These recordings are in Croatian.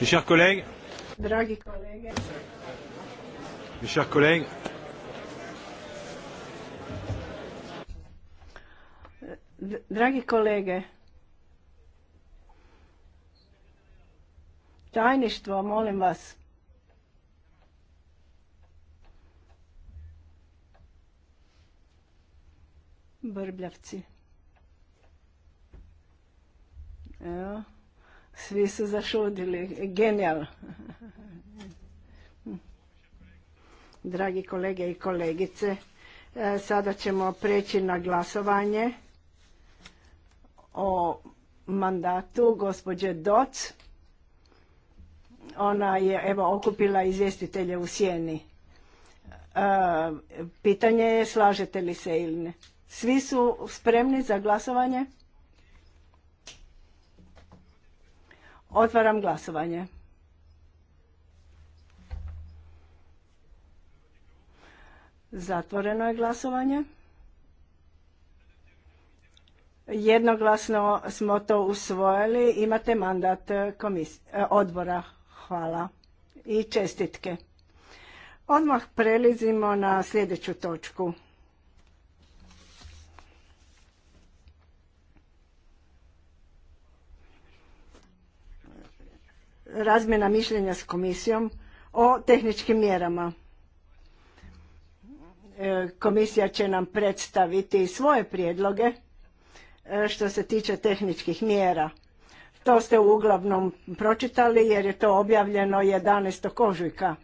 Mes chers collègues. Dragi kolege. Mes chers collègues. Dragi kolege. Tajništvo, molim vas. Brbljavci. Evo. Svi su zašudili. Genijalno. Dragi kolege i kolegice, e, sada ćemo preći na glasovanje o mandatu gospođe Doc. Ona je evo okupila izvjestitelje u sjeni. E, pitanje je slažete li se ili ne. Svi su spremni za glasovanje? Otvaram glasovanje. Zatvoreno je glasovanje. Jednoglasno smo to usvojili. Imate mandat e, e, odbora. Hvala. I čestitke. Odmah prelizimo na sljedeću točku. razmjena mišljenja s komisijom o tehničkim mjerama. E, komisija će nam predstaviti svoje prijedloge e, što se tiče tehničkih mjera. To ste uglavnom pročitali jer je to objavljeno 11. ožujka.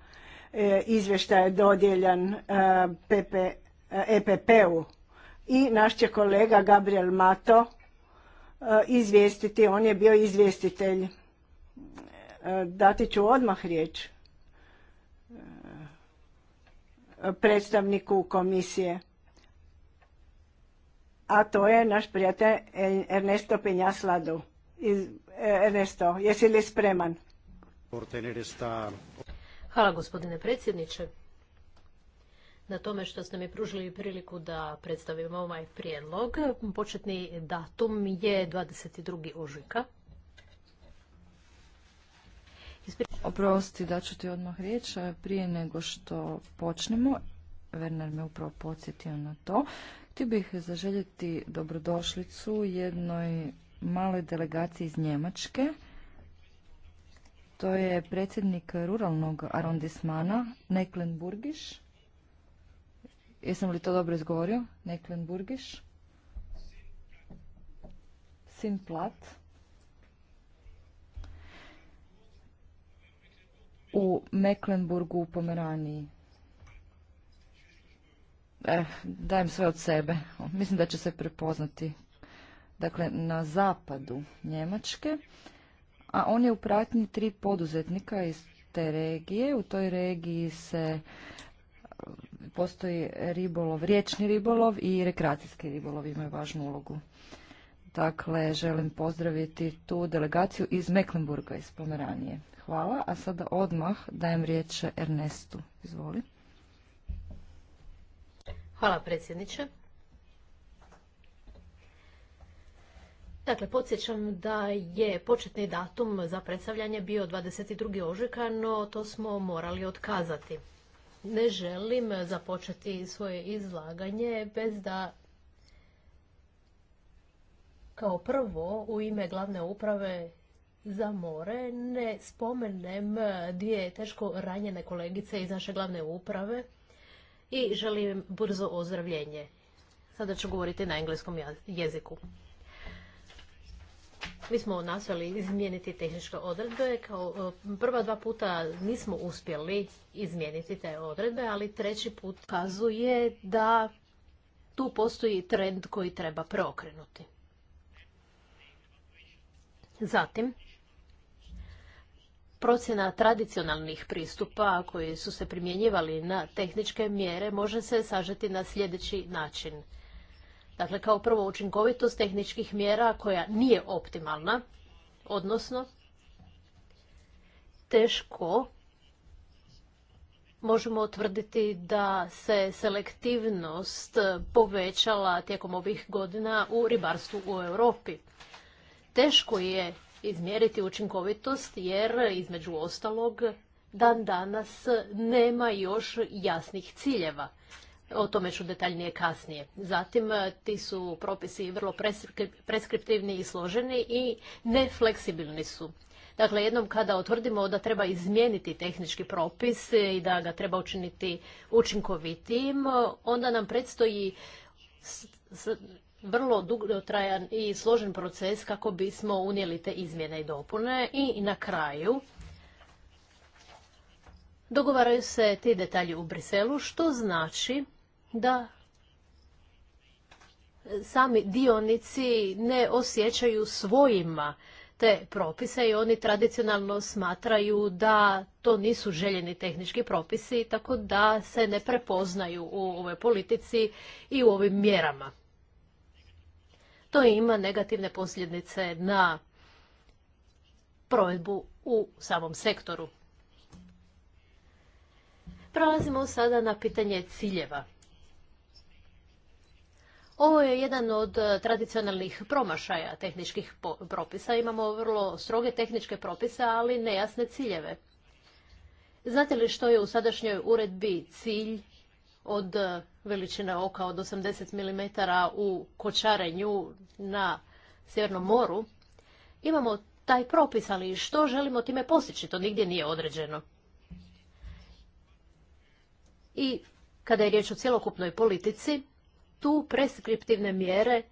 E, izvještaj je dodjeljan EPP-u i naš će kolega Gabriel Mato izvijestiti, on je bio izvjestitelj Dati ću odmah riječ e, predstavniku komisije. A to je naš prijatelj Ernesto Penjas e, Ernesto, jesi li spreman? Hvala gospodine predsjedniče na tome što ste mi pružili priliku da predstavimo ovaj prijedlog. Početni datum je 22. ožujka. Oprosti, ću ti odmah riječ. E, prije nego što počnemo, Werner me upravo podsjetio na to, ti bih zaželjeti dobrodošlicu jednoj maloj delegaciji iz Njemačke. To je predsjednik ruralnog arondismana, Neklenburgiš. Jesam li to dobro izgovorio? Neklenburgiš. Sin Plat. u Mecklenburgu u Pomeraniji. Eh, dajem sve od sebe. Mislim da će se prepoznati. Dakle, na zapadu Njemačke, a on je u pratnji tri poduzetnika iz te regije. U toj regiji se eh, postoji ribolov, riječni ribolov i rekreacijski ribolov imaju važnu ulogu. Dakle, želim pozdraviti tu delegaciju iz Mecklenburga iz Pomeranije. Hvala. A sada odmah dajem riječ Ernestu. Izvoli. Hvala predsjedniče. Dakle, podsjećam da je početni datum za predstavljanje bio 22. ožujka, no to smo morali otkazati. Ne želim započeti svoje izlaganje bez da kao prvo u ime glavne uprave za more ne spomenem dvije teško ranjene kolegice iz naše glavne uprave i želim brzo ozdravljenje. Sada ću govoriti na engleskom jeziku. Mi smo nastojali izmijeniti tehničke odredbe. Kao e, prva dva puta nismo uspjeli izmijeniti te odredbe, ali treći put kazuje da tu postoji trend koji treba preokrenuti. Zatim, procjena tradicionalnih pristupa koji su se primjenjivali na tehničke mjere može se sažeti na sljedeći način. Dakle, kao prvo učinkovitost tehničkih mjera koja nije optimalna, odnosno teško možemo otvrditi da se selektivnost povećala tijekom ovih godina u ribarstvu u Europi. Teško je izmjeriti učinkovitost jer između ostalog dan danas nema još jasnih ciljeva. O tome ću detaljnije kasnije. Zatim, ti su propisi vrlo preskriptivni i složeni i nefleksibilni su. Dakle, jednom kada utvrdimo da treba izmijeniti tehnički propis i da ga treba učiniti učinkovitijim, onda nam predstoji vrlo dugotrajan i složen proces kako bismo unijeli te izmjene i dopune. I na kraju dogovaraju se ti detalji u Briselu, što znači da sami dionici ne osjećaju svojima te propise i oni tradicionalno smatraju da to nisu željeni tehnički propisi, tako da se ne prepoznaju u ovoj politici i u ovim mjerama to ima negativne posljedice na provedbu u samom sektoru. Prelazimo sada na pitanje ciljeva. Ovo je jedan od tradicionalnih promašaja tehničkih propisa. Imamo vrlo stroge tehničke propise, ali nejasne ciljeve. Znate li što je u sadašnjoj uredbi cilj od veličine oka od 80 mm u kočarenju na Sjevernom moru, imamo taj propis, ali što želimo time postići, to nigdje nije određeno. I kada je riječ o cjelokupnoj politici, tu preskriptivne mjere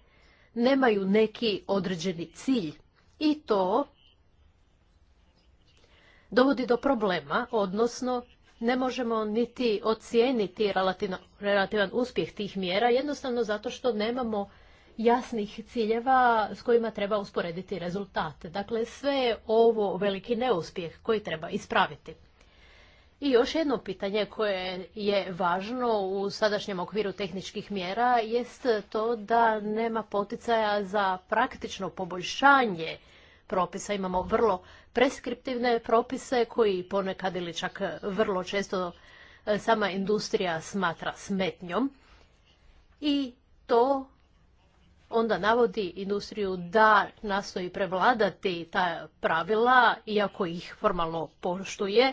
nemaju neki određeni cilj. I to dovodi do problema, odnosno ne možemo niti ocijeniti relativan uspjeh tih mjera, jednostavno zato što nemamo jasnih ciljeva s kojima treba usporediti rezultate. Dakle, sve je ovo veliki neuspjeh koji treba ispraviti. I još jedno pitanje koje je važno u sadašnjem okviru tehničkih mjera jest to da nema poticaja za praktično poboljšanje propisa. Imamo vrlo preskriptivne propise koji ponekad ili čak vrlo često e, sama industrija smatra smetnjom. I to onda navodi industriju da nastoji prevladati ta pravila, iako ih formalno poštuje,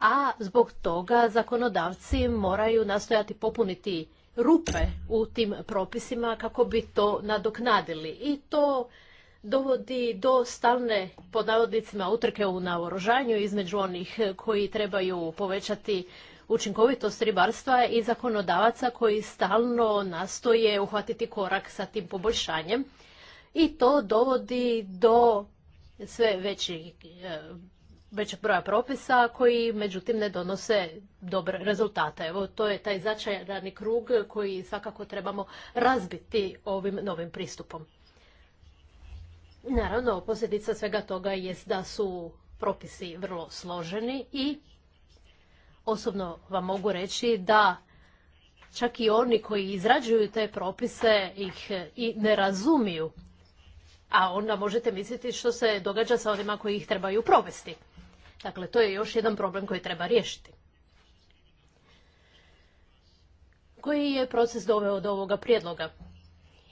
a zbog toga zakonodavci moraju nastojati popuniti rupe u tim propisima kako bi to nadoknadili. I to dovodi do stalne, pod navodnicima, utrke u naoružanju između onih koji trebaju povećati učinkovitost ribarstva i zakonodavaca koji stalno nastoje uhvatiti korak sa tim poboljšanjem i to dovodi do sve e, većeg broja propisa koji međutim ne donose dobre rezultate. Evo to je taj začarani krug koji svakako trebamo razbiti ovim novim pristupom. Naravno, posljedica svega toga jest da su propisi vrlo složeni i osobno vam mogu reći da čak i oni koji izrađuju te propise ih i ne razumiju. A onda možete misliti što se događa sa onima koji ih trebaju provesti. Dakle, to je još jedan problem koji treba riješiti. Koji je proces doveo do ovoga prijedloga?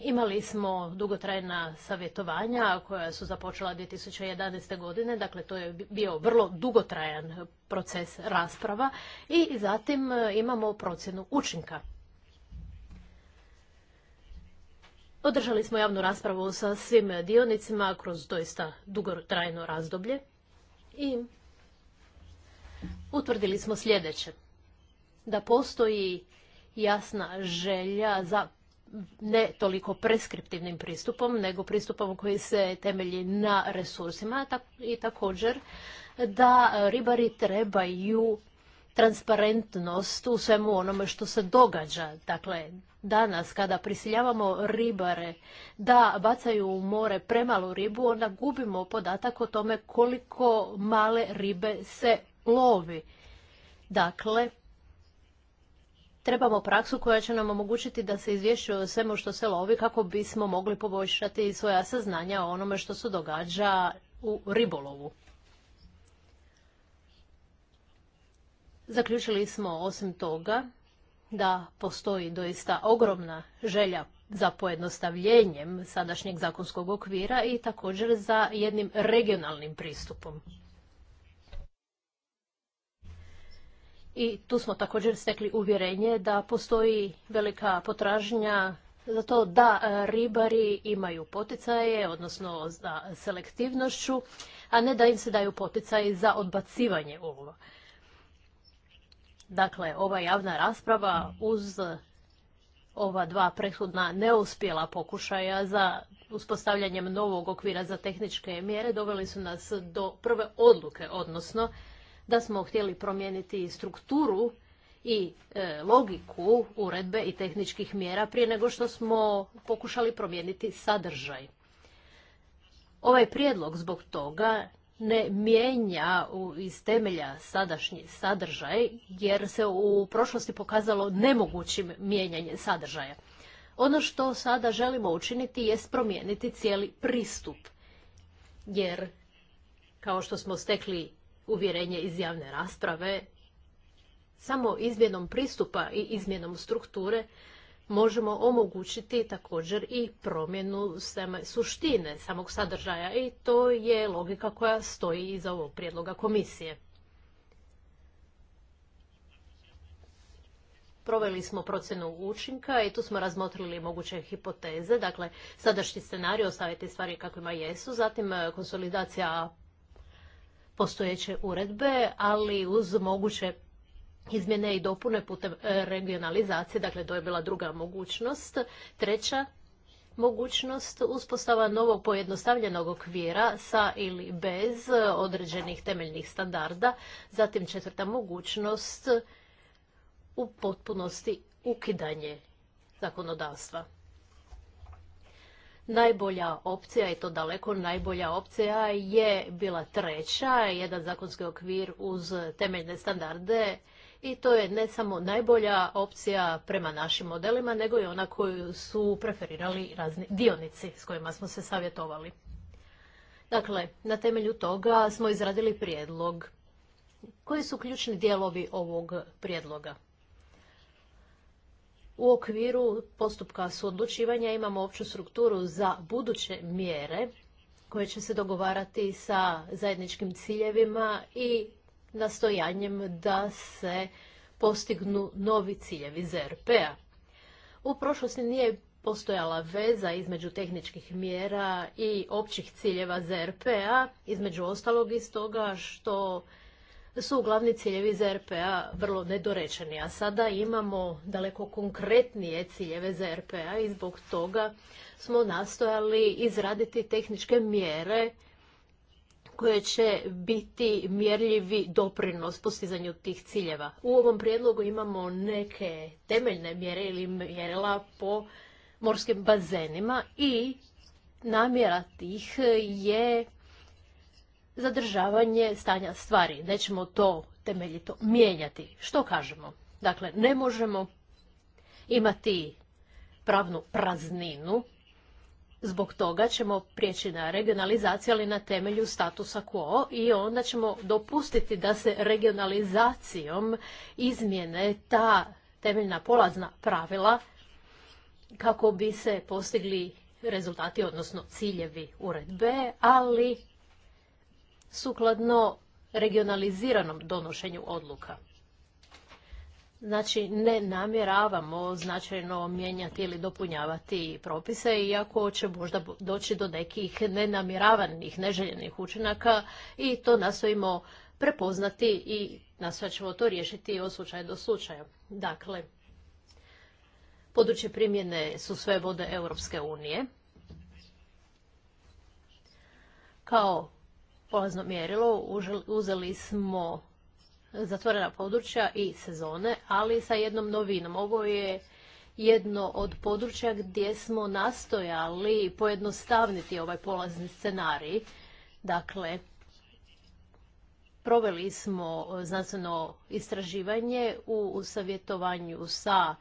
Imali smo dugotrajna savjetovanja koja su započela 2011. godine, dakle to je bio vrlo dugotrajan proces rasprava i zatim e, imamo procjenu učinka. Održali smo javnu raspravu sa svim dionicima kroz doista dugotrajno razdoblje i utvrdili smo sljedeće. Da postoji jasna želja za ne toliko preskriptivnim pristupom, nego pristupom koji se temelji na resursima i također da ribari trebaju transparentnost u svemu onome što se događa. Dakle, danas kada prisiljavamo ribare da bacaju u more premalu ribu, onda gubimo podatak o tome koliko male ribe se lovi. Dakle, trebamo praksu koja će nam omogućiti da se izvješćuje o svemu što se lovi kako bismo mogli poboljšati svoja saznanja o onome što se događa u ribolovu. Zaključili smo osim toga da postoji doista ogromna želja za pojednostavljenjem sadašnjeg zakonskog okvira i također za jednim regionalnim pristupom. i tu smo također stekli uvjerenje da postoji velika potražnja za to da e, ribari imaju poticaje, odnosno za selektivnošću, a ne da im se daju poticaje za odbacivanje ulova. Dakle, ova javna rasprava uz ova dva prethodna neuspjela pokušaja za uspostavljanjem novog okvira za tehničke mjere doveli su nas do prve odluke, odnosno da smo htjeli promijeniti strukturu i e, logiku uredbe i tehničkih mjera prije nego što smo pokušali promijeniti sadržaj. Ovaj prijedlog zbog toga ne mijenja iz temelja sadašnji sadržaj, jer se u prošlosti pokazalo nemogućim mijenjanje sadržaja. Ono što sada želimo učiniti jest promijeniti cijeli pristup, jer kao što smo stekli uvjerenje iz javne rasprave. Samo izmjenom pristupa i izmjenom strukture možemo omogućiti također i promjenu suštine samog sadržaja i to je logika koja stoji iza ovog prijedloga komisije. Proveli smo procjenu učinka i tu smo razmotrili moguće hipoteze, dakle sadašnji scenarij ostaviti stvari kakvima jesu, zatim e, konsolidacija postojeće uredbe, ali uz moguće izmjene i dopune putem e, regionalizacije, dakle to je bila druga mogućnost. Treća mogućnost uspostava novog pojednostavljenog okvira sa ili bez određenih temeljnih standarda. Zatim četvrta mogućnost u potpunosti ukidanje zakonodavstva najbolja opcija i to daleko najbolja opcija je bila treća, jedan zakonski okvir uz temeljne standarde i to je ne samo najbolja opcija prema našim modelima, nego i ona koju su preferirali razni dionici s kojima smo se savjetovali. Dakle, na temelju toga smo izradili prijedlog. Koji su ključni dijelovi ovog prijedloga? U okviru postupka suodlučivanja imamo opću strukturu za buduće mjere koje će se dogovarati sa zajedničkim ciljevima i nastojanjem da se postignu novi ciljevi ZRP-a. U prošlosti nije postojala veza između tehničkih mjera i općih ciljeva ZRP-a, između ostalog iz toga što su glavni ciljevi za RPA vrlo nedorečeni, a sada imamo daleko konkretnije ciljeve za RPA i zbog toga smo nastojali izraditi tehničke mjere koje će biti mjerljivi doprinos postizanju tih ciljeva. U ovom prijedlogu imamo neke temeljne mjere ili mjerila po morskim bazenima i namjera tih je zadržavanje stanja stvari. Nećemo to temeljito mijenjati. Što kažemo? Dakle, ne možemo imati pravnu prazninu. Zbog toga ćemo prijeći na regionalizaciju, ali na temelju statusa quo i onda ćemo dopustiti da se regionalizacijom izmjene ta temeljna polazna pravila kako bi se postigli rezultati, odnosno ciljevi uredbe, ali sukladno regionaliziranom donošenju odluka. Znači, ne namjeravamo značajno mijenjati ili dopunjavati propise, iako će možda doći do nekih nenamjeravanih, neželjenih učinaka i to nastojimo prepoznati i nastojat ćemo to riješiti od slučaja do slučaja. Dakle, područje primjene su sve vode Europske unije. Kao polazno mjerilo, uzeli smo zatvorena područja i sezone, ali sa jednom novinom. Ovo je jedno od područja gdje smo nastojali pojednostavniti ovaj polazni scenarij. Dakle, proveli smo znanstveno istraživanje u savjetovanju sa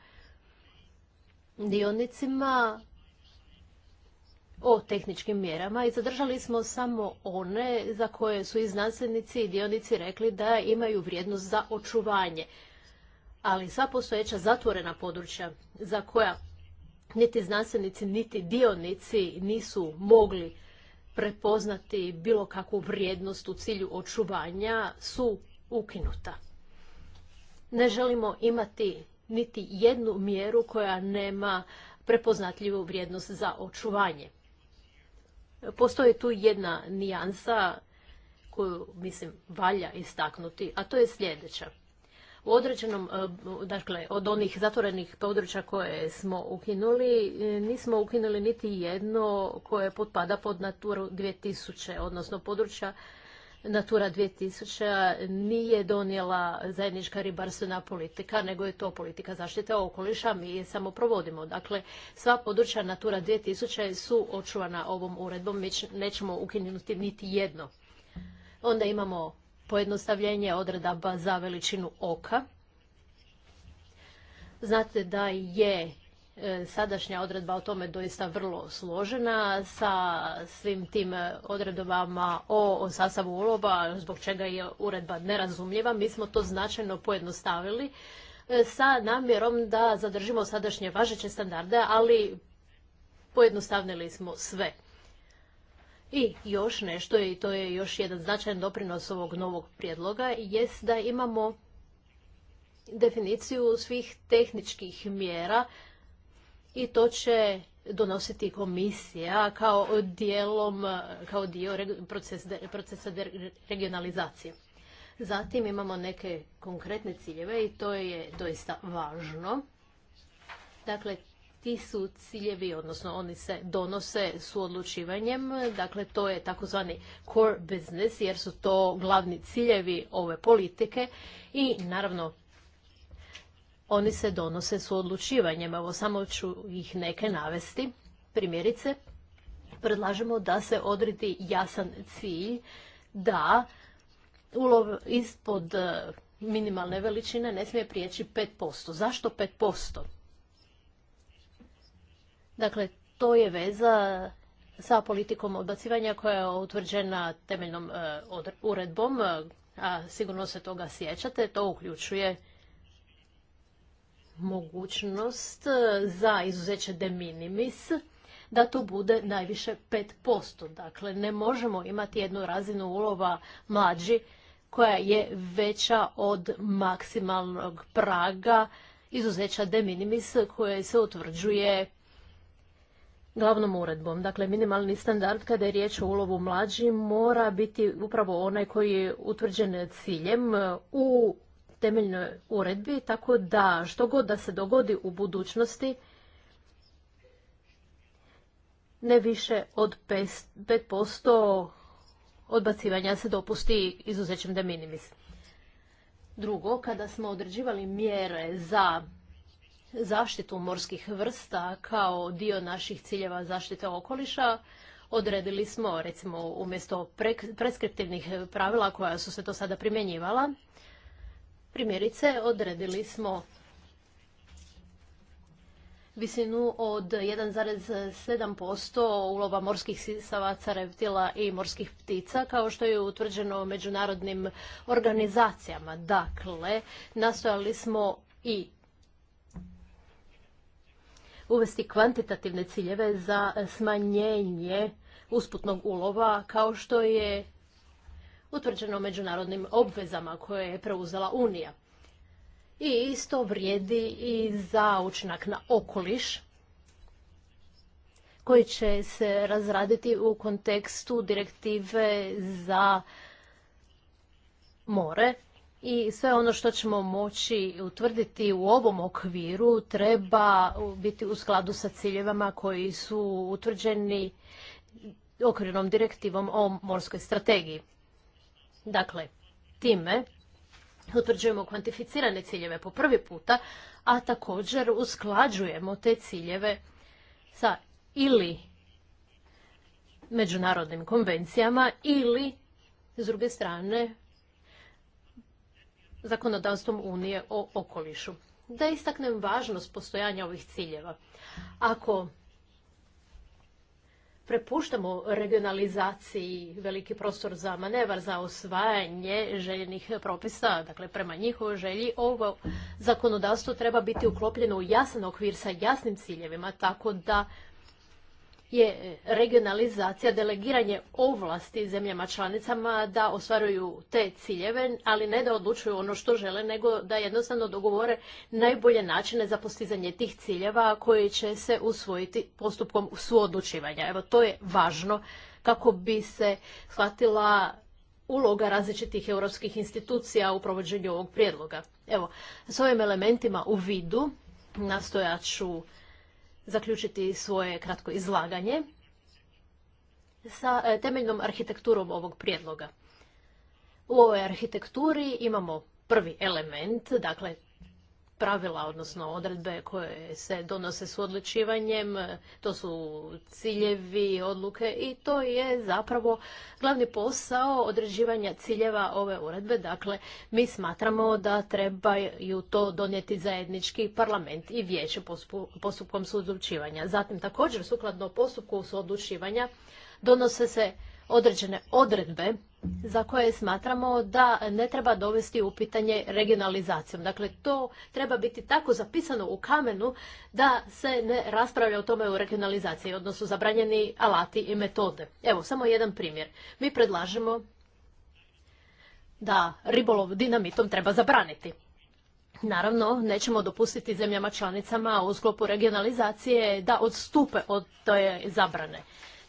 dionicima o tehničkim mjerama i zadržali smo samo one za koje su i znanstvenici i dionici rekli da imaju vrijednost za očuvanje. Ali sva postojeća zatvorena područja za koja niti znanstvenici niti dionici nisu mogli prepoznati bilo kakvu vrijednost u cilju očuvanja su ukinuta. Ne želimo imati niti jednu mjeru koja nema prepoznatljivu vrijednost za očuvanje. Postoji tu jedna nijansa koju, mislim, valja istaknuti, a to je sljedeća. U određenom, e, dakle, od onih zatvorenih područja koje smo ukinuli, e, nismo ukinuli niti jedno koje potpada pod Naturu 2000, odnosno područja Natura 2000 nije donijela zajednička ribarstvena politika, nego je to politika zaštite okoliša, mi je samo provodimo. Dakle, sva područja Natura 2000 su očuvana ovom uredbom, mi nećemo ukinuti niti jedno. Onda imamo pojednostavljenje odredaba za veličinu oka. Znate da je E, sadašnja odredba o tome doista vrlo složena sa svim tim odredbama o, sastavu ulova, zbog čega je uredba nerazumljiva. Mi smo to značajno pojednostavili e, sa namjerom da zadržimo sadašnje važeće standarde, ali pojednostavnili smo sve. I još nešto, i to je još jedan značajan doprinos ovog novog prijedloga, jest da imamo definiciju svih tehničkih mjera i to će donositi komisija kao dijelom, kao dio procesa regionalizacije. Zatim imamo neke konkretne ciljeve i to je doista važno. Dakle, ti su ciljevi, odnosno oni se donose su odlučivanjem, dakle to je takozvani core business jer su to glavni ciljevi ove politike i naravno oni se donose su odlučivanjem. Evo samo ću ih neke navesti. Primjerice, predlažemo da se odredi jasan cilj da ulov ispod e, minimalne veličine ne smije prijeći 5%. Zašto 5%? Dakle, to je veza sa politikom odbacivanja koja je utvrđena temeljnom e, uredbom, e, a sigurno se toga sjećate, to uključuje mogućnost e, za izuzeće de minimis da to bude najviše 5%. Dakle, ne možemo imati jednu razinu ulova mlađi koja je veća od maksimalnog praga izuzeća de minimis koje se utvrđuje glavnom uredbom. Dakle, minimalni standard kada je riječ o ulovu mlađi mora biti upravo onaj koji je utvrđen ciljem u temeljnoj uredbi, tako da što god da se dogodi u budućnosti, ne više od 5% odbacivanja se dopusti izuzećem de minimis. Drugo, kada smo određivali mjere za zaštitu morskih vrsta kao dio naših ciljeva zaštite okoliša, odredili smo recimo umjesto preskriptivnih pravila koja su se do sada primjenjivala, Primjerice, odredili smo visinu od 1,7% ulova morskih sisavaca, reptila i morskih ptica, kao što je utvrđeno međunarodnim organizacijama. Dakle, nastojali smo i uvesti kvantitativne ciljeve za smanjenje usputnog ulova, kao što je utvrđeno međunarodnim obvezama koje je preuzela Unija. I isto vrijedi i za učinak na okoliš koji će se razraditi u kontekstu direktive za more i sve ono što ćemo moći utvrditi u ovom okviru treba biti u skladu sa ciljevama koji su utvrđeni okvirnom direktivom o morskoj strategiji. Dakle, time utvrđujemo kvantificirane ciljeve po prvi puta, a također usklađujemo te ciljeve sa ili međunarodnim konvencijama ili s druge strane zakonodavstvom Unije o okolišu. Da istaknem važnost postojanja ovih ciljeva. Ako prepuštamo regionalizaciji veliki prostor za manevar, za osvajanje željenih propisa, dakle prema njihovoj želji, ovo zakonodavstvo treba biti uklopljeno u jasan okvir sa jasnim ciljevima, tako da je regionalizacija, delegiranje ovlasti zemljama članicama da ostvaruju te ciljeve, ali ne da odlučuju ono što žele, nego da jednostavno dogovore najbolje načine za postizanje tih ciljeva koji će se usvojiti postupkom suodlučivanja. Evo, to je važno kako bi se shvatila uloga različitih europskih institucija u provođenju ovog prijedloga. Evo, s ovim elementima u vidu nastojaću ću zaključiti svoje kratko izlaganje sa e, temeljnom arhitekturom ovog prijedloga. U ovoj arhitekturi imamo prvi element, dakle pravila, odnosno odredbe koje se donose s odlučivanjem, to su ciljevi, odluke i to je zapravo glavni posao određivanja ciljeva ove uredbe. Dakle, mi smatramo da trebaju to donijeti zajednički parlament i vijeće postupkom suodlučivanja. Zatim također sukladno postupku suodlučivanja donose se određene odredbe za koje smatramo da ne treba dovesti u pitanje regionalizacijom. Dakle, to treba biti tako zapisano u kamenu da se ne raspravlja o tome u regionalizaciji, odnosno zabranjeni alati i metode. Evo, samo jedan primjer. Mi predlažemo da ribolov dinamitom treba zabraniti. Naravno, nećemo dopustiti zemljama članicama u sklopu regionalizacije da odstupe od te zabrane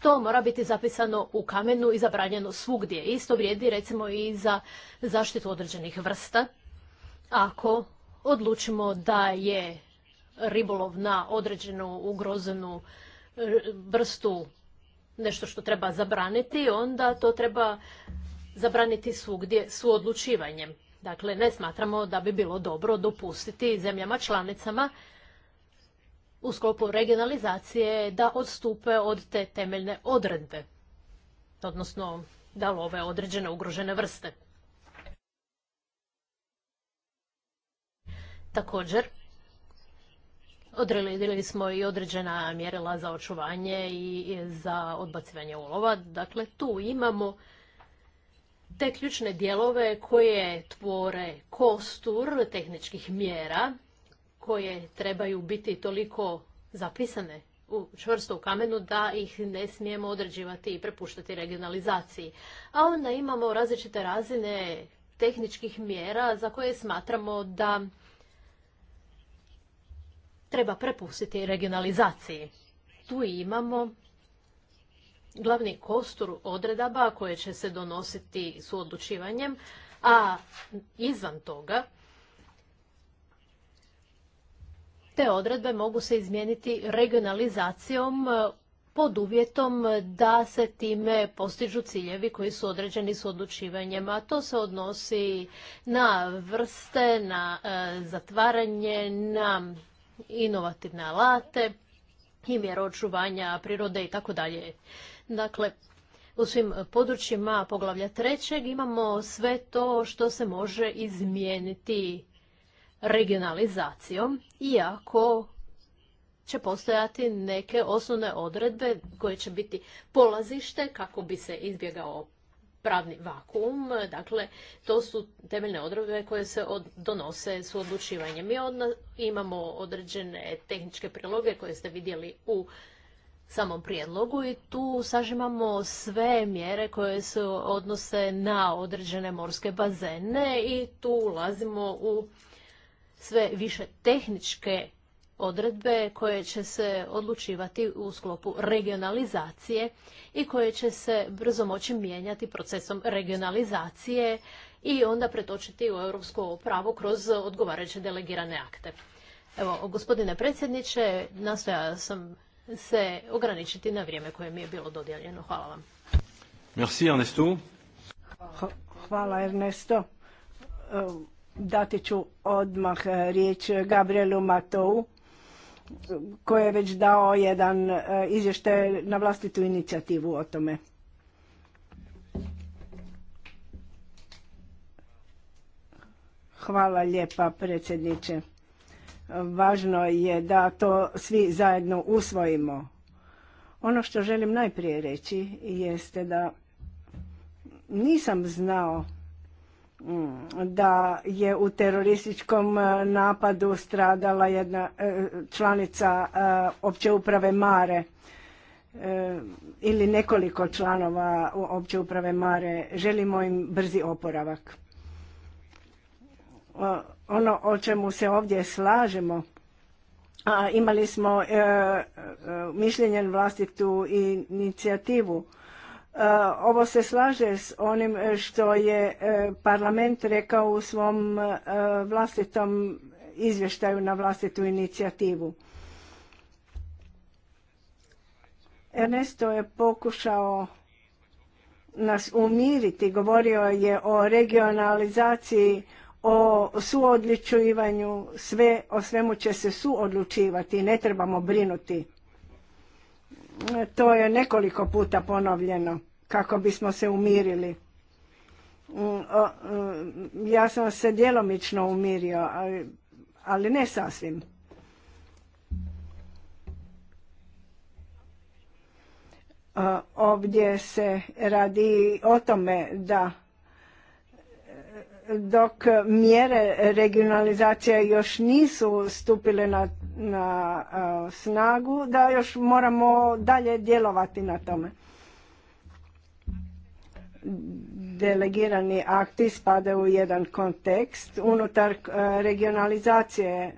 to mora biti zapisano u kamenu i zabranjeno svugdje. Isto vrijedi recimo i za zaštitu određenih vrsta. Ako odlučimo da je ribolov na određenu ugrozenu e, vrstu nešto što treba zabraniti, onda to treba zabraniti svugdje su odlučivanjem. Dakle, ne smatramo da bi bilo dobro dopustiti zemljama članicama u sklopu regionalizacije da odstupe od te temeljne odredbe, odnosno da love određene ugrožene vrste. Također, odredili smo i određena mjerila za očuvanje i za odbacivanje ulova. Dakle, tu imamo te ključne dijelove koje tvore kostur tehničkih mjera koje trebaju biti toliko zapisane u čvrsto u kamenu da ih ne smijemo određivati i prepuštati regionalizaciji. A onda imamo različite razine tehničkih mjera za koje smatramo da treba prepustiti regionalizaciji. Tu imamo glavni kostur odredaba koje će se donositi suodlučivanjem, a izvan toga te odredbe mogu se izmijeniti regionalizacijom e, pod uvjetom da se time postižu ciljevi koji su određeni s odlučivanjem, a to se odnosi na vrste, na e, zatvaranje, na inovativne alate i mjero očuvanja prirode i tako dalje. Dakle, u svim područjima poglavlja trećeg imamo sve to što se može izmijeniti regionalizacijom, iako će postojati neke osnovne odredbe koje će biti polazište kako bi se izbjegao pravni vakuum. Dakle, to su temeljne odredbe koje se donose s odlučivanjem. Mi odna, imamo određene tehničke priloge koje ste vidjeli u samom prijedlogu i tu sažimamo sve mjere koje se odnose na određene morske bazene i tu ulazimo u sve više tehničke odredbe koje će se odlučivati u sklopu regionalizacije i koje će se brzo moći mijenjati procesom regionalizacije i onda pretočiti u europsko pravo kroz odgovarajuće delegirane akte. Evo, gospodine predsjedniče, nastoja sam se ograničiti na vrijeme koje mi je bilo dodijeljeno. Hvala vam. Merci Ernesto. Hvala Ernesto. Dati ću odmah e, riječ Gabrielu Matou koji je već dao jedan e, izvještaj na vlastitu inicijativu o tome. Hvala lijepa predsjedniče. Važno je da to svi zajedno usvojimo. Ono što želim najprije reći jeste da nisam znao da je u terorističkom e, napadu stradala jedna e, članica e, opće uprave Mare ili nekoliko članova opće uprave Mare. Želimo im brzi oporavak. Ono o čemu se ovdje slažemo, a imali smo mišljenje vlastitu inicijativu, E, ovo se slaže s onim e, što je e, parlament rekao u svom vlastitom izvještaju na vlastitu inicijativu. Ernesto je pokušao nas umiriti, govorio je o regionalizaciji, o suodličivanju, sve, o svemu će se suodlučivati, ne trebamo brinuti. To je nekoliko puta ponovljeno kako bismo se umirili. Mm, mm, ja sam se djelomično umirio, ali ne sasvim. Ovdje se radi o tome da dok mjere regionalizacije još nisu stupile na na e, snagu da još moramo dalje djelovati na tome. Delegirani akti spadaju u jedan kontekst unutar e, regionalizacije.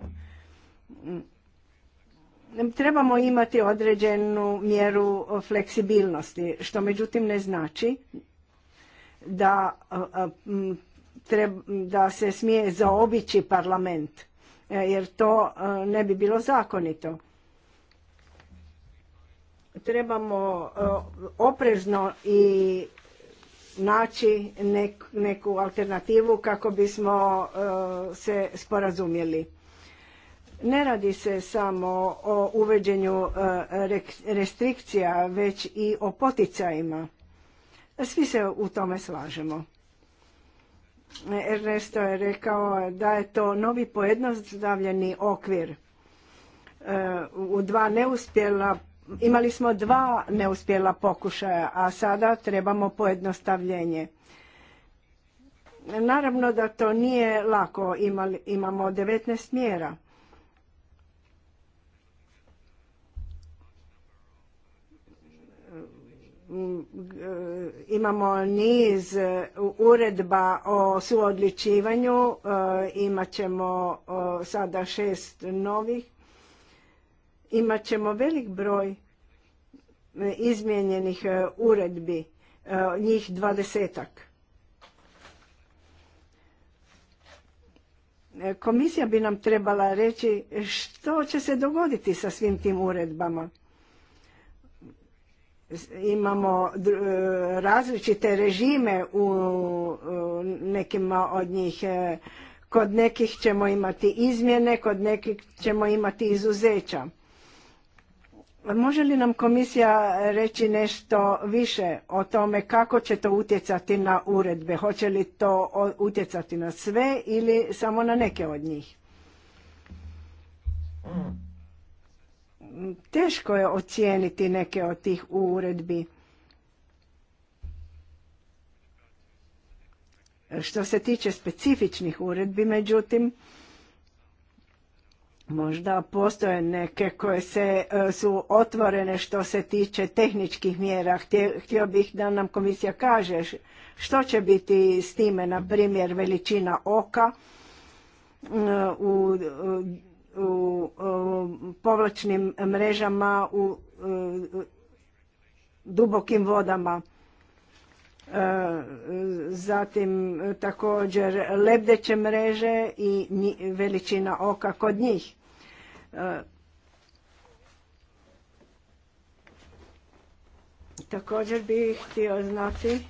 Trebamo imati određenu mjeru fleksibilnosti, što međutim ne znači da, e, da se smije zaobići parlament E, jer to e, ne bi bilo zakonito. Trebamo e, oprezno i naći neku alternativu kako bismo se sporazumjeli. Ne radi se samo o uveđenju restrikcija, već i o poticajima. Svi se u tome slažemo. Ernesto je rekao da je to novi pojednostavljeni okvir. E, u dva neuspjela, imali smo dva neuspjela pokušaja, a sada trebamo pojednostavljenje. Naravno da to nije lako, imamo 19 mjera E, imamo niz e, uredba o suodličivanju, e, imat ćemo sada šest novih, imat ćemo velik broj izmijenjenih uredbi, njih dvadesetak. Komisija bi nam trebala reći što će se dogoditi sa svim tim uredbama. Imamo e, različite režime u nekima od njih. E, kod nekih ćemo imati izmjene, kod nekih ćemo imati izuzeća. Može li nam komisija reći nešto više o tome kako će to utjecati na uredbe? Hoće li to utjecati na sve ili samo na neke od njih? Mm teško je ocijeniti neke od tih uredbi. Što se tiče specifičnih uredbi, međutim, možda postoje neke koje se, e, su otvorene što se tiče tehničkih mjera. Htio, bih da nam komisija kaže što će biti s time, na primjer, veličina oka e, u u povlačnim mrežama u dubokim vodama. E, zatim također lebdeće mreže i veličina oka kod njih. E, također bih htio znati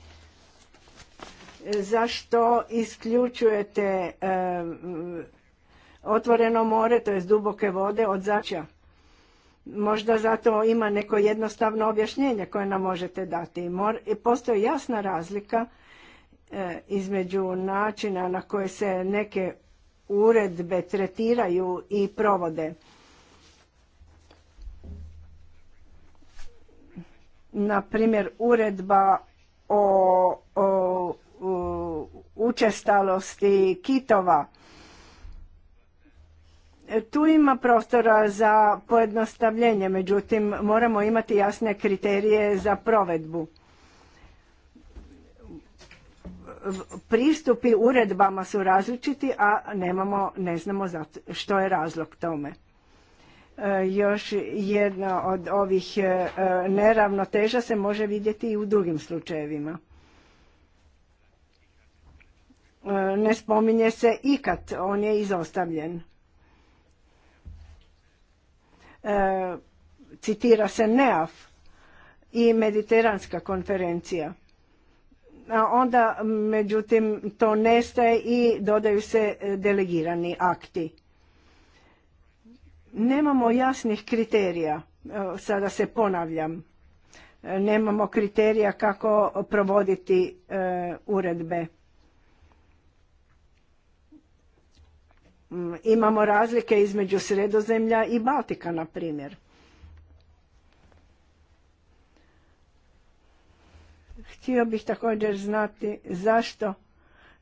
zašto isključujete e, otvoreno more, to je duboke vode od začja. Možda zato ima neko jednostavno objašnjenje koje nam možete dati. Postoji jasna razlika e, između načina na koje se neke uredbe tretiraju i provode. Na primjer, uredba o učestalosti kitova tu ima prostora za pojednostavljenje, međutim moramo imati jasne kriterije za provedbu. Pristupi uredbama su različiti, a nemamo, ne znamo što je razlog tome. E, još jedna od ovih e, e, neravnoteža se može vidjeti i u drugim slučajevima. Ne spominje se ikad, on je izostavljen E, citira se NEAF i Mediteranska konferencija. A onda, međutim, to nestaje i dodaju se e, delegirani akti. Nemamo jasnih kriterija, e, sada se ponavljam, nemamo kriterija kako provoditi uredbe. Mm, imamo razlike između Sredozemlja i Baltika, na primjer. Htio bih također znati zašto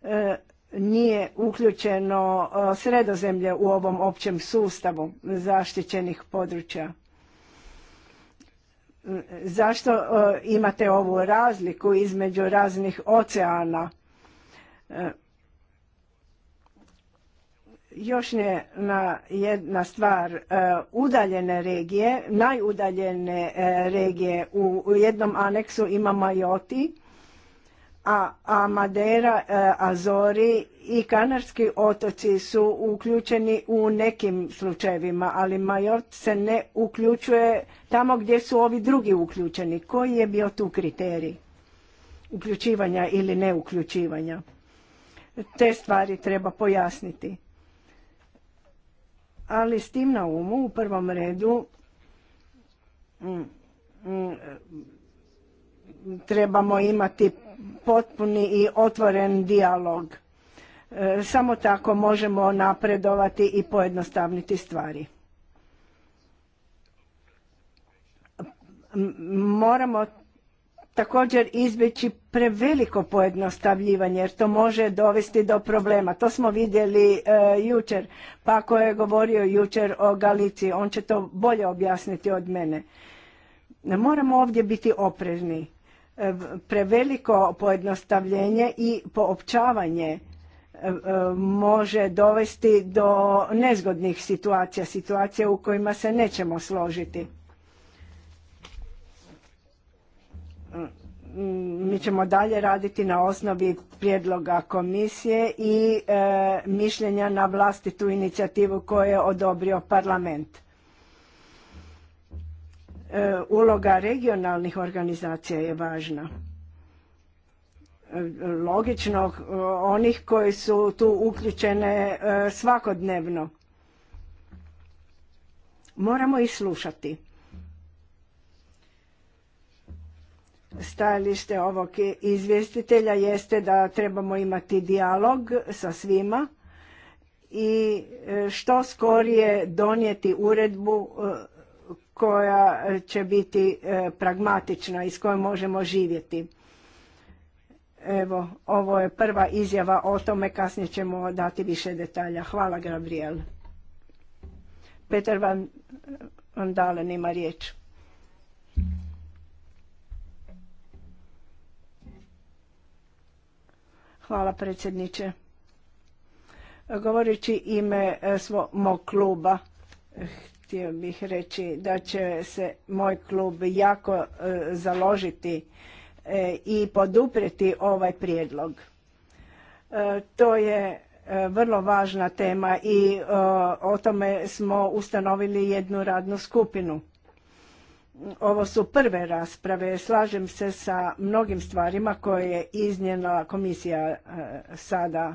e, nije uključeno e, sredozemlje u ovom općem sustavu zaštićenih područja. Mm, zašto e, imate ovu razliku između raznih oceana? Još na jedna stvar, e, udaljene regije, najudaljene e, regije u jednom aneksu ima Majoti, a, a Madeira, e, Azori i Kanarski otoci su uključeni u nekim slučajevima, ali Majot se ne uključuje tamo gdje su ovi drugi uključeni. Koji je bio tu kriterij uključivanja ili neuključivanja? Te stvari treba pojasniti ali s tim na umu u prvom redu mm, mm, trebamo imati potpuni i otvoren dijalog. E, samo tako možemo napredovati i pojednostavniti stvari. Moramo također izbjeći preveliko pojednostavljivanje jer to može dovesti do problema. To smo vidjeli e, jučer. Pa ako je govorio jučer o Galiciji, on će to bolje objasniti od mene. Moramo ovdje biti oprezni. E, preveliko pojednostavljenje i poopćavanje e, može dovesti do nezgodnih situacija, situacija u kojima se nećemo složiti Mm, mi ćemo dalje raditi na osnovi prijedloga komisije i e, mišljenja na vlastitu inicijativu koju je odobrio parlament. E, uloga regionalnih organizacija je važna. E, logično, onih koji su tu uključene svakodnevno. Moramo ih slušati stajalište ovog izvjestitelja jeste da trebamo imati dijalog sa svima i e, što skorije donijeti uredbu e, koja će biti e, pragmatična i s kojom možemo živjeti. Evo, ovo je prva izjava o tome, kasnije ćemo dati više detalja. Hvala, Gabriel. Petar Van Dalen ima riječ. Hvala predsjedniče. Govoreći ime e, svog mog kluba, eh, htio bih reći da će se moj klub jako e, založiti e, i poduprijeti ovaj prijedlog. to je vrlo važna tema i o tome smo ustanovili jednu radnu skupinu. Ovo su prve rasprave. Slažem se sa mnogim stvarima koje je iznijela komisija e, sada.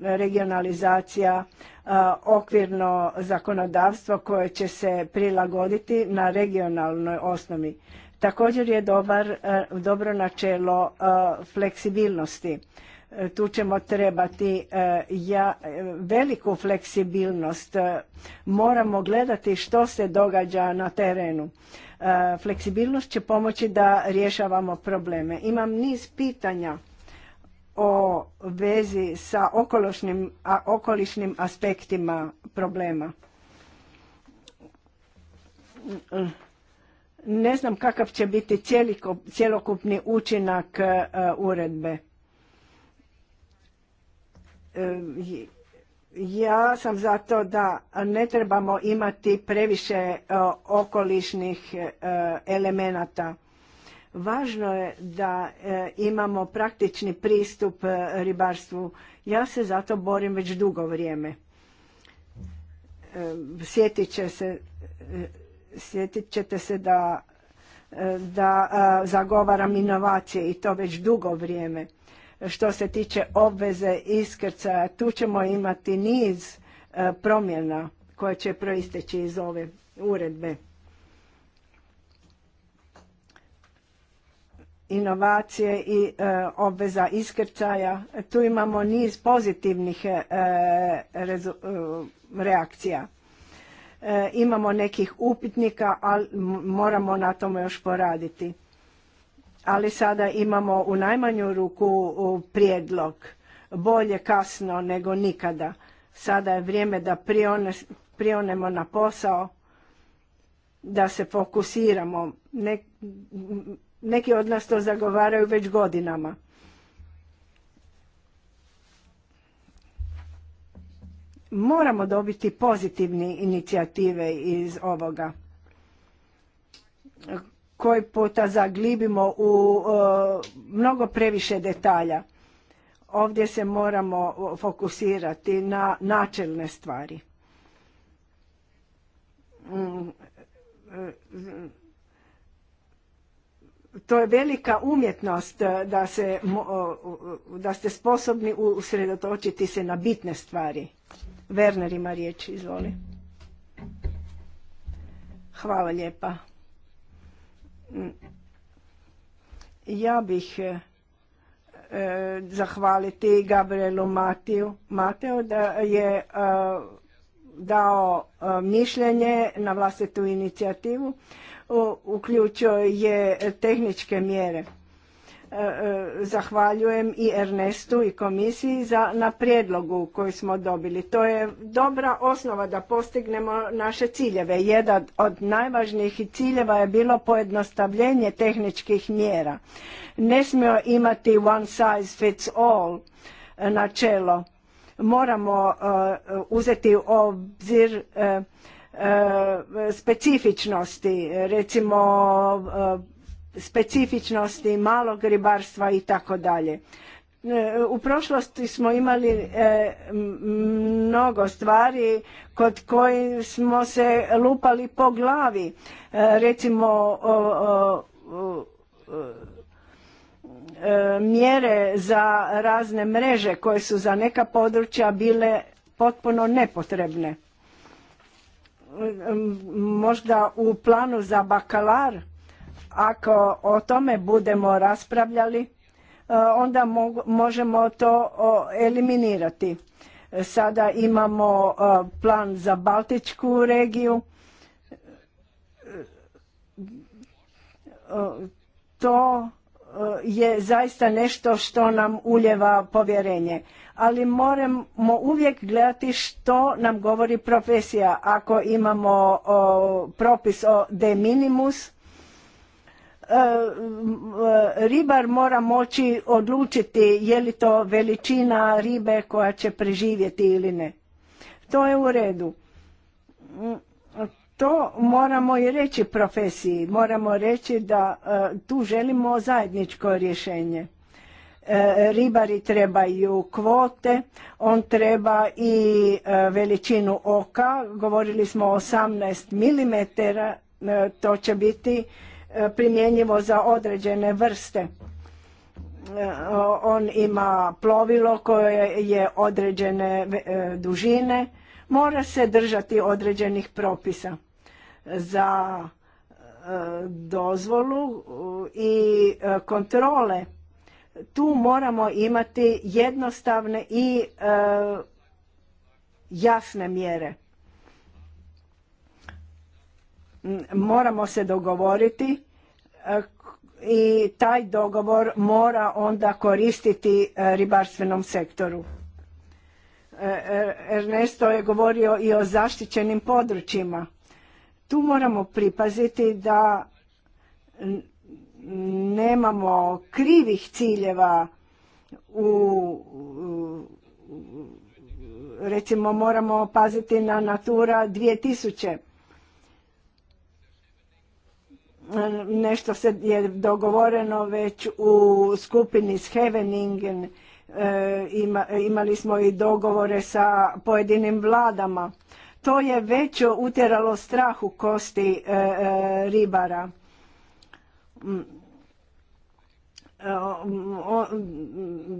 regionalizacija, e, okvirno zakonodavstvo koje će se prilagoditi na regionalnoj osnovi. Također je dobar, e, dobro načelo fleksibilnosti E, tu ćemo trebati e, ja, e, veliku fleksibilnost. Moramo gledati što se događa na terenu. Fleksibilnost će pomoći da rješavamo probleme. Imam niz pitanja o vezi sa okolišnim, okolišnim aspektima problema. Ne znam kakav će biti cjelokupni učinak uredbe ja sam za to da ne trebamo imati previše e, okolišnih e, elemenata. Važno je da e, imamo praktični pristup ribarstvu. Ja se za to borim već dugo vrijeme. Sjetit, će se, sjetit ćete se da, da zagovaram inovacije i to već dugo vrijeme što se tiče obveze iskrcaja. Tu ćemo imati niz e, promjena koje će proisteći iz ove uredbe. inovacije i e, obveza iskrcaja. Tu imamo niz pozitivnih e, reakcija. Imamo nekih upitnika, ali moramo na tome još poraditi ali sada imamo u najmanju ruku prijedlog. Bolje kasno nego nikada. Sada je vrijeme da prionemo na posao, da se fokusiramo. neki od nas to zagovaraju već godinama. Moramo dobiti pozitivne inicijative iz ovoga koji puta zaglibimo u mnogo previše detalja. Ovdje se moramo fokusirati na načelne stvari. Mm, e, to je velika umjetnost da, se, da ste sposobni usredotočiti se na bitne stvari. Werner ima riječ, izvoli. Hvala lijepa. Ja bih e, zahvaliti Gabrielu Mateu Mateo da je e, dao e, mišljenje na vlastitu inicijativu, uključio je tehničke mjere. E, e, zahvaljujem i Ernestu i komisiji za, na prijedlogu koji smo dobili. To je dobra osnova da postignemo naše ciljeve. Jedan od najvažnijih ciljeva je bilo pojednostavljenje tehničkih mjera. Ne smijemo imati one size fits all načelo. Moramo e, uzeti u obzir specifičnosti recimo specifičnosti malog ribarstva i tako dalje. U prošlosti smo imali e, mnogo stvari kod koji smo se lupali po glavi. E, recimo o, e, mjere za razne mreže koje su za neka područja bile potpuno nepotrebne. Možda u planu za bakalar ako o tome budemo raspravljali, e, onda možemo to eliminirati. Sada imamo e, plan za Baltičku regiju. E, to je zaista nešto što nam uljeva povjerenje. Ali moramo uvijek gledati što nam govori profesija. Ako imamo propis o de minimus, E, e, ribar mora moći odlučiti je li to veličina ribe koja će preživjeti ili ne. To je u redu. Mm, to moramo i reći profesiji, moramo reći da e, tu želimo zajedničko rješenje. Ribari trebaju kvote, on treba i veličinu oka, govorili smo o 18 mm, to će biti primjenjivo za određene vrste. E, on ima plovilo koje je određene e, dužine, mora se držati određenih propisa za e, dozvolu i kontrole. Tu moramo imati jednostavne i jasne mjere. Moramo se dogovoriti e, i taj dogovor mora onda koristiti e, ribarstvenom sektoru. E, Ernesto je govorio i o zaštićenim područjima. Tu moramo pripaziti da nemamo krivih ciljeva u recimo moramo paziti na Natura 2000 nešto se je dogovoreno već u skupini s Heveningen, e, imali smo i dogovore sa pojedinim vladama. To je već utjeralo strah u kosti e, e, ribara. Mm.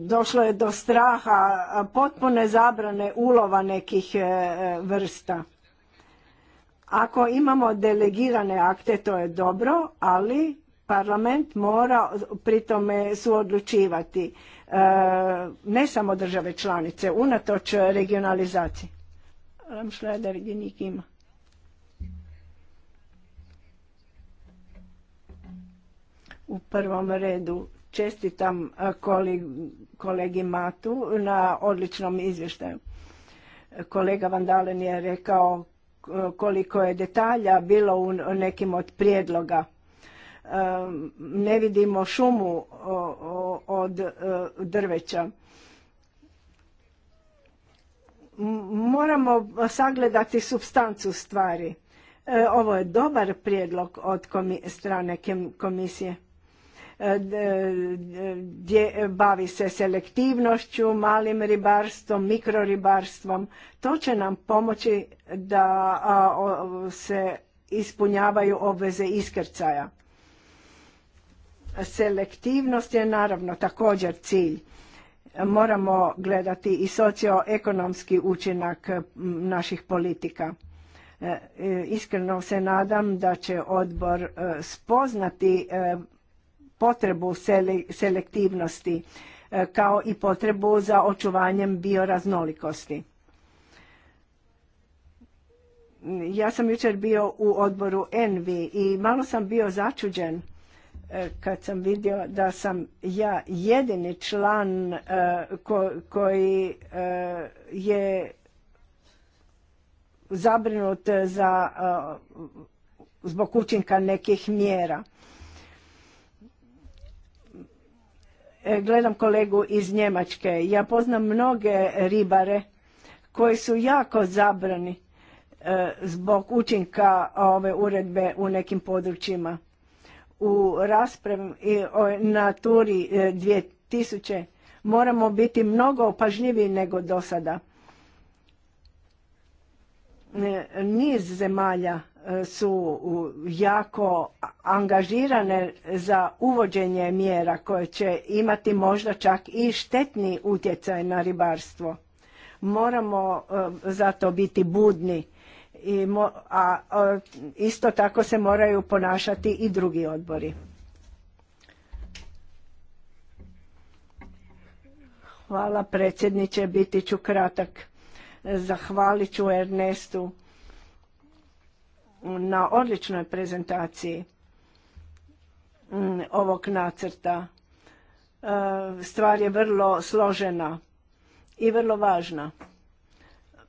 Došlo je do straha potpune zabrane ulova nekih vrsta ako imamo delegirane akte, to je dobro, ali parlament mora pri tome suodlučivati. E, ne samo države članice, unatoč regionalizaciji. ima. U prvom redu čestitam e, kolegi Matu na odličnom izvještaju. Kolega Vandalen je rekao koliko je detalja bilo u nekim od prijedloga. E, ne vidimo šumu od e, drveća. Moramo sagledati substancu stvari. E, ovo je dobar prijedlog od strane komisije E, e, Dje, bavi se selektivnošću, malim ribarstvom, mikroribarstvom. To će nam pomoći da se ispunjavaju obveze iskrcaja. Selektivnost je naravno također cilj. Moramo gledati i socioekonomski učinak naših politika. E, iskreno se nadam da će odbor spoznati potrebu selektivnosti e, kao i potrebu za očuvanjem bioraznolikosti. Ja sam jučer bio u odboru Envi i malo sam bio začuđen e, kad sam vidio da sam ja jedini član e, koji je zabrinut za, zbog učinka nekih mjera. E, gledam kolegu iz Njemačke. Ja poznam mnoge ribare koji su jako zabrani e, zbog učinka ove uredbe u nekim područjima. U raspravi o naturi 2000 e, moramo biti mnogo opažljiviji nego do sada. Niz zemalja su jako angažirane za uvođenje mjera koje će imati možda čak i štetni utjecaj na ribarstvo. Moramo e, zato biti budni, a e, isto tako se moraju ponašati i drugi odbori. Hvala predsjedniče, biti ću kratak. Zahvalit ću Ernestu na odličnoj prezentaciji mm, ovog nacrta. E, stvar je vrlo složena i vrlo važna.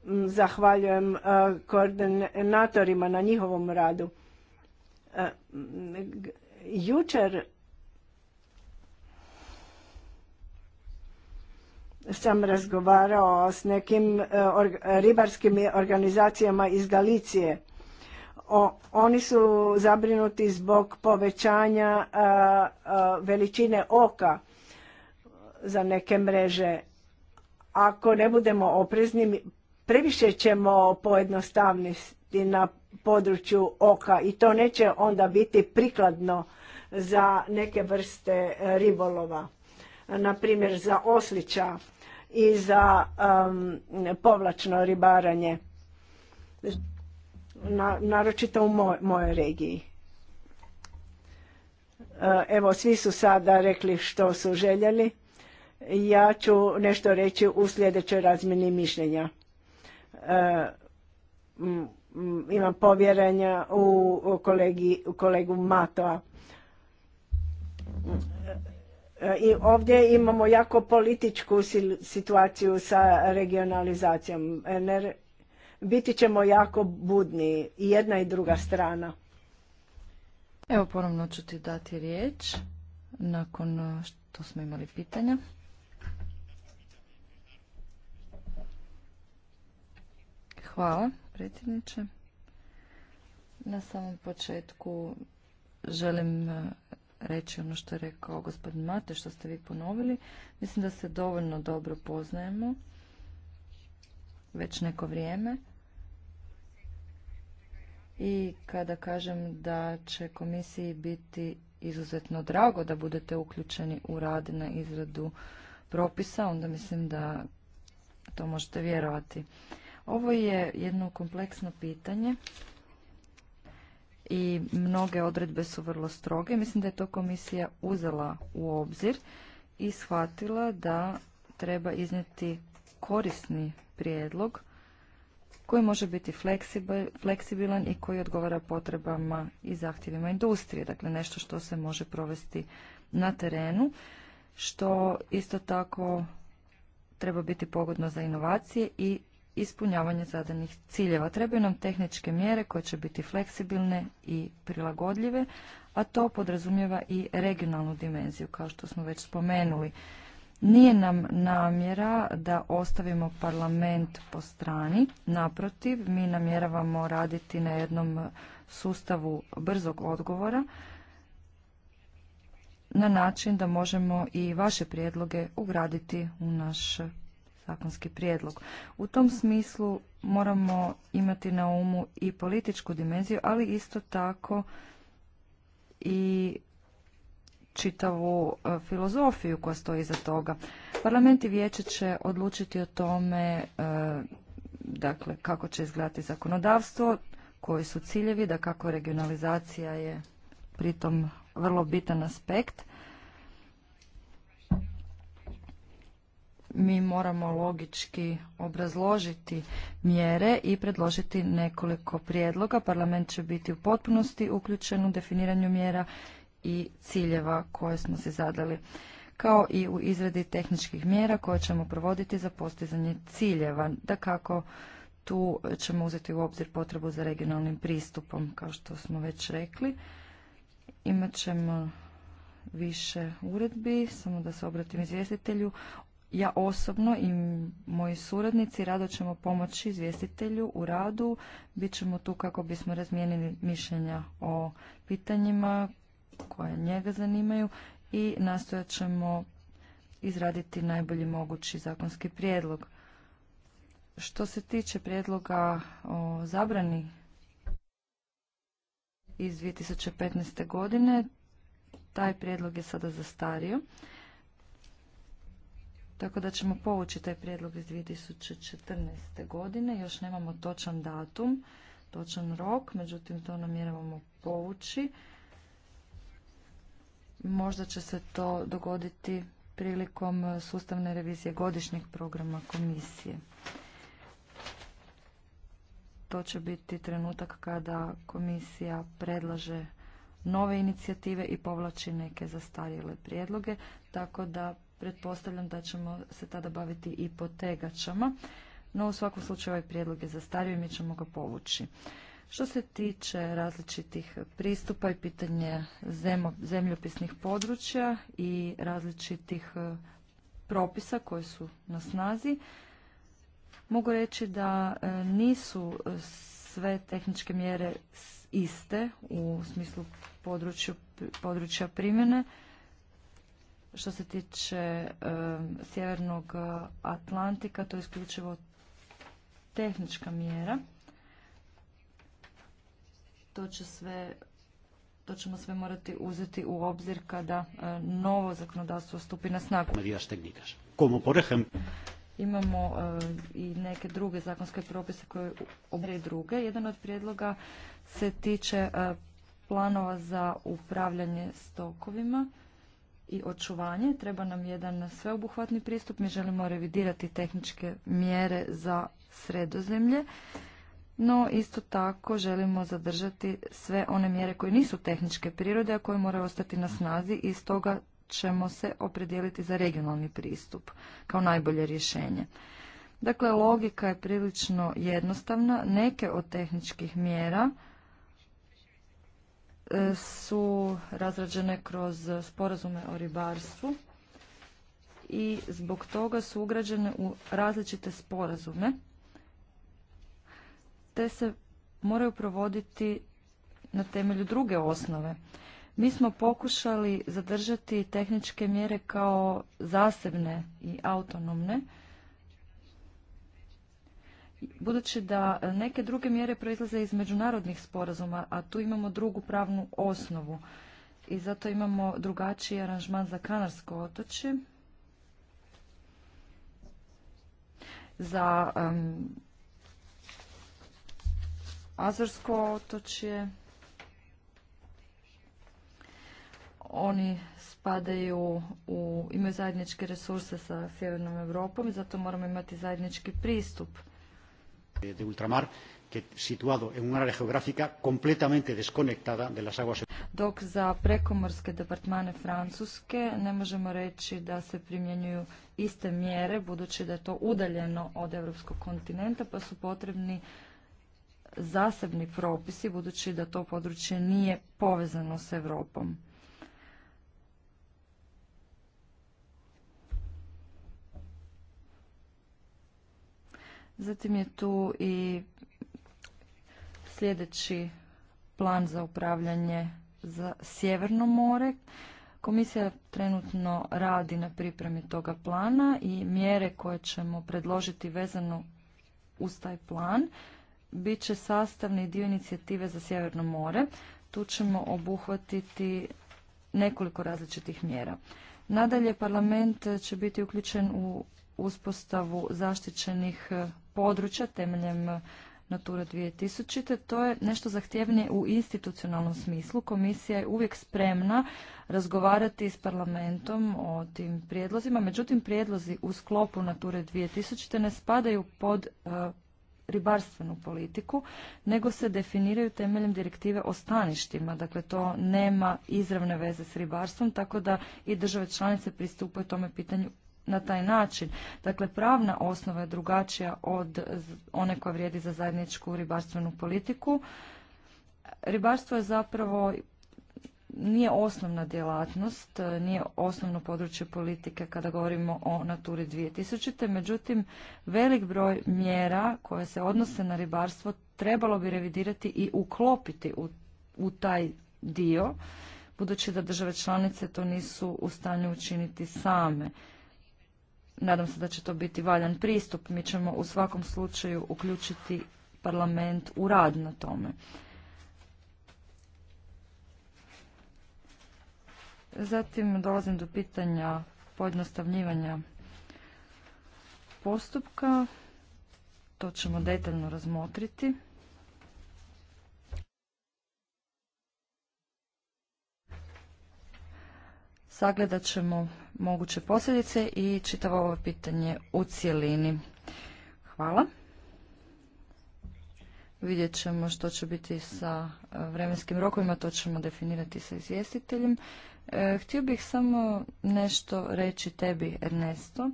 Mm, zahvaljujem e, koordinatorima na njihovom radu. E, jučer sam razgovarao s nekim ribarskim organizacijama iz Galicije oni su zabrinuti zbog povećanja veličine oka za neke mreže. Ako ne budemo oprezni, previše ćemo pojednostavniti na području oka i to neće onda biti prikladno za neke vrste e, ribolova, na primjer za oslića i za povlačno ribaranje na, naročito u moj, mojoj regiji. E, evo, svi su sada rekli što su željeli. Ja ću nešto reći u sljedećoj razmini mišljenja. E, imam povjerenja u, kolegi, u kolegu Matoa. E, I ovdje imamo jako političku situaciju sa regionalizacijom. Ener, biti ćemo jako budni i jedna i druga strana. Evo ponovno ću ti dati riječ nakon e, što smo imali pitanja. Hvala predsjedniče. Na samom početku želim e, reći ono što je rekao gospodin Mate, što ste vi ponovili. Mislim da se dovoljno dobro poznajemo već neko vrijeme i kada kažem da će komisiji biti izuzetno drago da budete uključeni u rad na izradu propisa, onda mislim da to možete vjerovati. Ovo je jedno kompleksno pitanje i mnoge odredbe su vrlo stroge. Mislim da je to komisija uzela u obzir i shvatila da treba iznijeti korisni prijedlog koji može biti fleksibilan i koji odgovara potrebama i zahtjevima industrije. Dakle, nešto što se može provesti na terenu, što isto tako treba biti pogodno za inovacije i ispunjavanje zadanih ciljeva. Trebaju nam tehničke mjere koje će biti fleksibilne i prilagodljive, a to podrazumijeva i regionalnu dimenziju, kao što smo već spomenuli. Nije nam namjera da ostavimo parlament po strani, naprotiv, mi namjeravamo raditi na jednom sustavu brzog odgovora na način da možemo i vaše prijedloge ugraditi u naš zakonski prijedlog. U tom smislu moramo imati na umu i političku dimenziju, ali isto tako i čitavu e, filozofiju koja stoji iza toga. Parlament i vijeće će odlučiti o tome e, dakle, kako će izgledati zakonodavstvo, koji su ciljevi, da kako regionalizacija je pritom vrlo bitan aspekt. Mi moramo logički obrazložiti mjere i predložiti nekoliko prijedloga. Parlament će biti u potpunosti uključen u definiranju mjera i ciljeva koje smo se zadali, kao i u izradi tehničkih mjera koje ćemo provoditi za postizanje ciljeva, da kako tu ćemo uzeti u obzir potrebu za regionalnim pristupom, kao što smo već rekli. Imat ćemo više uredbi, samo da se obratim izvjestitelju. Ja osobno i moji suradnici rado ćemo pomoći izvjestitelju u radu. Bićemo tu kako bismo razmijenili mišljenja o pitanjima koje njega zanimaju i nastojat ćemo izraditi najbolji mogući zakonski prijedlog. Što se tiče prijedloga o zabrani iz 2015. godine, taj prijedlog je sada zastario. Tako da ćemo povući taj prijedlog iz 2014. godine. Još nemamo točan datum, točan rok, međutim to namjeravamo povući. Možda će se to dogoditi prilikom sustavne revizije godišnjeg programa komisije. To će biti trenutak kada komisija predlaže nove inicijative i povlači neke zastarjele prijedloge, tako da pretpostavljam da ćemo se tada baviti i potegačama, no u svakom slučaju ovaj prijedlog je zastario i mi ćemo ga povući. Što se tiče različitih pristupa i pitanja zemljopisnih područja i različitih e, propisa koje su na snazi, mogu reći da e, nisu e, sve tehničke mjere iste u smislu područja primjene. Što se tiče Sjevernog Atlantika, to je isključivo tehnička mjera to će sve to ćemo sve morati uzeti u obzir kada e, novo zakonodavstvo stupi na snagu. Imamo e, i neke druge zakonske propise koje obre druge. Jedan od prijedloga se tiče e, planova za upravljanje stokovima i očuvanje. Treba nam jedan sveobuhvatni pristup. Mi želimo revidirati tehničke mjere za sredozemlje no isto tako želimo zadržati sve one mjere koje nisu tehničke prirode, a koje moraju ostati na snazi i stoga ćemo se opredijeliti za regionalni pristup kao najbolje rješenje. Dakle, logika je prilično jednostavna. Neke od tehničkih mjera e, su razrađene kroz sporazume o ribarstvu i zbog toga su ugrađene u različite sporazume te se moraju provoditi na temelju druge osnove. Mi smo pokušali zadržati tehničke mjere kao zasebne i autonomne, budući da neke druge mjere proizlaze iz međunarodnih sporazuma, a tu imamo drugu pravnu osnovu i zato imamo drugačiji aranžman za Kanarsko otoče, za Azorsko otočje. Oni spadaju u, imaju zajedničke resurse sa Sjevernom Europom i zato moramo imati zajednički pristup. De ultramar, que situado en una área geográfica completamente desconectada de las dok za prekomorske departmane Francuske ne možemo reći da se primjenjuju iste mjere, budući da je to udaljeno od Evropskog kontinenta, pa su potrebni zasebni propisi budući da to područje nije povezano s Evropom. Zatim je tu i sljedeći plan za upravljanje za Sjeverno more. Komisija trenutno radi na pripremi toga plana i mjere koje ćemo predložiti vezano uz taj plan bit će sastavni dio inicijative za Sjeverno more. Tu ćemo obuhvatiti nekoliko različitih mjera. Nadalje, parlament će biti uključen u uspostavu zaštićenih područja temeljem Natura 2000. To je nešto zahtjevnije u institucionalnom smislu. Komisija je uvijek spremna razgovarati s parlamentom o tim prijedlozima. Međutim, prijedlozi u sklopu Nature 2000. ne spadaju pod eh, ribarstvenu politiku, nego se definiraju temeljem direktive o staništima. Dakle, to nema izravne veze s ribarstvom, tako da i države članice pristupaju tome pitanju na taj način. Dakle, pravna osnova je drugačija od one koja vrijedi za zajedničku ribarstvenu politiku. Ribarstvo je zapravo nije osnovna djelatnost, e, nije osnovno područje politike kada govorimo o Naturi 2000. Međutim, velik broj mjera koje se odnose na ribarstvo trebalo bi revidirati i uklopiti u, u taj dio, budući da države članice to nisu u stanju učiniti same. Nadam se da će to biti valjan pristup. Mi ćemo u svakom slučaju uključiti parlament u rad na tome. Zatim dolazim do pitanja pojednostavljivanja postupka. To ćemo detaljno razmotriti. Sagledat ćemo moguće posljedice i čitavo ovo pitanje u cijelini. Hvala. Vidjet ćemo što će biti sa eh, vremenskim rokovima, to ćemo definirati sa izvjestiteljem. E, htio bih samo nešto reći tebi, Ernesto.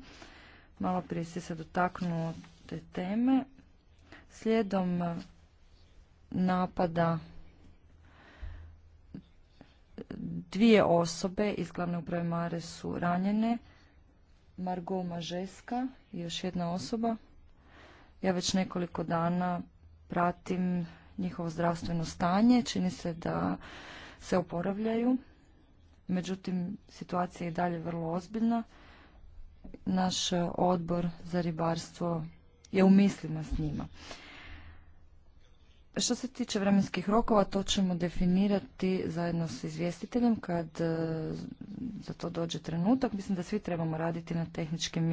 Malo prije si se dotaknuo te teme. Slijedom napada dvije osobe iz glavne uprave Mare su ranjene. Margot Mažeska i još jedna osoba. Ja već nekoliko dana pratim njihovo zdravstveno stanje. Čini se da se oporavljaju međutim situacija je i dalje vrlo ozbiljna. Naš e, odbor za ribarstvo je u mislima s njima. Što se tiče vremenskih rokova, to ćemo definirati zajedno s izvjestiteljem kad e, za to dođe trenutak. Mislim da svi trebamo raditi na tehničkim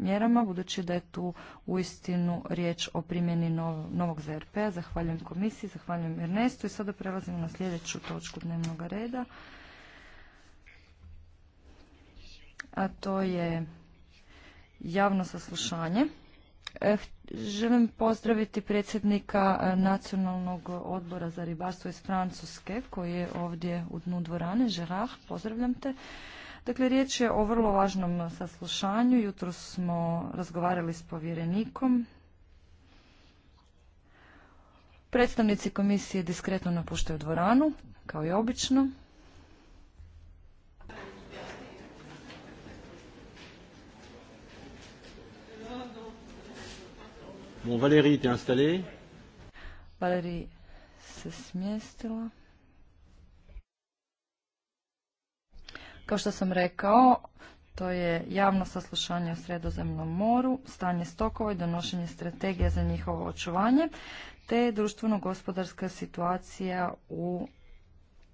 mjerama, budući da je tu uistinu riječ o primjeni novog ZRP-a. Zahvaljujem komisiji, zahvaljujem Ernestu i sada prelazimo na sljedeću točku dnevnog reda. a to je javno saslušanje. E, želim pozdraviti predsjednika e, Nacionalnog odbora za ribarstvo iz Francuske koji je ovdje u dnu dvorane. Žerah, pozdravljam te. Dakle, riječ je o vrlo važnom saslušanju. Jutro smo razgovarali s povjerenikom. Predstavnici komisije diskretno napuštaju dvoranu, kao i obično. Bon, Valérie, installée Valérie se smjestila. Kao što sam rekao, to je javno saslušanje o sredozemnom moru, stanje stokova i donošenje strategija za njihovo očuvanje, te društveno-gospodarska situacija u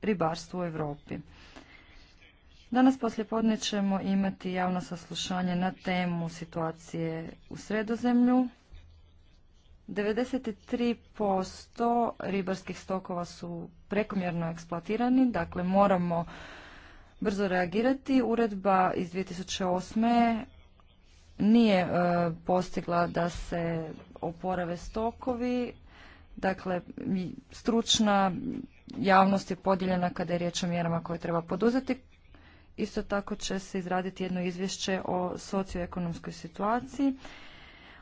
ribarstvu u Europi. Danas poslijepodne ćemo imati javno saslušanje na temu situacije u sredozemlju, 93% ribarskih stokova su prekomjerno eksploatirani, dakle moramo brzo reagirati. Uredba iz 2008. nije e, postigla da se oporave stokovi, dakle stručna javnost je podijeljena kada je riječ o mjerama koje treba poduzeti. Isto tako će se izraditi jedno izvješće o socioekonomskoj situaciji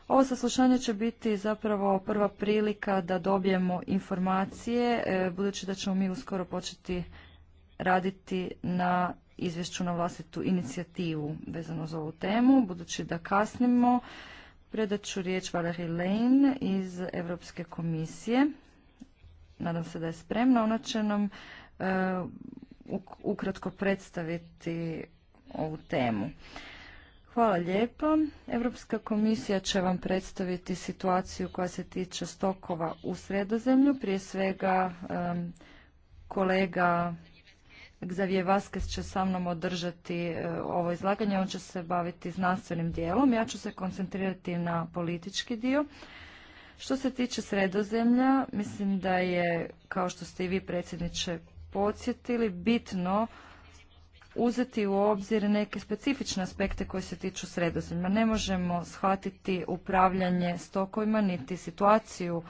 ovo saslušanje će biti zapravo prva prilika da dobijemo informacije, e, budući da ćemo mi uskoro početi raditi na izvješću na vlastitu inicijativu vezano za ovu temu, budući da kasnimo. Predat ću riječ Valerie Lane iz Europske komisije. Nadam se da je spremna. Ona će nam e, ukratko predstaviti ovu temu. Hvala lijepo. Europska komisija će vam predstaviti situaciju koja se tiče stokova u sredozemlju. Prije svega kolega Xavier Vasquez će sa mnom održati e, ovo izlaganje. On će se baviti znanstvenim dijelom. Ja ću se koncentrirati na politički dio. Što se tiče sredozemlja, mislim da je, kao što ste i vi predsjedniče podsjetili, bitno uzeti u obzir neke specifične aspekte koji se tiču sredozemlja. Ne možemo shvatiti upravljanje stokovima niti situaciju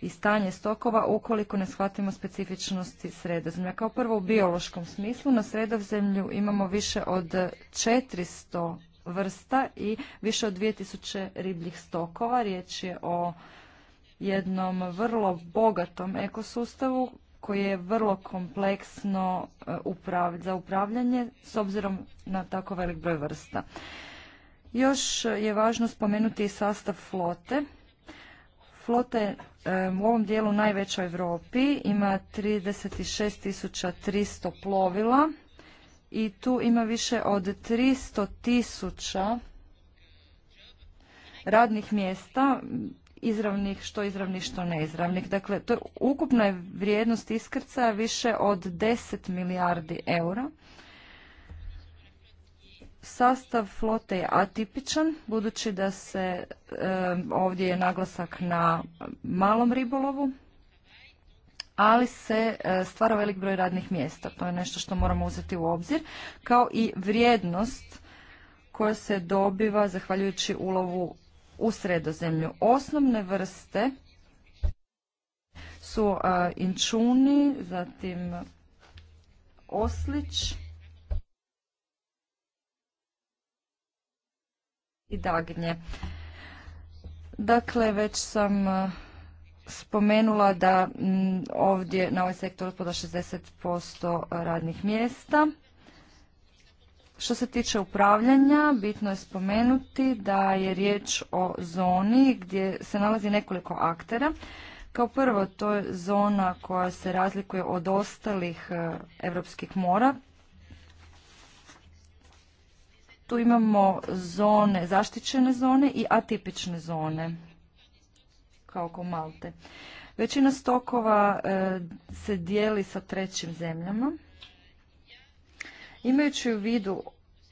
i stanje stokova ukoliko ne shvatimo specifičnosti sredozemlja. Kao prvo u biološkom smislu na sredozemlju imamo više od 400 vrsta i više od 2000 ribljih stokova. Riječ je o jednom vrlo bogatom ekosustavu koje je vrlo kompleksno e, za upravljanje s obzirom na tako velik broj vrsta. Još je važno spomenuti i sastav flote. Flota je e, u ovom dijelu najveća u Europi, ima 36.300 plovila i tu ima više od 300.000 radnih mjesta, izravnih, što izravnih, što neizravnih. Dakle, to je ukupna vrijednost iskrcaja više od 10 milijardi eura. Sastav flote je atipičan, budući da se ovdje je naglasak na malom ribolovu, ali se e, stvara velik broj radnih mjesta. To je nešto što moramo uzeti u obzir, kao i vrijednost koja se dobiva zahvaljujući ulovu u sredozemlju. Osnovne vrste su inčuni, zatim oslić i dagnje. Dakle, već sam spomenula da ovdje na ovaj sektor otpada 60% radnih mjesta. Što se tiče upravljanja, bitno je spomenuti da je riječ o zoni gdje se nalazi nekoliko aktera. Kao prvo, to je zona koja se razlikuje od ostalih europskih mora. Tu imamo zone, zaštićene zone i atipične zone, kao ko Malte. Većina stokova e, se dijeli sa trećim zemljama. Imajući u vidu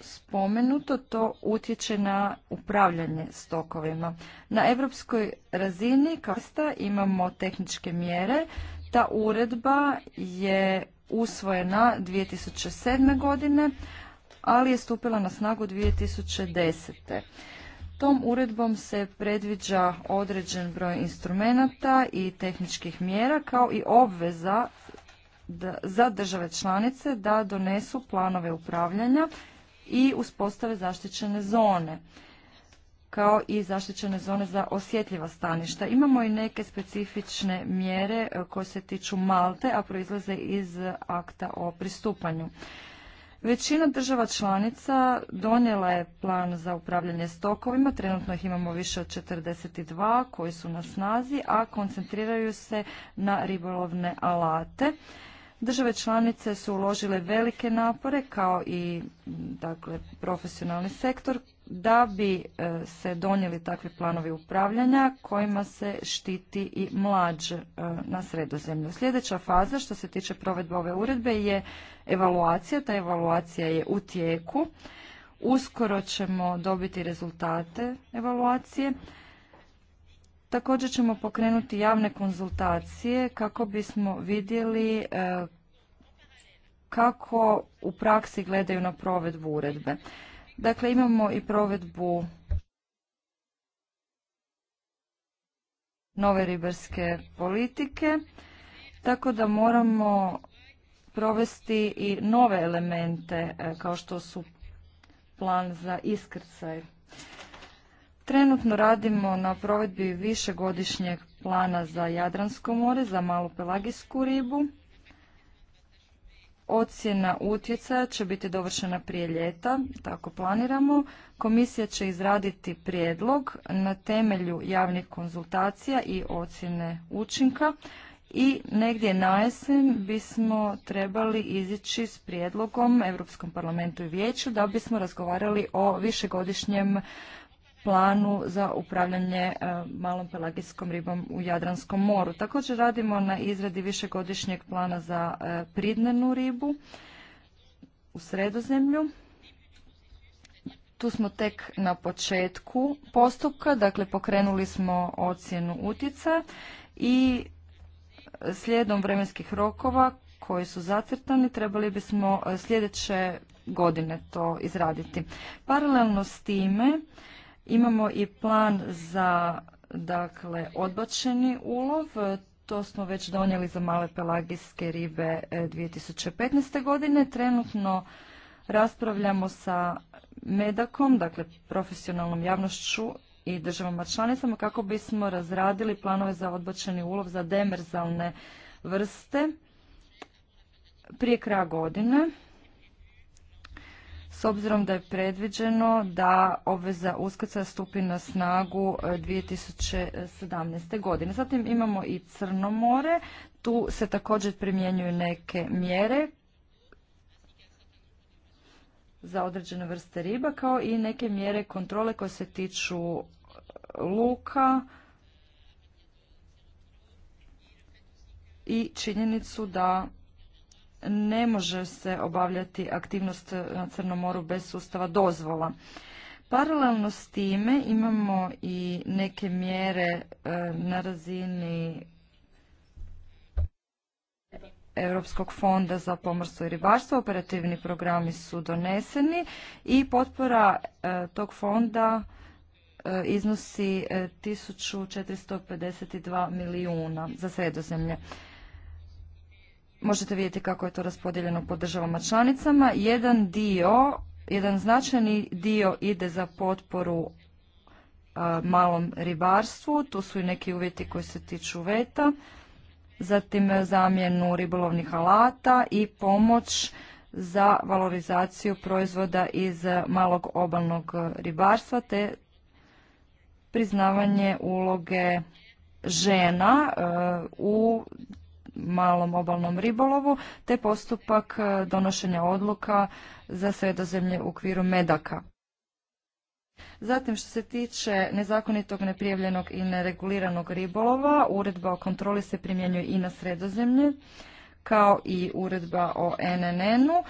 spomenuto, to utječe na upravljanje stokovima. Na europskoj razini kasta imamo tehničke mjere. Ta uredba je usvojena 2007. godine, ali je stupila na snagu 2010. Tom uredbom se predviđa određen broj instrumenata i tehničkih mjera kao i obveza za države članice da donesu planove upravljanja i uspostave zaštićene zone kao i zaštićene zone za osjetljiva staništa. Imamo i neke specifične mjere e, koje se tiču Malte, a proizlaze iz akta o pristupanju. Većina država članica donijela je plan za upravljanje stokovima, trenutno ih imamo više od 42 koji su na snazi, a koncentriraju se na ribolovne alate. Države članice su uložile velike napore kao i dakle, profesionalni sektor da bi e, se donijeli takvi planovi upravljanja kojima se štiti i mlađ e, na sredozemlju. Sljedeća faza što se tiče provedbe ove uredbe je evaluacija. Ta evaluacija je u tijeku. Uskoro ćemo dobiti rezultate evaluacije. Također ćemo pokrenuti javne konzultacije kako bismo vidjeli e, kako u praksi gledaju na provedbu uredbe. Dakle, imamo i provedbu nove ribarske politike, tako da moramo provesti i nove elemente e, kao što su plan za iskrcaj. Trenutno radimo na provedbi višegodišnjeg plana za Jadransko more, za malopelagijsku ribu. Ocjena utjecaja će biti dovršena prije ljeta, tako planiramo. Komisija će izraditi prijedlog na temelju javnih konzultacija i ocjene učinka i negdje na jesen bismo trebali izići s prijedlogom Europskom parlamentu i vijeću da bismo razgovarali o višegodišnjem planu za upravljanje e, malom pelagijskom ribom u Jadranskom moru. Također radimo na izradi višegodišnjeg plana za e, pridnenu ribu u sredozemlju. Tu smo tek na početku postupka, dakle pokrenuli smo ocjenu utjecaja i slijedom vremenskih rokova koji su zacrtani trebali bismo e, sljedeće godine to izraditi. Paralelno s time Imamo i plan za dakle odbačeni ulov, to smo već donijeli za male pelagijske ribe 2015. E, godine. Trenutno raspravljamo sa medakom, dakle profesionalnom javnošću i državama članicama kako bismo razradili planove za odbačeni ulov za demerzalne vrste prije kraja godine s obzirom da je predviđeno da obveza uskrca stupi na snagu 2017. E, godine. Zatim imamo i Crno more, tu se također primjenjuju neke mjere za određene vrste riba, kao i neke mjere kontrole koje se tiču e, luka i činjenicu da ne može se obavljati aktivnost na Crnom moru bez sustava dozvola. Paralelno s time imamo i neke mjere e, na razini Europskog fonda za pomorstvo i ribarstvo. Operativni programi su doneseni i potpora e, tog fonda e, iznosi 1452 milijuna za sredozemlje možete vidjeti kako je to raspodijeljeno po državama članicama. Jedan dio, jedan značajni dio ide za potporu e, malom ribarstvu, tu su i neki uvjeti koji se tiču veta, zatim zamjenu ribolovnih alata i pomoć za valorizaciju proizvoda iz malog obalnog ribarstva te priznavanje uloge žena e, u malom obalnom ribolovu, te postupak e, donošenja odluka za sredozemlje u okviru medaka. Zatim što se tiče nezakonitog, neprijavljenog i nereguliranog ribolova, uredba o kontroli se primjenjuje i na sredozemlje, kao i uredba o NNN-u.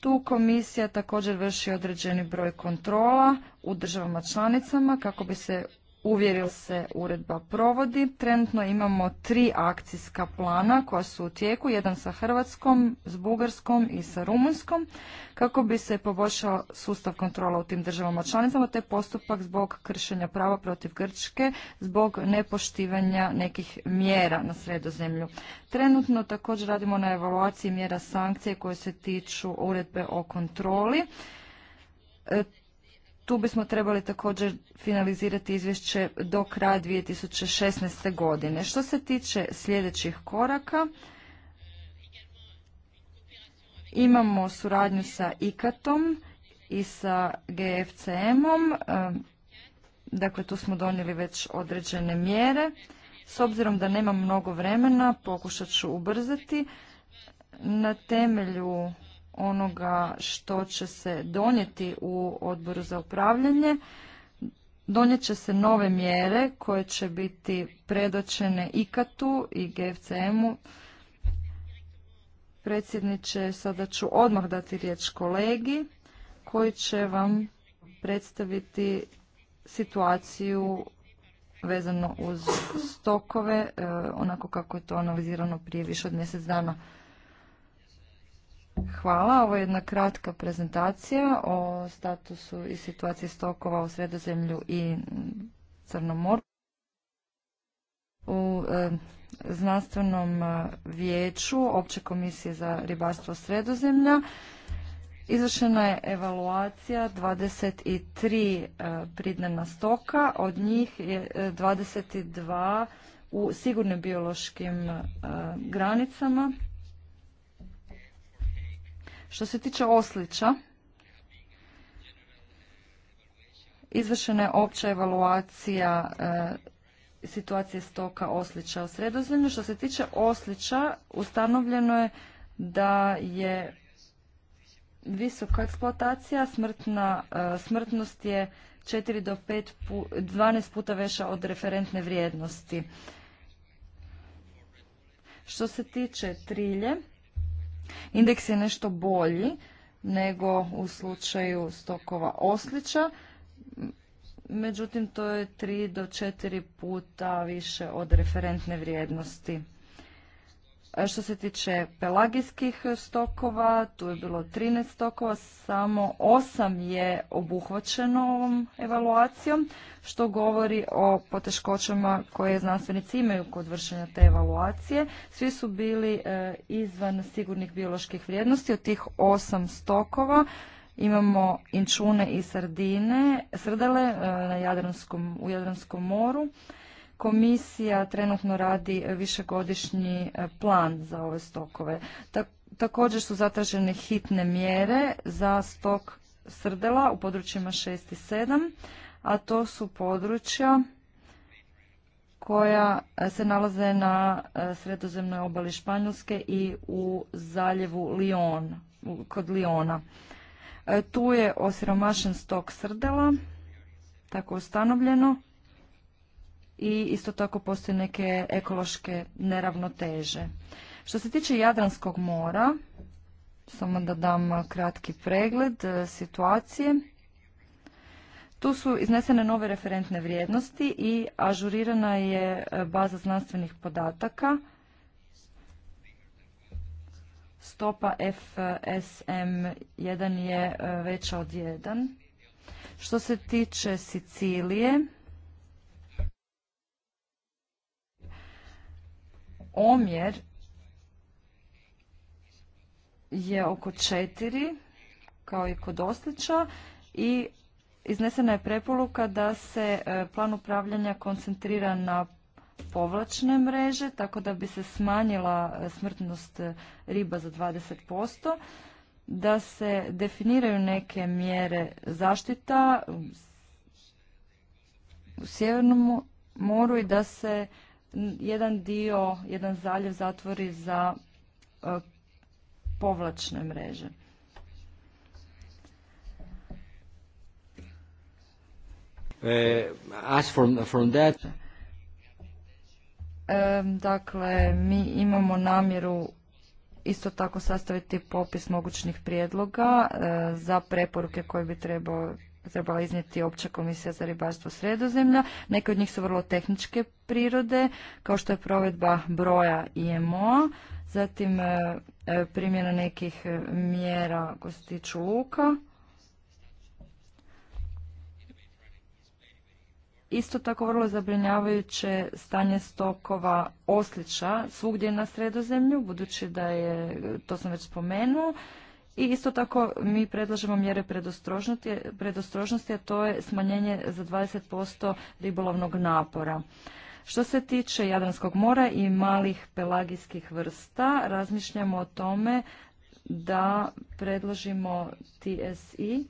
Tu komisija također vrši određeni broj kontrola u državama članicama kako bi se uvjerio se uredba provodi. Trenutno imamo tri akcijska plana koja su u tijeku, jedan sa Hrvatskom, s Bugarskom i sa rumunskom. kako bi se poboljšao sustav kontrola u tim državama članicama, te postupak zbog kršenja prava protiv Grčke, zbog nepoštivanja nekih mjera na sredozemlju. Trenutno također radimo na evaluaciji mjera sankcije koje se tiču uredbe o kontroli e, tu bismo trebali također finalizirati izvješće do kraja 2016. godine. Što se tiče sljedećih koraka, imamo suradnju sa ICAT-om i sa GFCM-om. E, dakle, tu smo donijeli već određene mjere. S obzirom da nemam mnogo vremena, pokušat ću ubrzati. Na temelju onoga što će se donijeti u odboru za upravljanje. Donijet će se nove mjere koje će biti predočene IKAT-u i GFCM-u. Predsjedniče, sada ću odmah dati riječ kolegi koji će vam predstaviti situaciju vezano uz stokove, e, onako kako je to analizirano prije više od mjesec dana. Hvala. Ovo je jedna kratka prezentacija o statusu i situaciji stokova u Sredozemlju i Crnom moru. U e, znanstvenom e, vijeću Opće komisije za ribarstvo Sredozemlja izvršena je evaluacija 23 e, pridnena stoka, od njih je 22 e, u sigurnim biološkim granicama što se tiče oslića, izvršena je opća evaluacija e, situacije stoka oslića u sredozemlju. Što se tiče oslića, ustanovljeno je da je visoka eksploatacija, e, smrtnost je 4 do 5 12 puta veća od referentne vrijednosti. Što se tiče trilje, Indeks je nešto bolji nego u slučaju stokova oslića, međutim to je 3 do 4 puta više od referentne vrijednosti E, što se tiče pelagijskih stokova, tu je bilo 13 stokova, samo 8 je obuhvaćeno ovom evaluacijom, što govori o poteškoćama koje znanstvenici imaju kod vršenja te evaluacije. Svi su bili e, izvan sigurnih bioloških vrijednosti, od tih 8 stokova imamo inčune i sardine, srdele e, na Jadranskom, u Jadranskom moru. Komisija trenutno radi višegodišnji e, plan za ove stokove. Također su zatražene hitne mjere za stok srdela u područjima 6 i 7, a to su područja koja e, se nalaze na e, sredozemnoj obali Španjolske i u zaljevu Lion, kod Liona. Tu je osiromašen stok srdela, tako ustanovljeno, i isto tako postoje neke ekološke neravnoteže. Što se tiče Jadranskog mora, samo da dam kratki pregled e, situacije. Tu su iznesene nove referentne vrijednosti i ažurirana je e, baza znanstvenih podataka. Stopa FSM1 je e, veća od 1. Što se tiče Sicilije, omjer je oko 4, kao i kod osjeća i iznesena je preporuka da se e, plan upravljanja koncentrira na povlačne mreže, tako da bi se smanjila e, smrtnost e, riba za 20%, da se definiraju neke mjere zaštita u Sjevernom moru i da se jedan dio, jedan zaljev zatvori za e, povlačne mreže. E, e, dakle, mi imamo namjeru isto tako sastaviti popis mogućnih prijedloga za preporuke koje bi trebao trebala iznijeti opća komisija za ribarstvo sredozemlja. Neke od njih su vrlo tehničke prirode, kao što je provedba broja IMO, zatim e, e, primjena nekih e, mjera koje se tiču luka. Isto tako vrlo zabrinjavajuće stanje stokova osliča svugdje na sredozemlju, budući da je, to sam već spomenuo, i isto tako mi predlažemo mjere predostrožnosti, a to je smanjenje za 20% ribolovnog napora. Što se tiče Jadranskog mora i malih pelagijskih vrsta, razmišljamo o tome da predložimo TSI,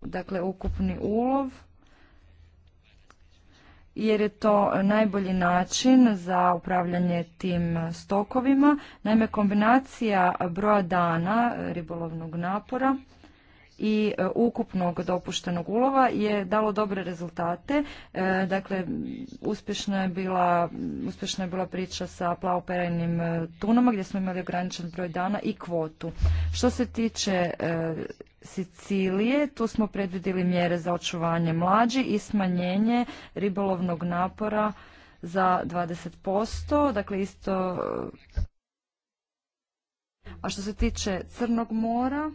dakle ukupni ulov, jer je to najbolji način za upravljanje tim stokovima. Naime, kombinacija broja dana ribolovnog napora i e, ukupnog dopuštenog ulova je dalo dobre rezultate. E, dakle, uspješna je bila, uspješna je bila priča sa plavoperajnim e, tunama gdje smo imali ograničen broj dana i kvotu. Što se tiče Sicilije, tu smo predvidili mjere za očuvanje mlađi i smanjenje ribolovnog napora za 20%, dakle isto... A što se tiče Crnog mora,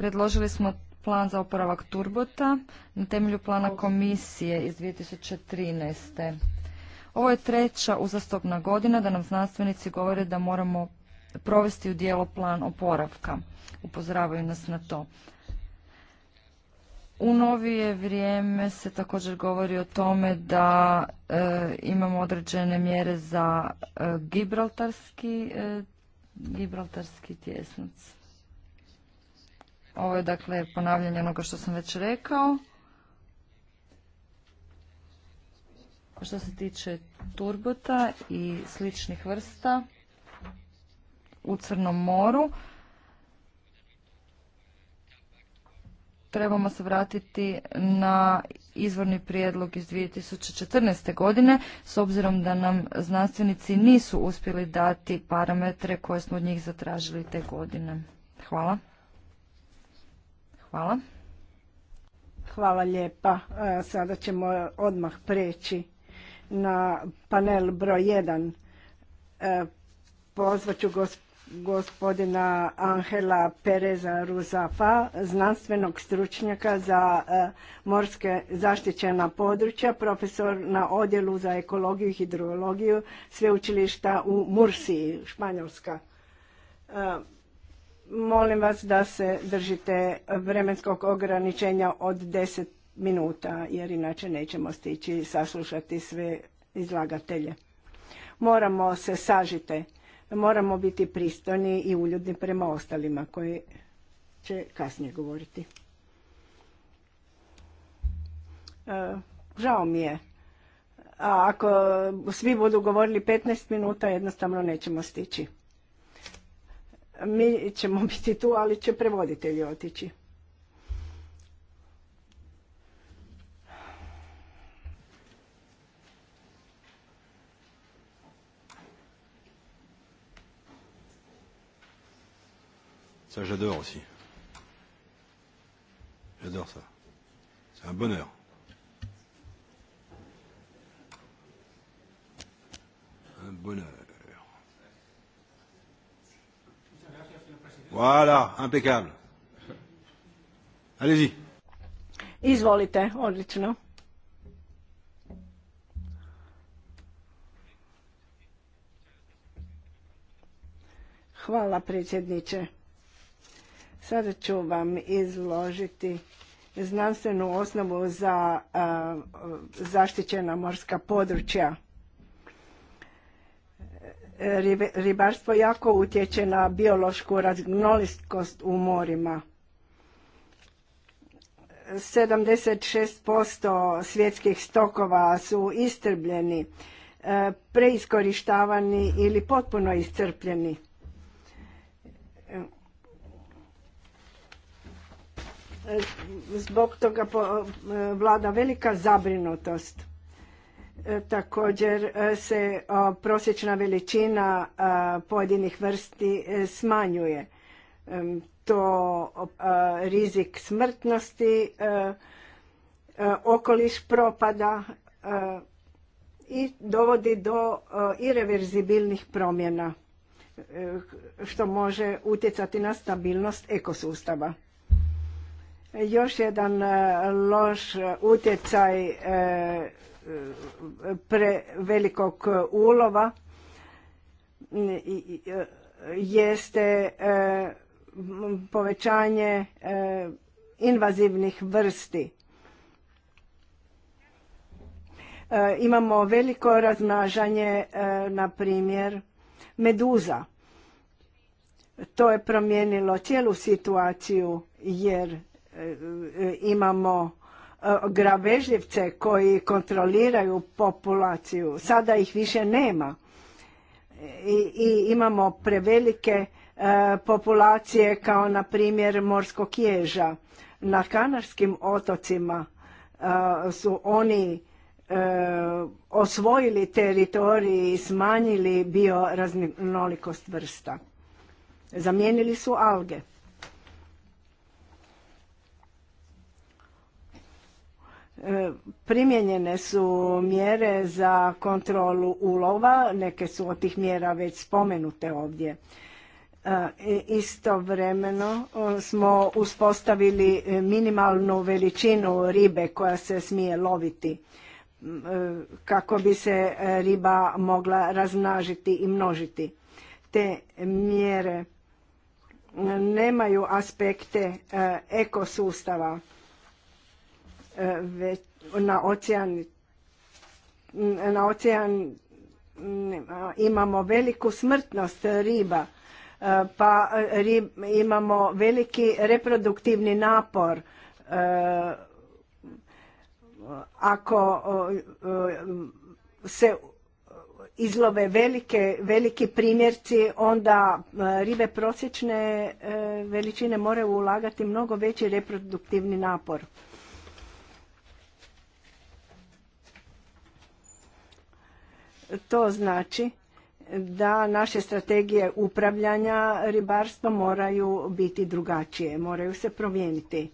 Predložili smo plan za oporavak turbota na temelju plana komisije iz 2013. Ovo je treća uzastopna godina da nam znanstvenici govore da moramo provesti u dijelo plan oporavka. Upozoravaju nas na to. U novije vrijeme se također govori o tome da e, imamo određene mjere za e, gibraltarski, e, gibraltarski ovo je dakle ponavljanje onoga što sam već rekao. Što se tiče turbota i sličnih vrsta u Crnom moru, trebamo se vratiti na izvorni prijedlog iz 2014. godine s obzirom da nam znanstvenici nisu uspjeli dati parametre koje smo od njih zatražili te godine. Hvala. Hvala. Hvala lijepa. E, sada ćemo odmah preći na panel broj 1. E, Pozvaću gospodina Angela Pereza Ruzafa, znanstvenog stručnjaka za e, morske zaštićena područja, profesor na odjelu za ekologiju i hidrologiju sveučilišta u Mursiji, Španjolska. Molim vas da se držite vremenskog ograničenja od 10 minuta, jer inače nećemo stići saslušati sve izlagatelje. Moramo se sažite, moramo biti pristojni i uljudni prema ostalima koji će kasnije govoriti. E, žao mi je. A ako svi budu govorili 15 minuta, jednostavno nećemo stići. Mi ćemo biti tu, ali će prevoditelji otići. Ça, j'adore aussi. J'adore ça. C'est un bonheur. Un bonheur. Voilà, impeccable. Allez-y. Izvolite, odlično. Hvala predsjedniče. Sada ću vam izložiti znanstvenu osnovu za zaštićena morska područja ribarstvo jako utječe na biološku raznolikost u morima. 76% svjetskih stokova su istrbljeni, e, preiskorištavani ili potpuno iscrpljeni. E, zbog toga e, vlada velika zabrinutost E, također e, se prosječna veličina e, pojedinih vrsti smanjuje. To rizik smrtnosti, okoliš propada i dovodi do ireverzibilnih promjena što može utjecati na stabilnost ekosustava. Još jedan loš utjecaj prevelikog ulova jeste e, povećanje e, invazivnih vrsti. E, imamo veliko raznažanje, na primjer, meduza. To je promijenilo cijelu situaciju jer imamo grabežljivce koji kontroliraju populaciju. Sada ih više nema. I, imamo prevelike e, populacije kao na primjer morskog ježa. Na Kanarskim otocima e, su oni e, osvojili teritorij i smanjili bioraznolikost vrsta. Zamijenili su alge. E, Primijenjene su mjere za kontrolu ulova, neke su od tih mjera već spomenute ovdje. E, istovremeno e, smo uspostavili minimalnu veličinu ribe koja se smije loviti kako bi se riba mogla raznažiti i množiti. Te mjere nemaju aspekte ekosustava E, na ocean ocean imamo veliku smrtnost riba e, pa e, imamo veliki reproduktivni napor ako se izlove velike, veliki primjerci, onda ribe prosječne veličine moraju ulagati mnogo veći reproduktivni napor. To znači da naše strategije upravljanja ribarstva moraju biti drugačije, moraju se promijeniti.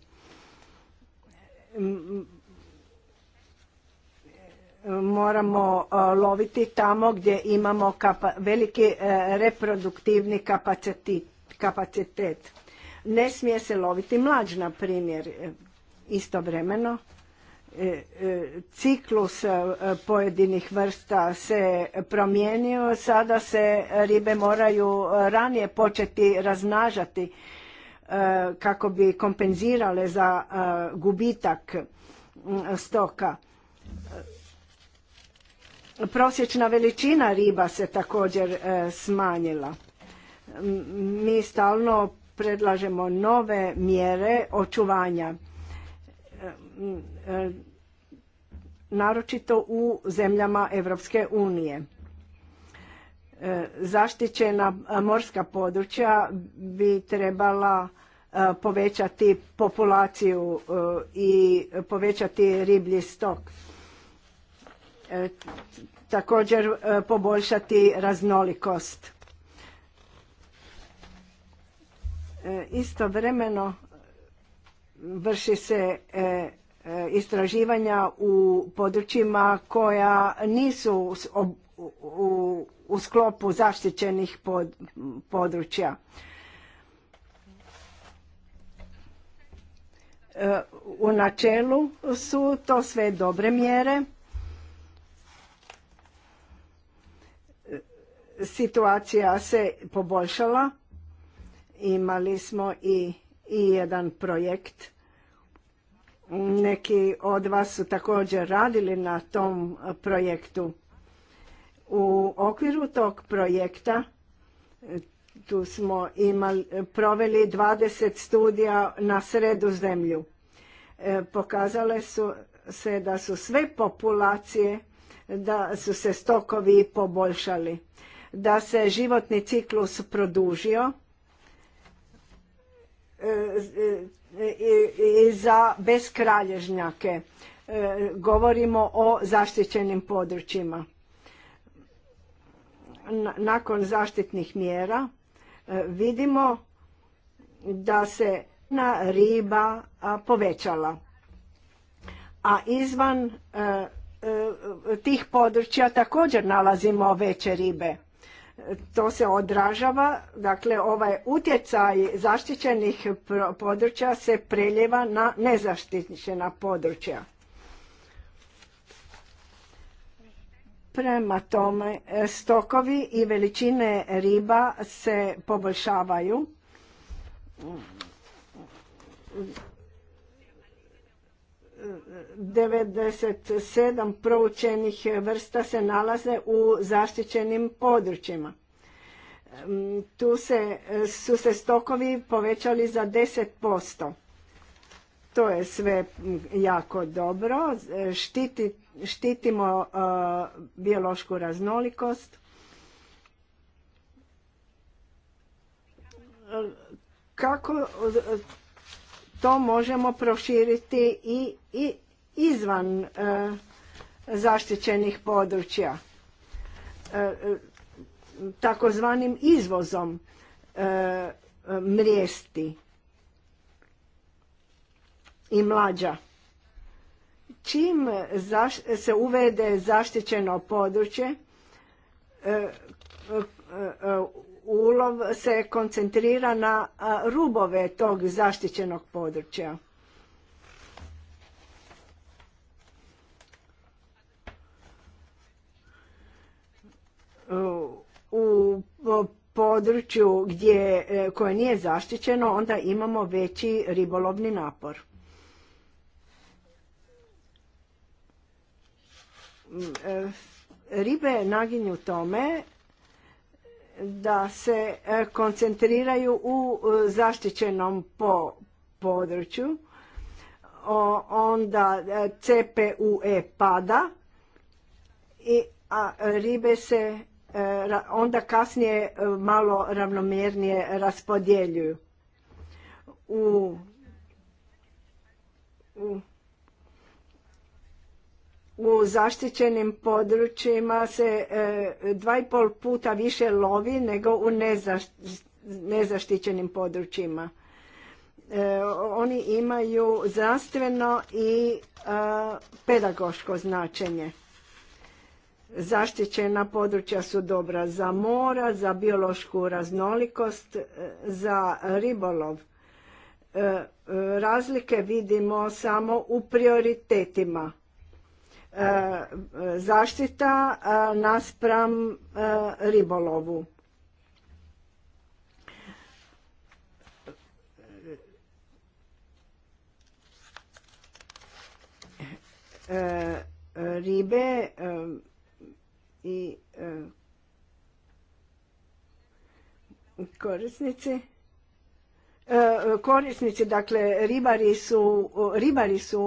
Moramo loviti tamo gdje imamo veliki e, reproduktivni kapacitet. Ne smije se loviti mlađ, na primjer, e, istovremeno E, e, ciklus e, pojedinih vrsta se promijenio, sada se ribe moraju ranije početi raznažati kako bi kompenzirale za gubitak stoka. Prosječna veličina riba se također smanjila. Mi stalno predlažemo nove mjere očuvanja E, naročito u zemljama Europske unije. E, zaštićena morska područja bi trebala e, povećati populaciju i povećati riblji stok. Također poboljšati raznolikost. Istovremeno vrši se E, istraživanja u područjima koja nisu u sklopu zaštićenih područja. E, u načelu su to sve dobre mjere. Situacija se poboljšala. Imali smo i, jedan projekt neki od vas su također radili na tom projektu. U okviru tog projekta e, tu smo imali, proveli 20 studija na sredu zemlju. E, pokazale su se da su sve populacije, da su se stokovi poboljšali, da se životni ciklus produžio, e, i za beskralježnjake. E, govorimo o zaštićenim područjima. Nakon zaštitnih mjera e, vidimo da se na riba povećala. A izvan e, tih područja također nalazimo veće ribe to se odražava, dakle ovaj utjecaj zaštićenih područja se preljeva na nezaštićena područja. Prema tome stokovi i veličine riba se poboljšavaju 97 proučenih vrsta se nalaze u zaštićenim područjima. Mm, tu se, su se stokovi povećali za 10%. To je sve mm, jako dobro. Štiti, štitimo e, biološku raznolikost. E, kako e, to možemo proširiti i i izvan e, zaštićenih područja e, e, takozvanim izvozom mrijesti i mlađa. Čim se uvede zaštićeno područje, ulov se koncentrira na rubove tog zaštićenog područja. u području gdje, e, koje nije zaštićeno, onda imamo veći ribolovni napor. Ribe naginju tome da se e, koncentriraju u e, zaštićenom po području, onda CPUE pada, i, a ribe se onda kasnije e, malo ravnomjernije raspodjeljuju. U, u, u zaštićenim područjima se e, dva pol puta više lovi nego u nezaštićenim područjima. E, oni imaju zdravstveno i pedagoško značenje. Zaštićena područja su dobra za mora, za biološku raznolikost, e, za ribolov. E, e, razlike vidimo samo u prioritetima. zaštita naspram ribolovu. ribe i e, korisnici e, korisnici dakle ribari su ribari su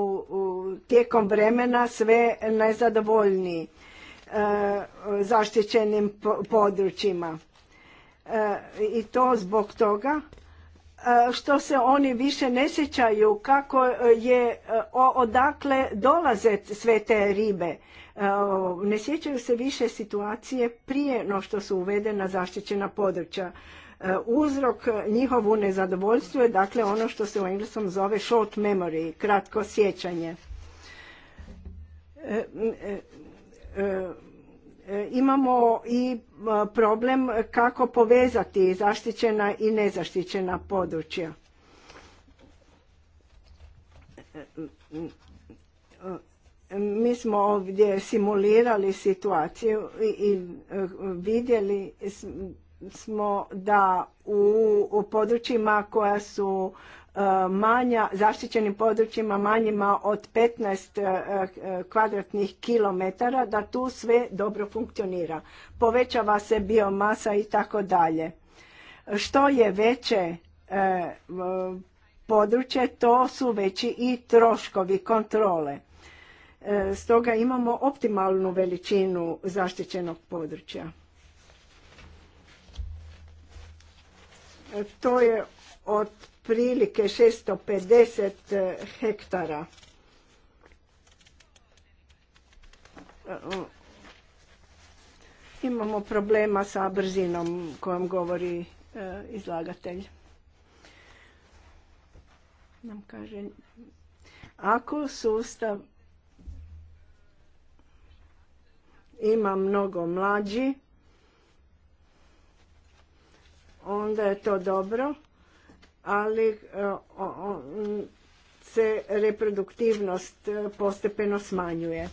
tijekom vremena sve najzadovoljniji e, zaštićenim područjima i to zbog toga što se oni više ne sjećaju kako je odakle dolaze sve te ribe E, ne sjećaju se više situacije prije no što su uvedena zaštićena područja. E, uzrok njihovu nezadovoljstvu je dakle ono što se u engleskom zove short memory, kratko sjećanje. E, imamo i problem kako povezati zaštićena i nezaštićena područja mi smo ovdje simulirali situaciju i e, vidjeli smo da u područjima koja su e, manja, zaštićenim područjima manjima od 15 e, kvadratnih kilometara, da tu sve dobro funkcionira. Povećava se biomasa i tako dalje. Što je veće područje, to su veći i troškovi kontrole E, stoga imamo optimalnu veličinu zaštićenog područja. E, to je otprilike 650 e, hektara. Imamo problema sa brzinom kojom govori izlagatelj. Nam kaže, ako sustav ima mnogo mlađi, onda je to dobro, ali e, se reproduktivnost e, postepeno smanjuje.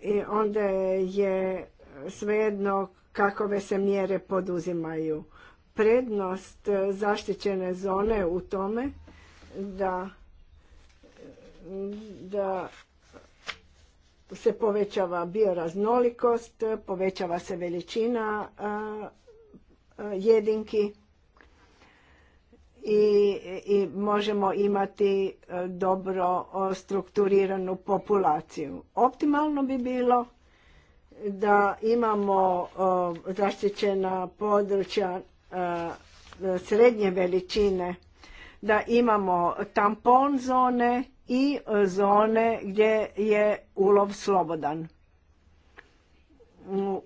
I onda je svejedno kakove se mjere poduzimaju. Prednost e, zaštićene zone u tome da da se povećava bioraznolikost, povećava se veličina jedinki i, možemo imati dobro strukturiranu populaciju. Optimalno bi bilo da imamo zaštićena područja srednje veličine, da imamo tampon zone i e, zone gdje je ulov slobodan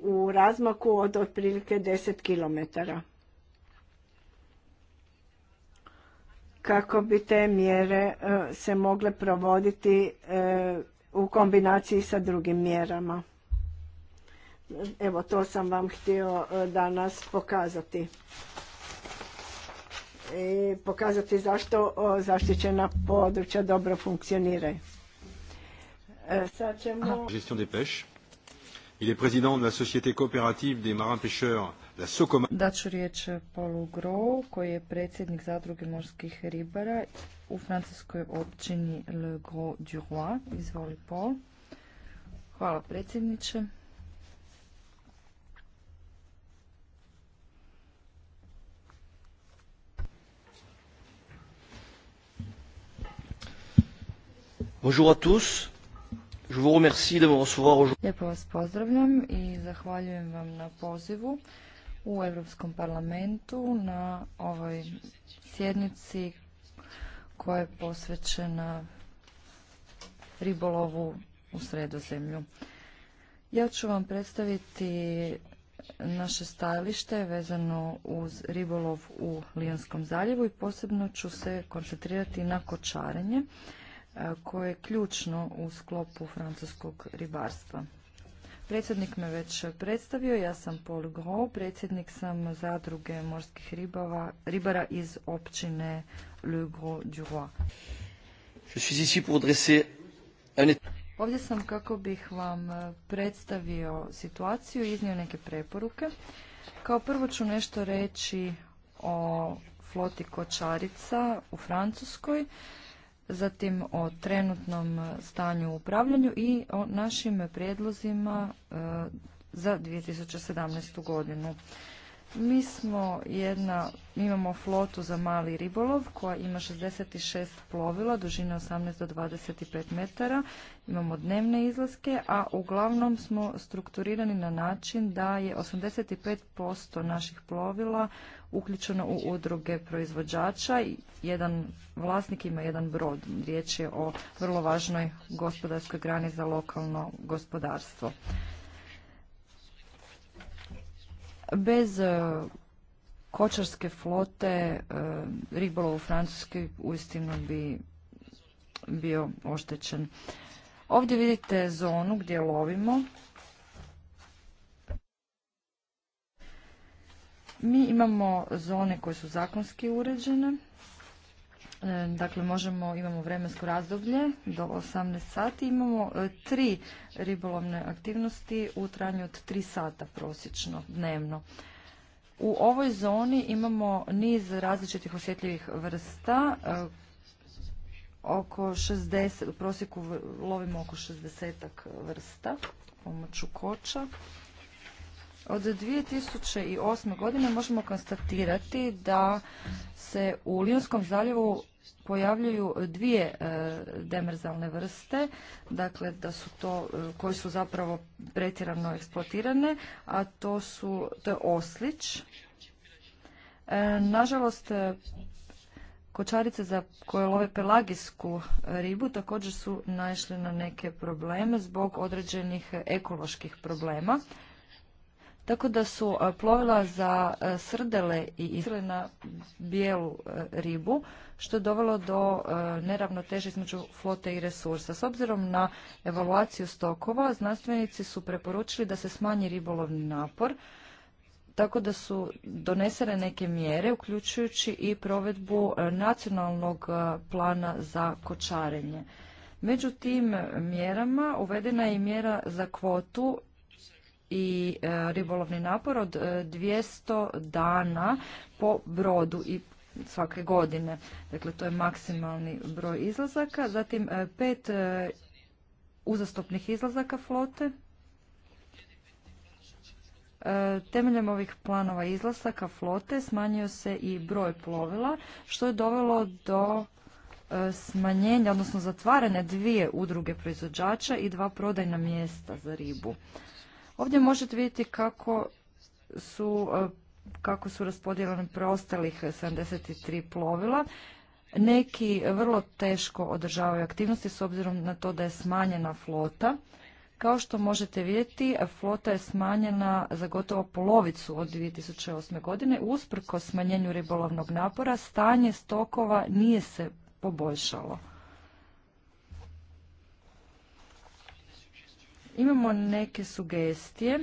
u razmaku od otprilike 10 km. Kako bi te mjere e, se mogle provoditi e, u kombinaciji sa drugim mjerama. Evo to sam vam htio danas pokazati i pokazati zašto zaštićena područja dobro funkcioniraju. E, sad ćemo... Gestion des pêches. Il est président de la Société coopérative des marins pêcheurs, la Socoma. Daću riječ e, Paulu Grou, koji je predsjednik zadruge morskih ribara u francuskoj općini Le Gros du Roi. Izvoli Paul. Hvala predsjedniče. Bonjour à tous. Je vous remercie de me recevoir aujourd'hui. Lijepo vas pozdravljam i zahvaljujem vam na pozivu u Europskom parlamentu na ovoj sjednici koja je posvećena ribolovu u sredozemlju. Ja ću vam predstaviti naše stajalište vezano uz ribolov u Lijanskom zaljevu i posebno ću se koncentrirati na kočarenje koje je ključno u sklopu francuskog ribarstva. Predsjednik me već predstavio, ja sam Paul Gros, predsjednik sam zadruge morskih ribava, ribara iz općine Le Gros du Roi. Ovdje sam kako bih vam predstavio situaciju i iznio neke preporuke. Kao prvo ću nešto reći o floti kočarica u Francuskoj zatim o trenutnom stanju u upravljanju i o našim prijedlozima e, za 2017. godinu. Mi smo jedna, imamo flotu za mali ribolov koja ima 66 plovila, dužine 18 do 25 metara, imamo dnevne izlaske, a uglavnom smo strukturirani na način da je 85% naših plovila uključeno u udruge proizvođača. Jedan vlasnik ima jedan brod, riječ je o vrlo važnoj gospodarskoj grani za lokalno gospodarstvo. Bez e, kočarske flote e, ribolov u Francuskoj uistinu bi bio oštećen. Ovdje vidite zonu gdje lovimo. Mi imamo zone koje su zakonski uređene. E, dakle, možemo, imamo vremensko razdoblje do 18 sati. Imamo e, tri ribolovne aktivnosti u trajanju od 3 sata prosječno dnevno. U ovoj zoni imamo niz različitih osjetljivih vrsta. E, oko 60, u prosjeku lovimo oko 60 vrsta pomoću koča. Od 2008. godine možemo konstatirati da se u Lijonskom zaljevu pojavljuju dvije e, demerzalne vrste, dakle da su to e, koji su zapravo pretjerano eksploatirane, a to su to je oslić. E, nažalost kočarice za koje love pelagijsku ribu također su naišle na neke probleme zbog određenih ekoloških problema tako da su e, plovila za e, srdele i isle na bijelu e, ribu, što je dovelo do neravnoteže između flote i resursa. S obzirom na evaluaciju stokova, znanstvenici su preporučili da se smanji ribolovni napor, tako da su donesene neke mjere, uključujući i provedbu nacionalnog plana za kočarenje. Među tim mjerama uvedena je i mjera za kvotu i e, ribolovni napor od 200 e, dana po brodu i svake godine. Dakle, to je maksimalni broj izlazaka. Zatim e, pet uzastopnih izlazaka flote. Temeljem ovih planova izlazaka flote smanjio se i broj plovila, što je dovelo do smanjenja, odnosno zatvarane dvije udruge proizvođača i dva prodajna mjesta za ribu. Ovdje možete vidjeti kako su e, kako su raspodijeljene preostalih 73 plovila. Neki vrlo teško održavaju aktivnosti s obzirom na to da je smanjena flota. Kao što možete vidjeti, flota je smanjena za gotovo polovicu od 2008. godine. Usprko smanjenju ribolovnog napora, stanje stokova nije se poboljšalo. Imamo neke sugestije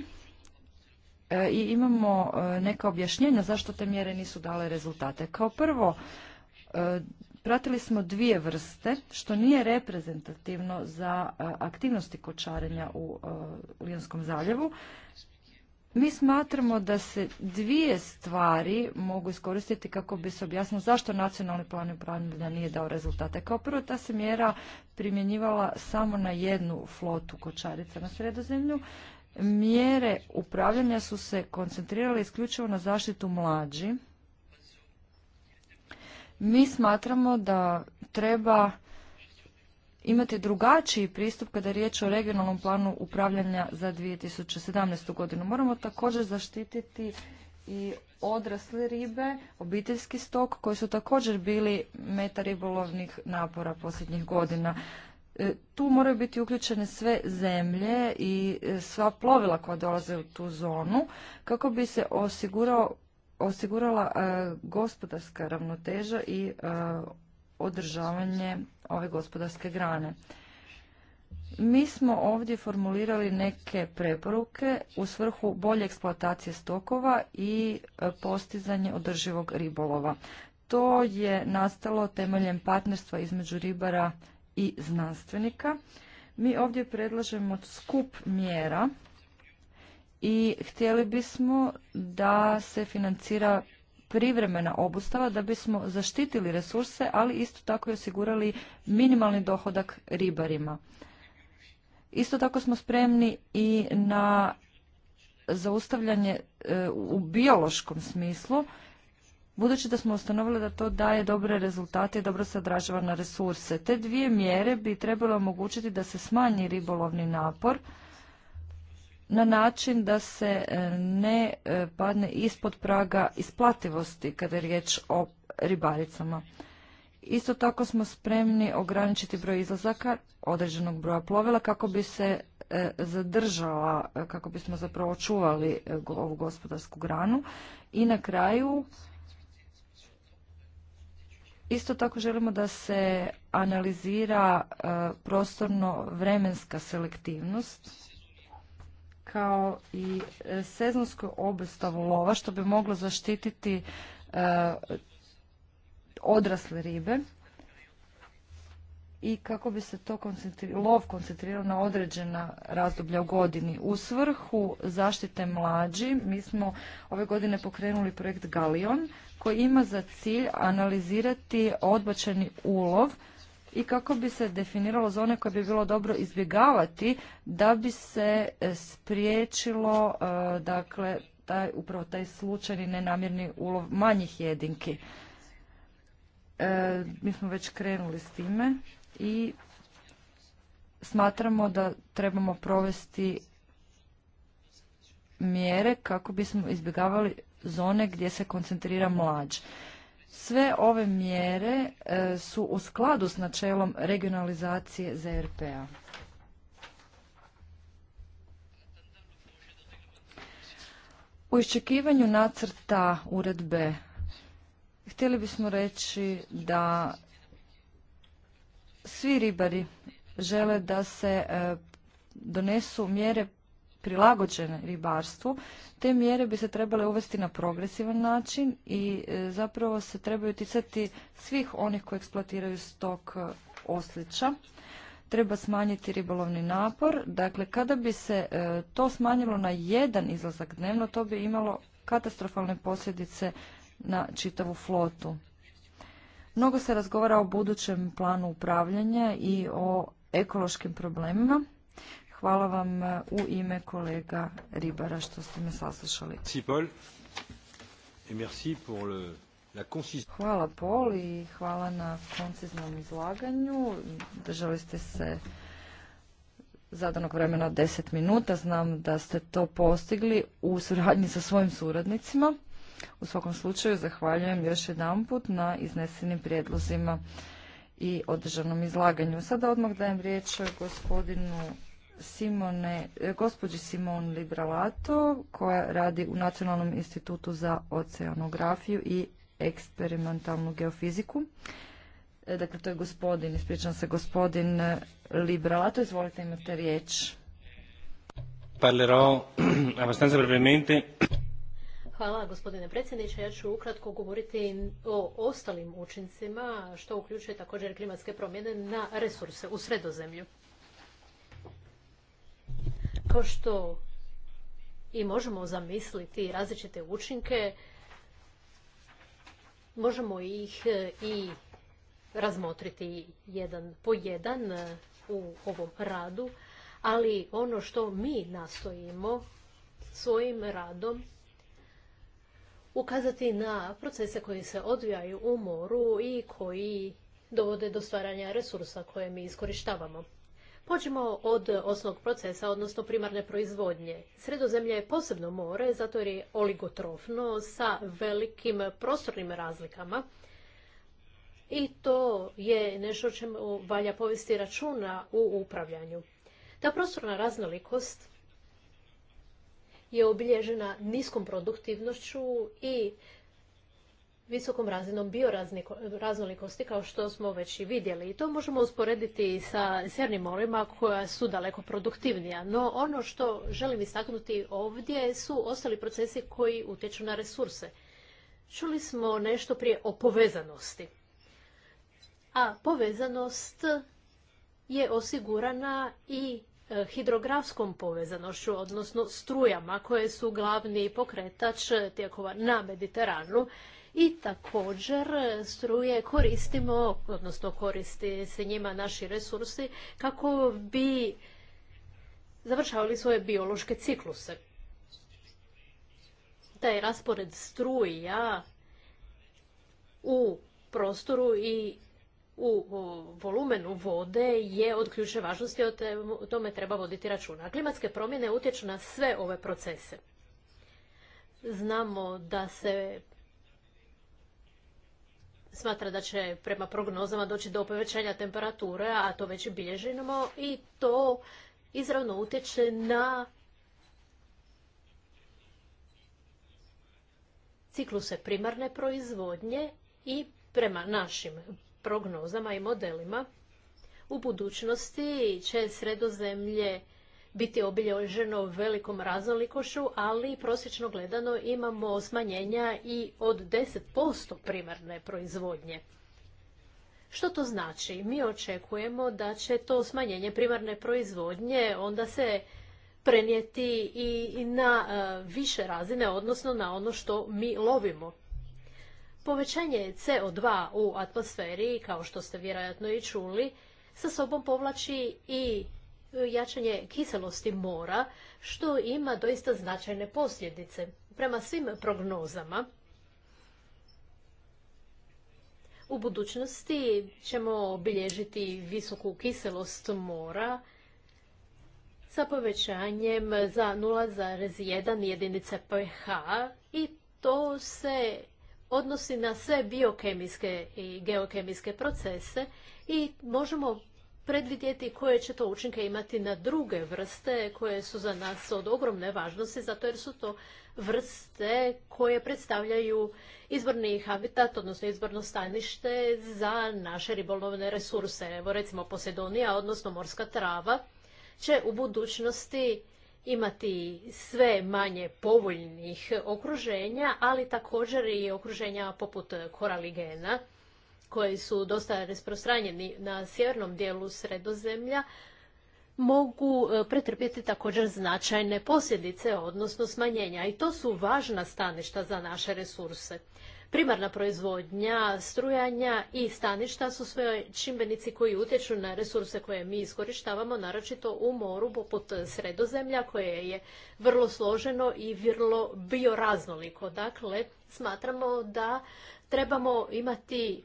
e, i imamo e, neka objašnjenja zašto te mjere nisu dale rezultate. Kao prvo, e, pratili smo dvije vrste, što nije reprezentativno za aktivnosti kočarenja u lijonskom zaljevu. Mi smatramo da se dvije stvari mogu iskoristiti kako bi se objasnilo zašto nacionalni plan upravljanja nije dao rezultate. Kao prvo, ta se mjera primjenjivala samo na jednu flotu kočarica na sredozemlju. Mjere upravljanja su se koncentrirale isključivo na zaštitu mlađi. Mi smatramo da treba imati drugačiji pristup kada je riječ o regionalnom planu upravljanja za 2017. godinu. Moramo također zaštititi i odrasle ribe, obiteljski stok koji su također bili meta ribolovnih napora posljednjih godina. E, tu moraju biti uključene sve zemlje i e, sva plovila koja dolaze u tu zonu kako bi se osigurao, osigurala e, gospodarska ravnoteža i održavanje ove gospodarske grane. Mi smo ovdje formulirali neke preporuke u svrhu bolje eksploatacije stokova i e, postizanje održivog ribolova. To je nastalo temeljem partnerstva između ribara i znanstvenika. Mi ovdje predlažemo skup mjera i htjeli bismo da se financira privremena obustava da bismo zaštitili resurse, ali isto tako i osigurali minimalni dohodak ribarima. Isto tako smo spremni i na zaustavljanje e, u biološkom smislu, budući da smo ustanovili da to daje dobre rezultate i dobro se odražava na resurse. Te dvije mjere bi trebalo omogućiti da se smanji ribolovni napor, na način da se e, ne e, padne ispod praga isplativosti kada je riječ o ribaricama. Isto tako smo spremni ograničiti broj izlazaka određenog broja plovila kako bi se e, zadržala, kako bismo zapravo očuvali ovu gospodarsku granu. I na kraju Isto tako želimo da se analizira prostorno vremenska selektivnost kao i e, sezonsku obustavu lova što bi moglo zaštititi e, odrasle ribe i kako bi se to lov koncentrirao na određena razdoblja u godini. U svrhu zaštite mlađi mi smo ove godine pokrenuli projekt Galion koji ima za cilj analizirati odbačeni ulov i kako bi se definiralo zone koje bi bilo dobro izbjegavati da bi se e, spriječilo e, dakle taj, upravo taj slučajni nenamjerni ulov manjih jedinki. E, mi smo već krenuli s time i smatramo da trebamo provesti mjere kako bismo izbjegavali zone gdje se koncentrira mlađ. Sve ove mjere e, su u skladu s načelom regionalizacije ZRP-a. U iščekivanju nacrta uredbe htjeli bismo reći da svi ribari žele da se e, donesu mjere prilagođene ribarstvu. Te mjere bi se trebale uvesti na progresivan način i e, zapravo se trebaju ticati svih onih koji eksploatiraju stok e, oslića. Treba smanjiti ribolovni napor. Dakle, kada bi se e, to smanjilo na jedan izlazak dnevno, to bi imalo katastrofalne posljedice na čitavu flotu. Mnogo se razgovara o budućem planu upravljanja i o ekološkim problemima. Hvala vam e, u ime kolega Ribara što ste me saslušali. Hvala Pol i hvala na konciznom izlaganju. Držali ste se zadanog vremena deset minuta. Znam da ste to postigli u suradnji sa svojim suradnicima. U svakom slučaju zahvaljujem još jedanput na iznesenim prijedlozima i održanom izlaganju. Sada odmah dajem riječ gospodinu Simone, e, gospođi Simon Libralato koja radi u Nacionalnom institutu za oceanografiju i eksperimentalnu geofiziku. E, dakle, to je gospodin, ispričam se, gospodin e, Libralato. Izvolite, imate riječ. brevemente. Hvala gospodine predsjedniče. Ja ću ukratko govoriti o ostalim učincima što uključuje također klimatske promjene na resurse u sredozemlju kao što i možemo zamisliti različite učinke, možemo ih e, i razmotriti jedan po jedan e, u ovom radu, ali ono što mi nastojimo svojim radom ukazati na procese koji se odvijaju u moru i koji dovode do stvaranja resursa koje mi iskorištavamo. Pođimo od osnovnog procesa, odnosno primarne proizvodnje. Sredozemlje je posebno more, zato jer je oligotrofno sa velikim prostornim razlikama. I to je nešto čemu valja povesti računa u upravljanju. Ta prostorna raznolikost je obilježena niskom produktivnošću i visokom razinom bioraznolikosti kao što smo već i vidjeli. I to možemo usporediti sa sjernim morima koja su daleko produktivnija. No ono što želim istaknuti ovdje su ostali procesi koji utječu na resurse. Čuli smo nešto prije o povezanosti. A povezanost je osigurana i e, hidrografskom povezanošću, odnosno strujama koje su glavni pokretač tijekova na Mediteranu i također struje koristimo, odnosno koristi se njima naši resursi kako bi završavali svoje biološke cikluse. Taj raspored struja u prostoru i u volumenu vode je od ključne važnosti, o tome treba voditi računa. Klimatske promjene utječu na sve ove procese. Znamo da se smatra da će prema prognozama doći do povećanja temperature, a to već bilježimo i to izravno utječe na cikluse primarne proizvodnje i prema našim prognozama i modelima u budućnosti će sredozemlje biti obilježeno velikom raznolikošću, ali prosječno gledano imamo smanjenja i od 10% primarne proizvodnje. Što to znači? Mi očekujemo da će to smanjenje primarne proizvodnje onda se prenijeti i na e, više razine, odnosno na ono što mi lovimo. Povećanje CO2 u atmosferi, kao što ste vjerojatno i čuli, sa sobom povlači i jačanje kiselosti mora, što ima doista značajne posljedice. Prema svim prognozama, u budućnosti ćemo obilježiti visoku kiselost mora sa povećanjem za 0,1 jedinice pH i to se odnosi na sve biokemijske i geokemijske procese i možemo predvidjeti koje će to učinke imati na druge vrste koje su za nas od ogromne važnosti, zato jer su to vrste koje predstavljaju izborni habitat, odnosno izborno stanište za naše ribolovne resurse. Evo recimo Posedonija, odnosno morska trava, će u budućnosti imati sve manje povoljnih okruženja, ali također i okruženja poput koraligena, koji su dosta rasprostranjeni na sjevernom dijelu sredozemlja, mogu e, pretrpjeti također značajne posljedice, odnosno smanjenja. I to su važna staništa za naše resurse. Primarna proizvodnja, strujanja i staništa su sve čimbenici koji utječu na resurse koje mi iskorištavamo, naročito u moru poput sredozemlja koje je vrlo složeno i vrlo bioraznoliko. Dakle, smatramo da trebamo imati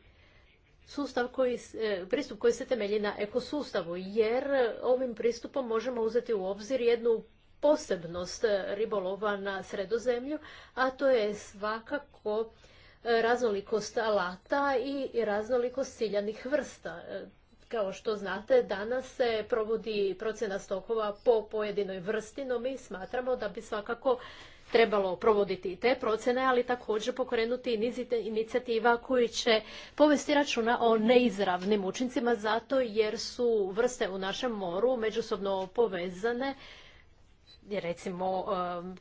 sustav koji, e, pristup koji se temelji na ekosustavu, jer e, ovim pristupom možemo uzeti u obzir jednu posebnost e, ribolova na sredozemlju, a to je svakako raznolikost alata i raznolikost ciljanih vrsta. Kao što znate, danas se provodi procjena stokova po pojedinoj vrsti, no mi smatramo da bi svakako trebalo provoditi i te procjene, ali također pokrenuti niz inicijativa koji će povesti računa o neizravnim učincima, zato jer su vrste u našem moru međusobno povezane, recimo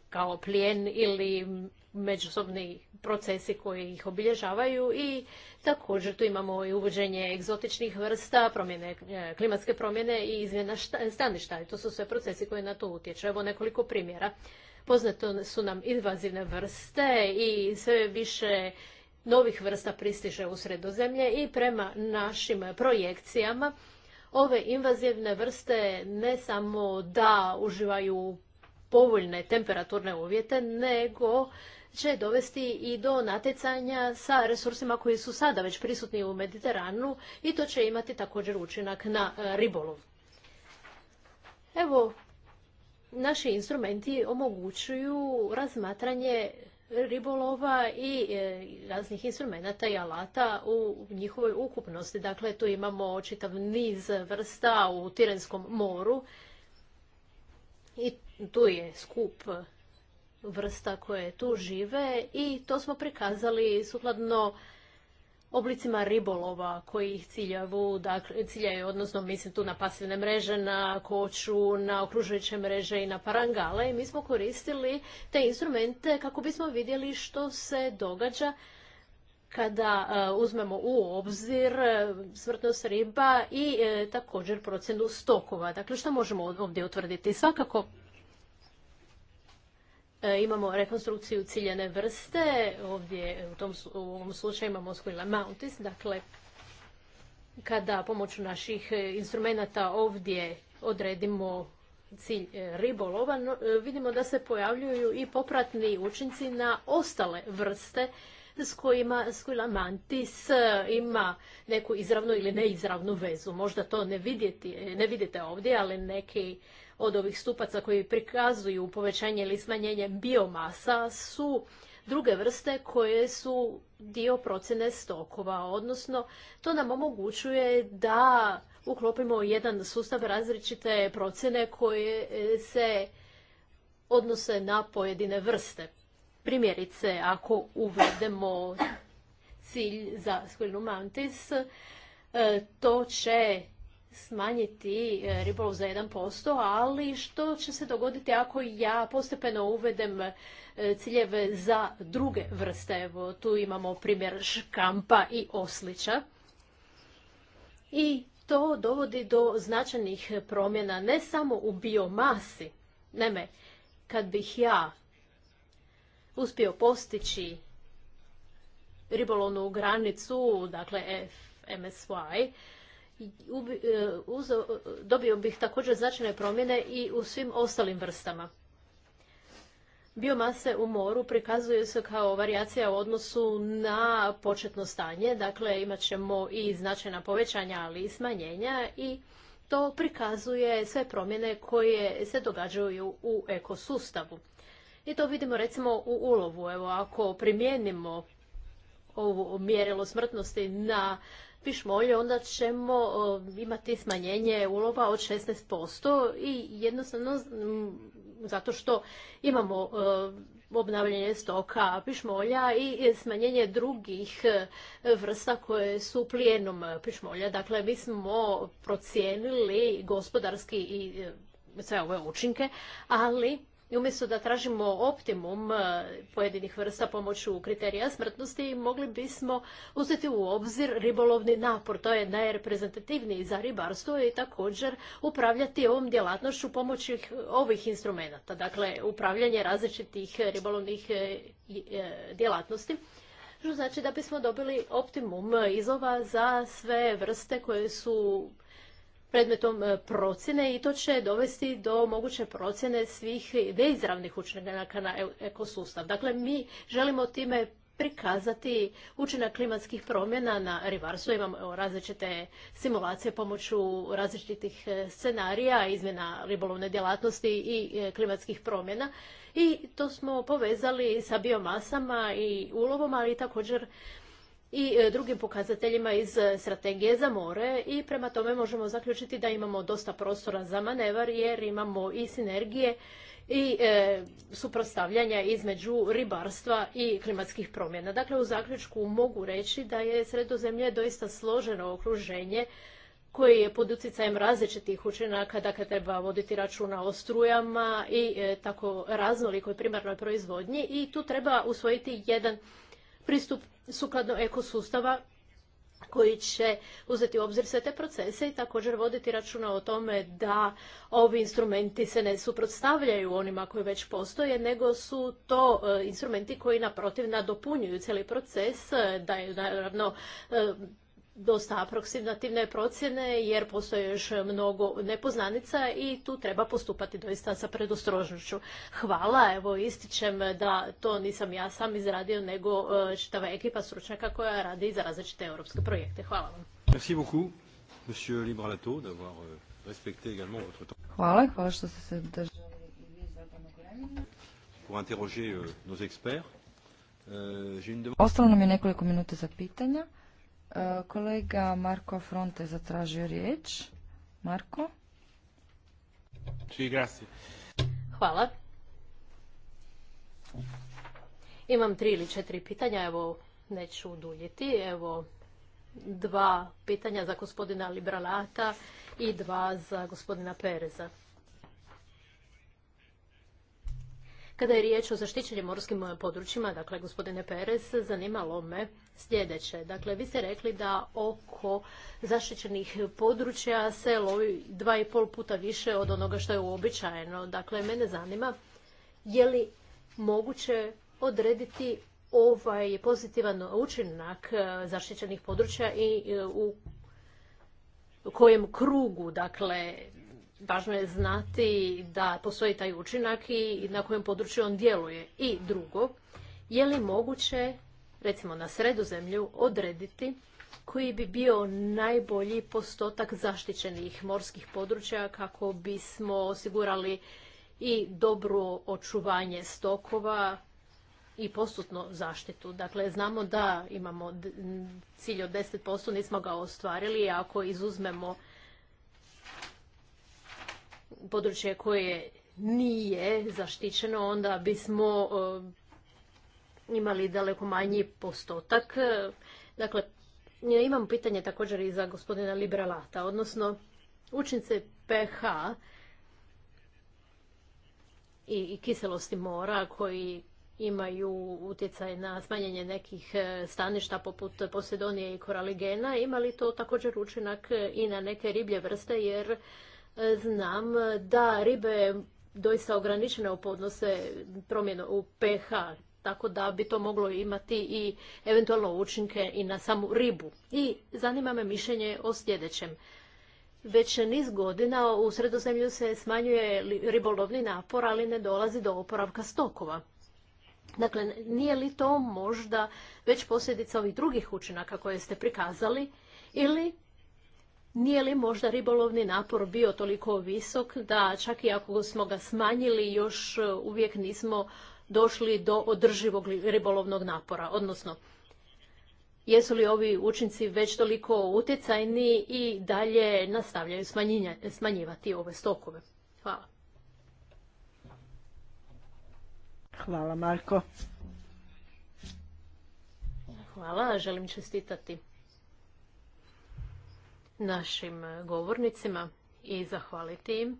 kao plijen ili međusobni procesi koji ih obilježavaju i također tu imamo i uvođenje egzotičnih vrsta, promjene, e, klimatske promjene i izmjena staništa. I to su sve procesi koji na to utječu. Evo nekoliko primjera. Poznate su nam invazivne vrste i sve više novih vrsta pristiže u sredozemlje i prema našim projekcijama ove invazivne vrste ne samo da uživaju povoljne temperaturne uvjete, nego će dovesti i do natjecanja sa resursima koji su sada već prisutni u Mediteranu i to će imati također učinak na ribolov. Evo, naši instrumenti omogućuju razmatranje ribolova i e, raznih instrumenta i alata u njihovoj ukupnosti. Dakle, tu imamo čitav niz vrsta u Tirenskom moru i tu je skup vrsta koje tu žive i to smo prikazali sukladno oblicima ribolova koji ih ciljavu, dakle, ciljaju, odnosno mislim tu na pasivne mreže, na koču, na okružujuće mreže i na parangale i mi smo koristili te instrumente kako bismo vidjeli što se događa kada eh, uzmemo u obzir eh, smrtnost riba i eh, također procjenu stokova. Dakle, što možemo ovdje utvrditi? Svakako E, imamo rekonstrukciju ciljene vrste, ovdje u, tom, ovom slučaju imamo Squilla Mountis, dakle kada pomoću naših e, instrumenta ovdje odredimo cilj e, ribolova, vidimo da se pojavljuju i popratni učinci na ostale vrste s kojima Squilla Mantis ima neku izravnu ili neizravnu vezu. Možda to ne, ne vidite ovdje, ali neki od ovih stupaca koji prikazuju povećanje ili smanjenje biomasa su druge vrste koje su dio procjene stokova, odnosno to nam omogućuje da uklopimo jedan sustav različite procjene koje e, se odnose na pojedine vrste. Primjerice, ako uvedemo cilj za Squirrel mantis, e, to će smanjiti e, ribolov za 1%, ali što će se dogoditi ako ja postepeno uvedem e, ciljeve za druge vrste? Evo, tu imamo primjer škampa i oslića. I to dovodi do značajnih promjena ne samo u biomasi. Neme, kad bih ja uspio postići ribolovnu granicu, dakle E, dobio bih također značajne promjene i u svim ostalim vrstama. Biomase u moru prikazuje se kao varijacija u odnosu na početno stanje, dakle imat ćemo i značajna povećanja, ali i smanjenja i to prikazuje sve promjene koje se događaju u ekosustavu. I to vidimo recimo u ulovu. Evo, ako primijenimo ovo mjerilo smrtnosti na pišmolje, onda ćemo imati smanjenje ulova od 16% i jednostavno mm, zato što imamo obnavljanje stoka pišmolja i smanjenje drugih e, vrsta koje su plijenom pišmolja. Dakle, mi smo procijenili gospodarski i e, sve ove učinke, ali i umjesto da tražimo optimum e, pojedinih vrsta pomoću kriterija smrtnosti, mogli bismo uzeti u obzir ribolovni napor. To je najreprezentativniji za ribarstvo i također upravljati ovom djelatnošću pomoću ovih instrumenata. Dakle, upravljanje različitih ribolovnih e, e, djelatnosti. znači da bismo dobili optimum izlova za sve vrste koje su predmetom e, procjene i to će dovesti do moguće procjene svih neizravnih učinaka na e- ekosustav. Dakle, mi želimo time prikazati učinak klimatskih promjena na Rivarsu. Imamo različite simulacije pomoću različitih e, scenarija, izmjena ribolovne djelatnosti i klimatskih promjena. I to smo povezali sa biomasama i ulovom, ali također i e, drugim pokazateljima iz e, strategije za more i prema tome možemo zaključiti da imamo dosta prostora za manevar jer imamo i sinergije i e, suprotstavljanja između ribarstva i klimatskih promjena. Dakle, u zaključku mogu reći da je sredozemlje doista složeno okruženje koje je pod utjecajem različitih učinaka, dakle treba voditi računa o strujama i tako raznolikoj primarnoj proizvodnji i tu treba usvojiti jedan pristup sukladno ekosustava koji će uzeti u obzir sve te procese i također voditi računa o tome da ovi instrumenti se ne suprotstavljaju onima koji već postoje, nego su to e, instrumenti koji naprotiv nadopunjuju cijeli proces, da je naravno e, dosta aproksimativne procjene jer postoje još mnogo nepoznanica i tu treba postupati doista sa predostrožnošću. Hvala, evo ističem da to nisam ja sam izradio nego e, čitava ekipa stručnjaka koja radi za različite europske projekte. Hvala vam. E, hvala, hvala što ste se držali i Ostalo nam je nekoliko minuta za pitanja. E, kolega Marko Fronte zatražio riječ. Marko? Hvala. Imam tri ili četiri pitanja, evo neću duljiti. Evo dva pitanja za gospodina Liberalata i dva za gospodina Pereza. Kada je riječ o zaštićenim morskim eh, područjima, dakle, gospodine Perez, zanimalo me sljedeće. Dakle, vi ste rekli da oko zaštićenih područja se lovi dva i pol puta više od onoga što je uobičajeno. Dakle, mene zanima je li moguće odrediti ovaj pozitivan učinak eh, zaštićenih područja i eh, u kojem krugu, dakle, važno je znati da postoji taj učinak i na kojem području on djeluje. I drugo, je li moguće, recimo na sredozemlju, odrediti koji bi bio najbolji postotak zaštićenih morskih područja kako bismo osigurali i dobro očuvanje stokova i postupno zaštitu. Dakle, znamo da imamo cilj od 10%, nismo ga ostvarili, ako izuzmemo područje koje nije zaštićeno, onda bismo e, imali daleko manji postotak. E, dakle, imam pitanje također i za gospodina Liberalata, odnosno učince pH i kiselosti mora koji imaju utjecaj na smanjenje nekih e, staništa poput Posedonije i koraligena. Ima li to također učinak i na neke riblje vrste jer znam da ribe doista ograničene podnose promjenu u pH, tako da bi to moglo imati i eventualno učinke i na samu ribu. I zanima me mišljenje o sljedećem. Već niz godina u sredozemlju se smanjuje ribolovni napor, ali ne dolazi do oporavka stokova. Dakle, nije li to možda već posljedica ovih drugih učinaka koje ste prikazali ili nije li možda ribolovni napor bio toliko visok da čak i ako smo ga smanjili još e, uvijek nismo došli do održivog ribolovnog napora, odnosno jesu li ovi učinci već toliko utjecajni i dalje nastavljaju smanjivati ove stokove. Hvala. Hvala Marko. Hvala, želim čestitati našim govornicima i zahvaliti im.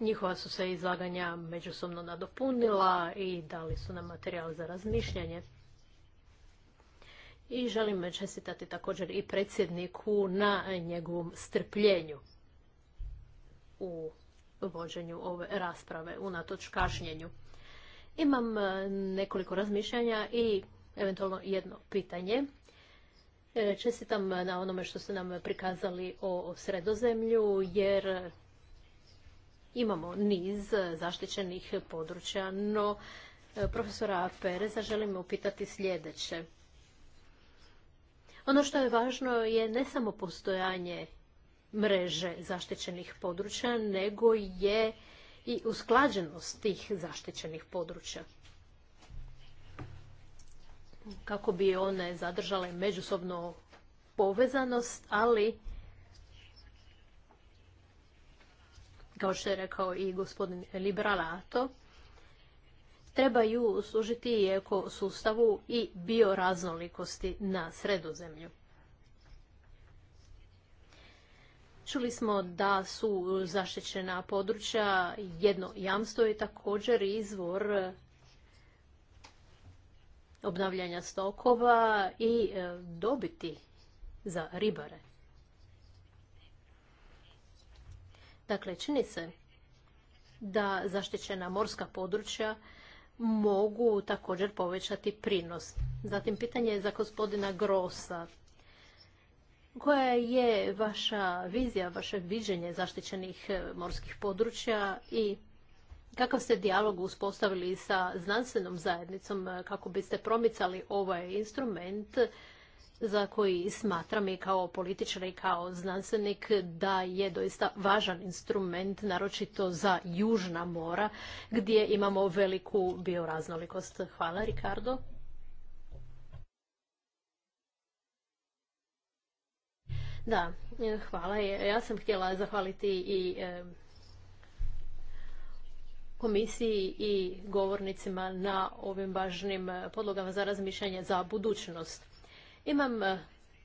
Njihova su se izlaganja međusobno nadopunila i dali su nam materijal za razmišljanje. I želim čestitati također i predsjedniku na njegovom strpljenju u vođenju ove rasprave unatoč kašnjenju. Imam eh, nekoliko razmišljanja i eventualno jedno pitanje. E, čestitam na onome što ste nam prikazali o sredozemlju, jer imamo niz zaštićenih područja, no e, profesora Pereza želim upitati sljedeće. Ono što je važno je ne samo postojanje mreže zaštićenih područja, nego je i usklađenost tih zaštićenih područja kako bi one zadržale međusobnu povezanost, ali kao što je rekao i gospodin Liberalato, trebaju služiti i ekosustavu i bioraznolikosti na sredozemlju. Čuli smo da su zaštićena područja jedno jamstvo i također izvor obnavljanja stokova i e, dobiti za ribare. Dakle, čini se da zaštićena morska područja mogu također povećati prinos. Zatim pitanje je za gospodina Grosa. Koja je vaša vizija, vaše viđenje zaštićenih e, morskih područja i Kakav ste dijalog uspostavili sa znanstvenom zajednicom e, kako biste promicali ovaj instrument za koji smatram i kao političar i kao znanstvenik da je doista važan instrument, naročito za južna mora gdje imamo veliku bioraznolikost. Hvala Ricardo. Da, e, hvala. Ja sam htjela zahvaliti i e, komisiji i govornicima na ovim važnim eh, podlogama za razmišljanje za budućnost. Imam eh,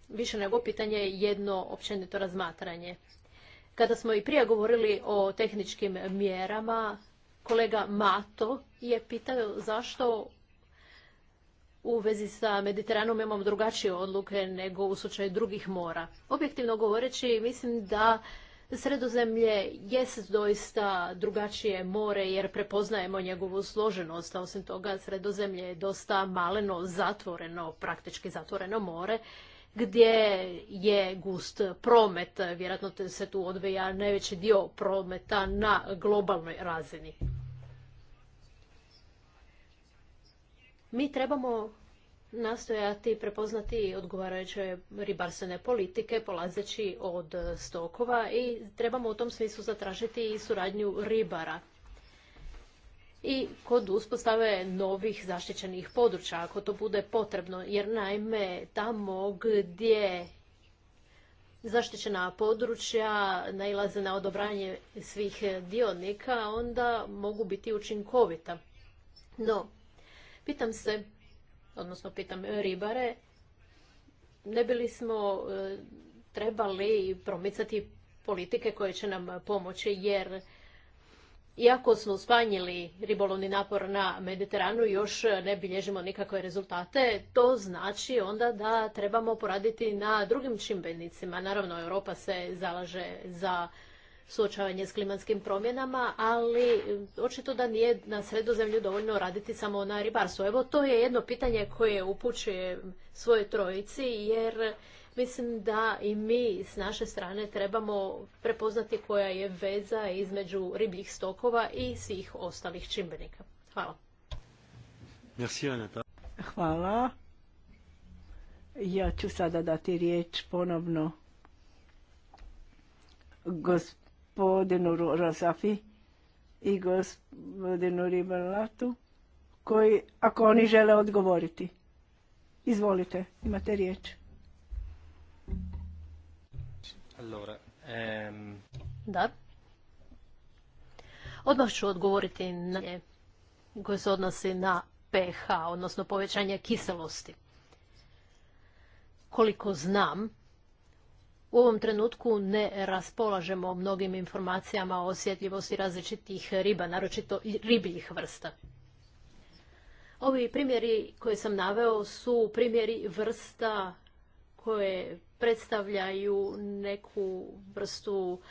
više nego pitanje jedno općenito razmatranje. Kada smo i prije govorili o tehničkim mjerama, kolega Mato je pitao zašto u vezi sa Mediteranom imamo drugačije odluke nego u slučaju drugih mora. Objektivno govoreći, mislim da Sredozemlje jest doista drugačije more jer prepoznajemo njegovu složenost, a osim toga Sredozemlje je dosta maleno zatvoreno, praktički zatvoreno more gdje je gust promet, vjerojatno se tu odvija najveći dio prometa na globalnoj razini. Mi trebamo nastojati prepoznati odgovarajuće ribarstvene politike polazeći od stokova i trebamo u tom smislu zatražiti i suradnju ribara i kod uspostave novih zaštićenih područja ako to bude potrebno jer naime tamo gdje zaštićena područja nailaze na odobranje svih dionika onda mogu biti učinkovita. No, pitam se odnosno pitam ribare, ne bili smo e, trebali promicati politike koje će nam pomoći, jer iako smo smanjili ribolovni napor na Mediteranu, još ne bilježimo nikakve rezultate. To znači onda da trebamo poraditi na drugim čimbenicima. Naravno, Europa se zalaže za suočavanje s klimatskim promjenama, ali mm, očito da nije na sredozemlju dovoljno raditi samo na ribarstvu. Evo, to je jedno pitanje koje upućuje svoje trojici, jer mislim da i mi s naše strane trebamo prepoznati koja je veza između ribljih stokova i svih ostalih čimbenika. Hvala. Hvala. Ja ću sada dati riječ ponovno gospodinu Rosafi i gospodinu Ribalatu, koji, ako oni žele odgovoriti. Izvolite, imate riječ. Allora, ehm, Da. Odmah ću odgovoriti na nje koje se odnosi na pH, odnosno povećanje kiselosti. Koliko znam, u ovom trenutku ne raspolažemo mnogim informacijama o osjetljivosti različitih riba, naročito ribljih vrsta. Ovi primjeri koje sam naveo su primjeri vrsta koje predstavljaju neku vrstu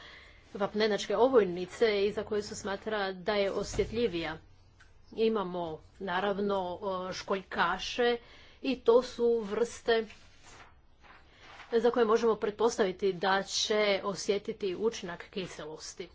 vapnenačke ovojnice i za koju se smatra da je osjetljivija. Imamo naravno školjkaše i to su vrste za koje možemo pretpostaviti da će osjetiti učinak kiselosti.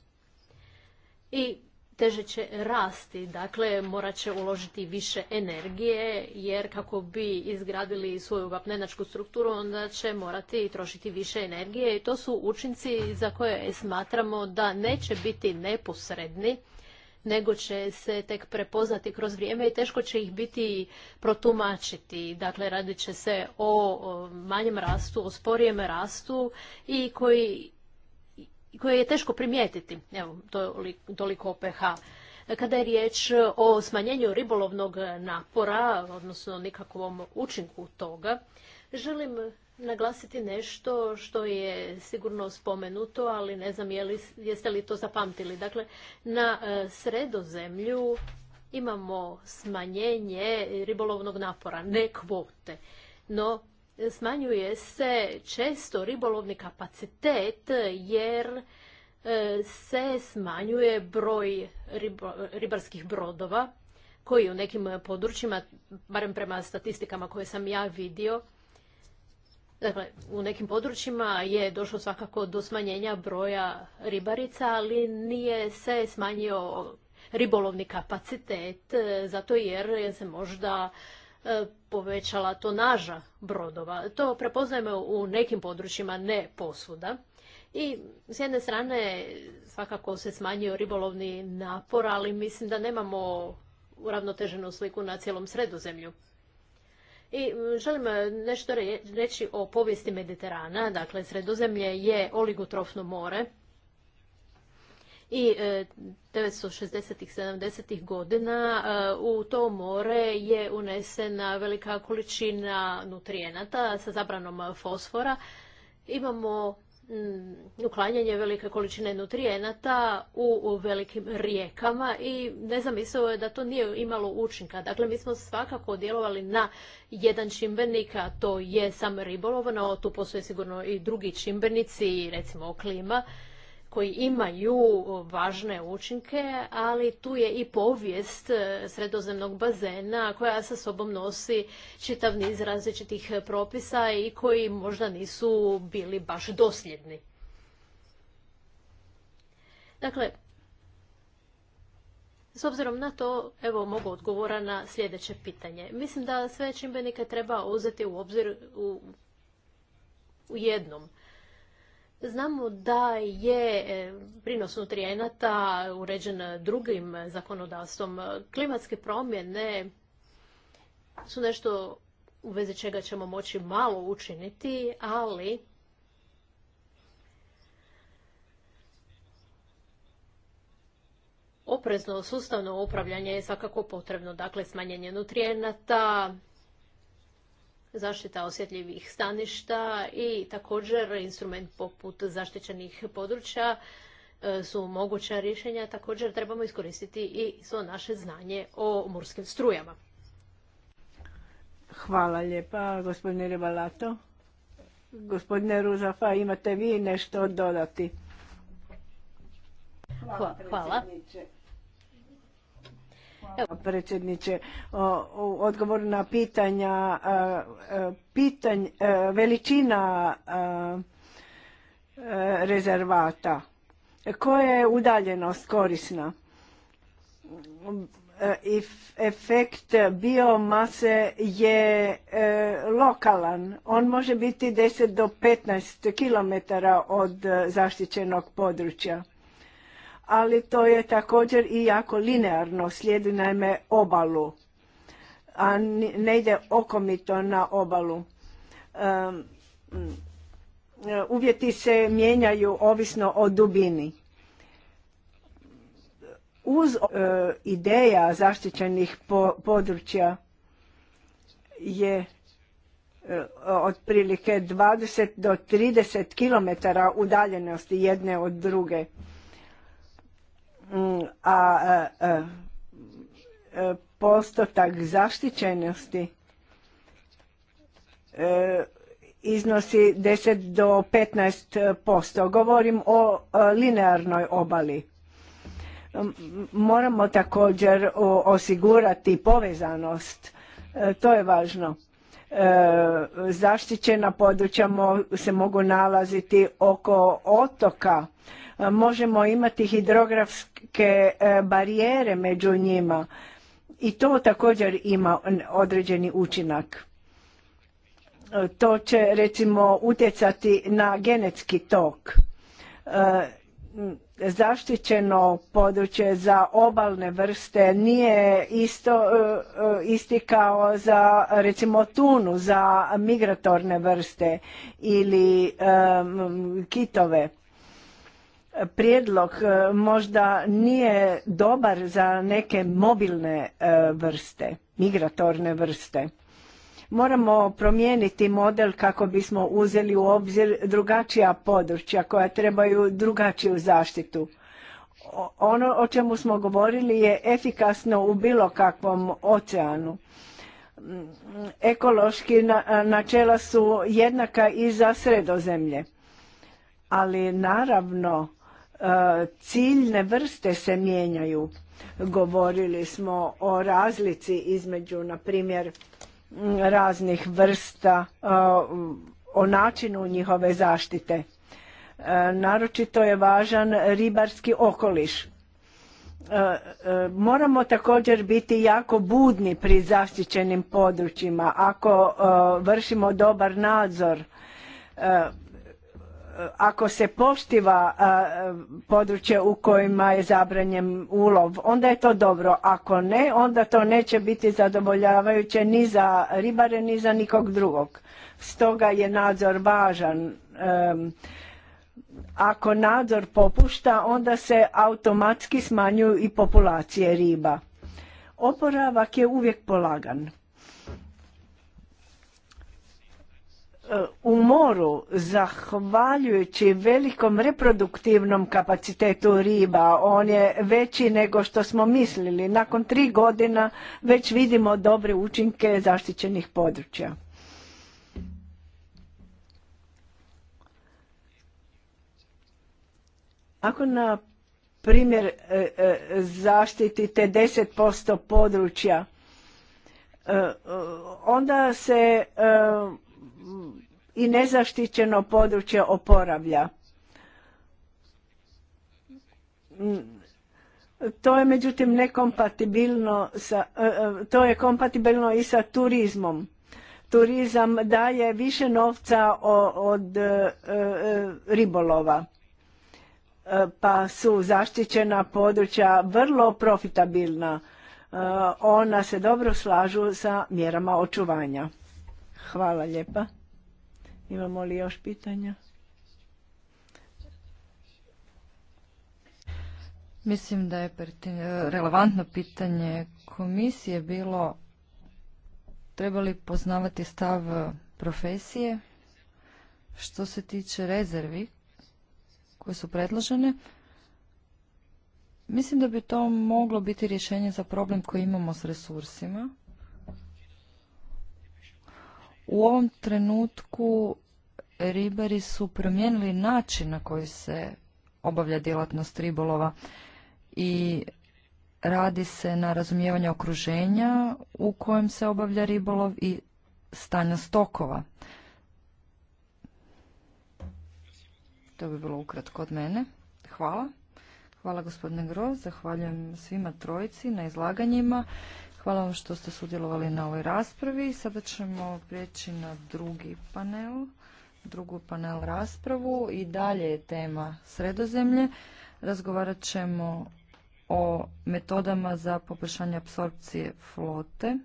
I teže će rasti, dakle morat će uložiti više energije jer kako bi izgradili svoju vapnenačku strukturu onda će morati trošiti više energije i to su učinci za koje smatramo da neće biti neposredni nego će se tek prepoznati kroz vrijeme i teško će ih biti protumačiti. Dakle, radit će se o manjem rastu, o sporijem rastu i koji koje je teško primijetiti. Evo, toliko o PH. Kada je riječ o smanjenju ribolovnog napora, odnosno nikakvom učinku toga, želim naglasiti nešto što je sigurno spomenuto, ali ne znam jeste li to zapamtili. Dakle, na e, sredozemlju imamo smanjenje ribolovnog napora, ne kvote. No, smanjuje se često ribolovni kapacitet jer e, se smanjuje broj ribarskih brodova koji u nekim područjima, barem prema statistikama koje sam ja vidio, Dakle, u nekim područjima je došlo svakako do smanjenja broja ribarica, ali nije se smanjio ribolovni kapacitet, e, zato jer je se možda e, povećala tonaža brodova. To prepoznajemo u nekim područjima, ne posvuda. I s jedne strane svakako se smanjio ribolovni napor, ali mislim da nemamo uravnoteženu sliku na cijelom sredozemlju. I mm, želim e, nešto reći o povijesti Mediterana. Dakle, sredozemlje je oligotrofno more. I 1960-ih, e, 70 godina e, u to more je unesena velika količina nutrijenata sa zabranom fosfora. Imamo Mm, uklanjanje velike količine nutrijenata u velikim rijekama i nezamislivo je da to nije imalo učinka. Dakle, mi smo svakako djelovali na jedan čimbenik, a to je sam ribolov, no tu postoje sigurno i drugi čimbenici, recimo klima, koji imaju važne učinke, ali tu je i povijest e, sredozemnog bazena koja sa sobom nosi čitav niz različitih propisa i koji možda nisu bili baš dosljedni. Dakle, s obzirom na to, evo mogu odgovora na sljedeće pitanje. Mislim da sve čimbenike treba uzeti u obzir u, u jednom. Znamo da je e, prinos nutrijenata uređen drugim zakonodavstvom. Klimatske promjene su nešto u vezi čega ćemo moći malo učiniti, ali oprezno sustavno upravljanje je svakako potrebno. Dakle, smanjenje nutrijenata, zaštita osjetljivih staništa i također instrument poput zaštićenih područja e, su moguća rješenja. Također trebamo iskoristiti i svo naše znanje o morskim strujama. Hvala lijepa, gospodine Rebalato. Gospodine Ružafa, imate vi nešto dodati? Hvala. Hvala predsjedniče odgovor na pitanja veličina rezervata koja je udaljenost korisna e, efekt biomase je e, lokalan on može biti 10 do 15 km od e, zaštićenog područja ali to je također i jako linearno, slijedi naime obalu, a ne ide okomito na obalu. uvjeti se mijenjaju ovisno o dubini. Uz e, ideja zaštićenih područja je e, otprilike 20 do 30 km udaljenosti jedne od druge. Mm, a e, e, e, postotak zaštićenosti iznosi 10 do 15 posto. Govorim o linearnoj obali. Moramo također osigurati povezanost. To je važno. Zaštićena područja se mogu nalaziti oko otoka E, možemo imati hidrografske e, barijere među njima i to također ima određeni učinak. E, to će recimo utjecati na genetski tok. Zaštićeno područje za obalne vrste nije isto, isti kao za recimo tunu, za migratorne vrste ili kitove prijedlog e, možda nije dobar za neke mobilne e, vrste, migratorne vrste. Moramo promijeniti model kako bismo uzeli u obzir drugačija područja koja trebaju drugačiju zaštitu. Ono o čemu smo govorili je efikasno u bilo kakvom oceanu ekološki načela su jednaka i za sredozemlje. Ali naravno E, ciljne vrste se mijenjaju. Govorili smo o razlici između, na primjer, raznih vrsta, e, o načinu njihove zaštite. E, naročito je važan ribarski okoliš. Moramo također biti jako budni pri zaštićenim područjima. Ako vršimo dobar nadzor, Eh, ako se poštiva eh, područje u kojima je zabranjen ulov, onda je to dobro. Ako ne, onda to neće biti zadovoljavajuće ni za ribare, ni za nikog drugog. Stoga je nadzor važan. Ako nadzor popušta, onda se automatski smanjuju i populacije riba. Oporavak je uvijek polagan. E, u moru zahvaljujući velikom reproduktivnom kapacitetu riba on je veći nego što smo mislili nakon tri godina već vidimo dobre učinke zaštićenih područja ako na primjer e, e, zaštitite 10% područja onda se i nezaštićeno područje oporavlja. Mm, to je međutim nekompatibilno sa, e, e, to je kompatibilno i sa turizmom. Turizam daje više novca od e, ribolova pa su zaštićena područja vrlo profitabilna. Ona se dobro slažu sa mjerama očuvanja. Hvala lijepa. Imamo li još pitanja? Mislim da je relevantno pitanje komisije bilo trebali poznavati stav profesije što se tiče rezervi koje su predložene. Mislim da bi to moglo biti rješenje za problem koji imamo s resursima. U ovom trenutku ribari su promijenili način na koji se obavlja djelatnost ribolova i radi se na razumijevanje okruženja u kojem se obavlja ribolov i stanja stokova. To bi bilo ukratko od mene. Hvala. Hvala gospodine Groz, zahvaljujem svima trojici na izlaganjima. Hvala vam što ste sudjelovali na ovoj raspravi. Sada ćemo prijeći na drugi panel, drugu panel raspravu i dalje je tema sredozemlje. Razgovarat ćemo o metodama za poboljšanje apsorpcije flote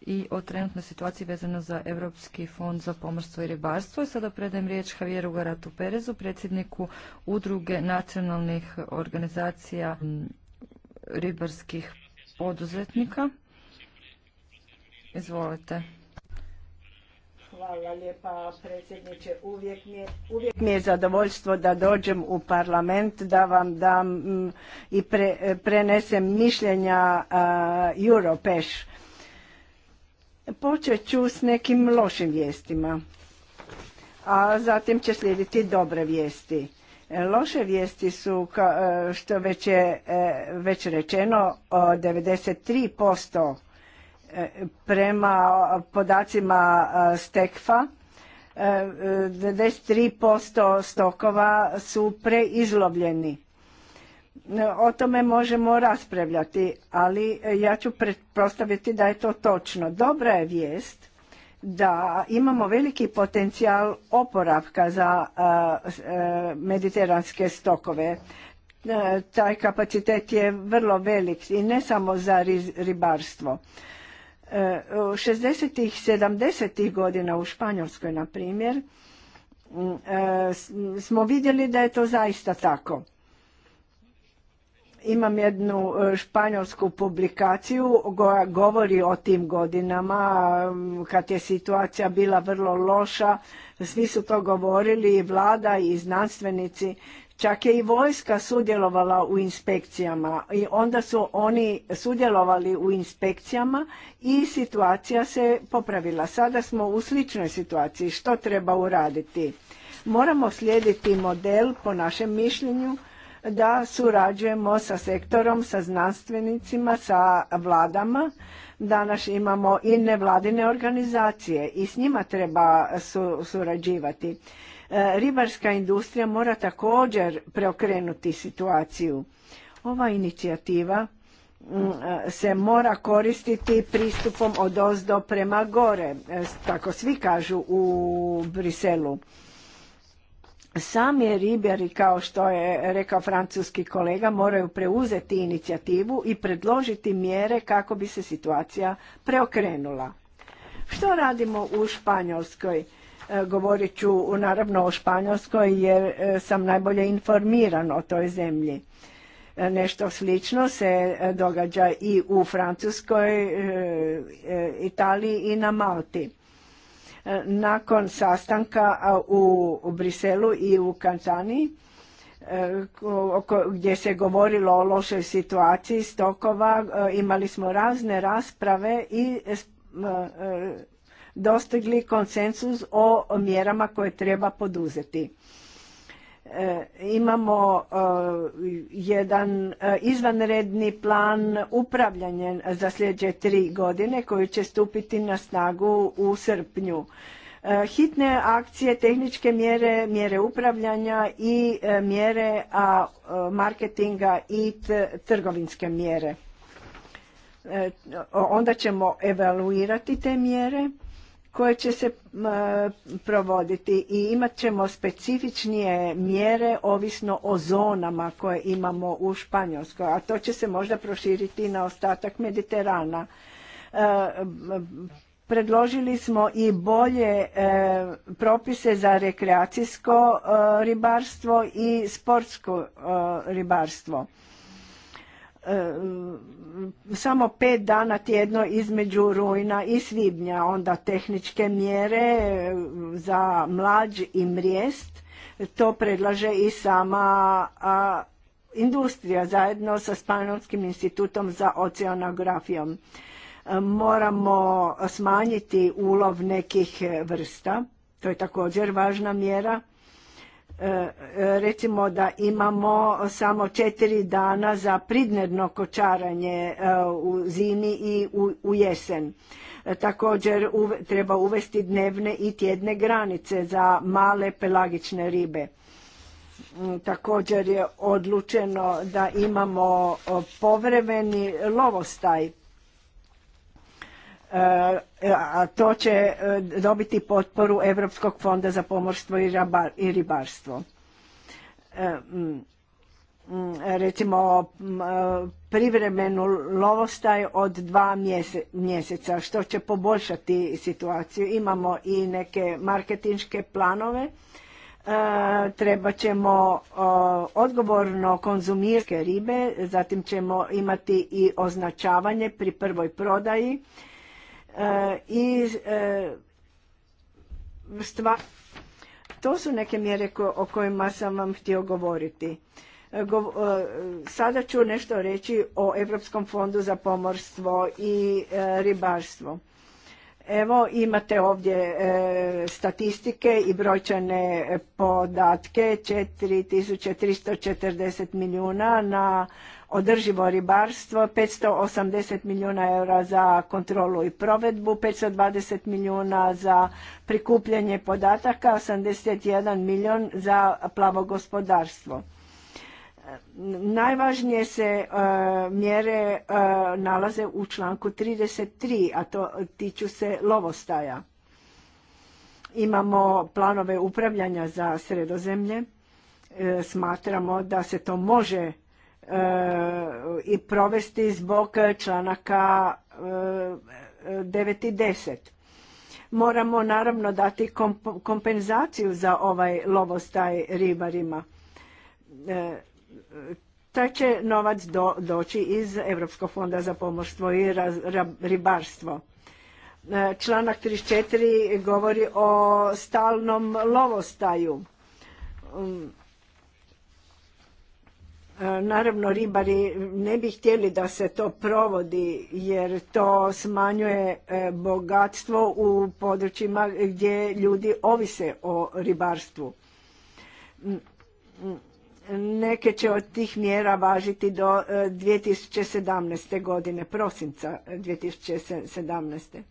i o trenutnoj situaciji vezano za Europski fond za pomorstvo i ribarstvo. Sada predajem riječ Javieru Garatu Perezu, predsjedniku udruge nacionalnih organizacija ribarskih poduzetnika. Izvolite. Hvala lijepa predsjedniče. Uvijek mi, je, zadovoljstvo da dođem u parlament, da vam dam mm, i prenesem mišljenja uh, Europeš. Počet ću s nekim lošim vijestima, a zatim će slijediti dobre vijesti. Loše vijesti su, e, što već je e, već rečeno, 93% e, prema podacima Stekfa, 93% stokova su preizlovljeni. O tome možemo raspravljati, ali ja ću pretpostaviti da je to točno. Dobra je vijest da imamo veliki potencijal oporavka za e, mediteranske stokove. E, taj kapacitet je vrlo velik i ne samo za ribarstvo. E, u 60. i 70. godina u Španjolskoj, na primjer, smo vidjeli da je to zaista tako. Imam jednu e, španjolsku publikaciju koja govori o tim godinama kad je situacija bila vrlo loša. Svi su to govorili i vlada i znanstvenici. Čak je i vojska sudjelovala u inspekcijama i onda su oni sudjelovali u inspekcijama i situacija se popravila. Sada smo u sličnoj situaciji. Što treba uraditi? Moramo slijediti model, po našem mišljenju, da surađujemo sa sektorom, sa znanstvenicima, sa vladama. Danas imamo i nevladine organizacije i s njima treba surađivati. E, ribarska industrija mora također preokrenuti situaciju. Ova inicijativa mm, se mora koristiti pristupom od ozdo prema gore, e, tako svi kažu u Briselu. Sami ribjeri, kao što je rekao francuski kolega, moraju preuzeti inicijativu i predložiti mjere kako bi se situacija preokrenula. Što radimo u Španjolskoj? E, govorit ću naravno o Španjolskoj jer e, sam najbolje informiran o toj zemlji. E, nešto slično se događa i u Francuskoj, Italiji i na Malti E, nakon sastanka u Briselu i u Kantani e, gdje se govorilo o lošoj situaciji stokova, e, imali smo razne rasprave i dostigli konsensus o mjerama koje treba poduzeti. E, imamo e, jedan e, izvanredni plan upravljanja za sljedeće tri godine koji će stupiti na snagu u srpnju. Hitne akcije, tehničke mjere, mjere upravljanja i mjere marketinga i trgovinske mjere. Onda ćemo evaluirati te mjere koje će se e, provoditi i imat ćemo specifičnije mjere ovisno o zonama koje imamo u Španjolskoj, a to će se možda proširiti na ostatak Mediterana. E, predložili smo i bolje e, propise za rekreacijsko ribarstvo i sportsko ribarstvo E, samo pet dana tjedno između rujna i svibnja, onda tehničke mjere za mlađ i mrijest, to predlaže i sama industrija zajedno sa Španjolskim institutom za oceanografijom. E, moramo smanjiti ulov nekih vrsta, to je također važna mjera E, e, recimo da imamo samo četiri dana za pridnedno kočaranje e, u zimi i u jesen. Također treba uvesti dnevne i tjedne granice za male pelagične ribe. Također je odlučeno da imamo povremeni lovostaj E, a to će e, dobiti potporu Europskog fonda za pomorstvo i ribarstvo. E, recimo privremenu lovostaj od dva mjeseca što će poboljšati situaciju. Imamo i neke marketinške planove. Treba ćemo odgovorno konzumirke ribe, zatim ćemo imati i označavanje pri prvoj prodaji i e, stvar to su neke mjere o kojima sam vam htio govoriti. E, e, sada ću nešto reći o Europskom fondu za pomorstvo i ribarstvo. Evo imate ovdje statistike i brojčane podatke 4340 milijuna na održivo ribarstvo, 580 milijuna eura za kontrolu i provedbu, 520 milijuna za prikupljanje podataka, 81 milijun za plavo gospodarstvo. Najvažnije se e, mjere e, nalaze u članku 33, a to tiču se lovostaja. Imamo planove upravljanja za sredozemlje. E, smatramo da se to može E, i provesti zbog članaka 9 e, i 10. Moramo naravno dati kompenzaciju za ovaj lovostaj ribarima. E, taj će novac doći iz Europskog fonda za pomorstvo i ribarstvo. Članak 34 govori o stalnom lovostaju. Um, E, naravno, ribari ne bi htjeli da se to provodi jer to smanjuje e, bogatstvo u područjima gdje ljudi ovise o ribarstvu. Mm, mm, neke će od tih mjera važiti do 2017. E, godine, prosinca 2017.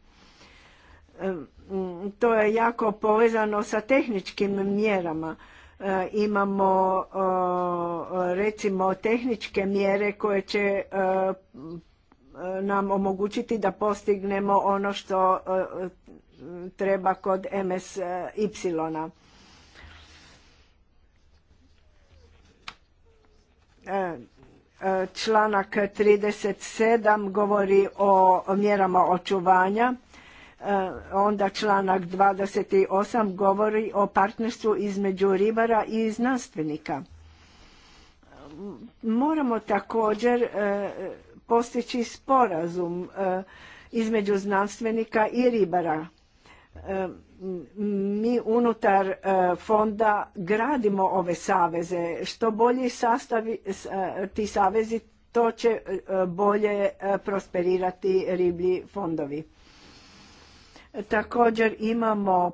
Mm, to je jako povezano sa tehničkim mjerama E, imamo recimo tehničke mjere koje će e, nam omogućiti da postignemo ono što e, treba kod MSY. Članak 37 govori o mjerama očuvanja E, onda članak 28 govori o partnerstvu između ribara i znanstvenika. Moramo također e, postići sporazum e, između znanstvenika i ribara. Mi unutar fonda gradimo ove saveze. Što bolji sastavi ti savezi, to će bolje prosperirati riblji fondovi. Također imamo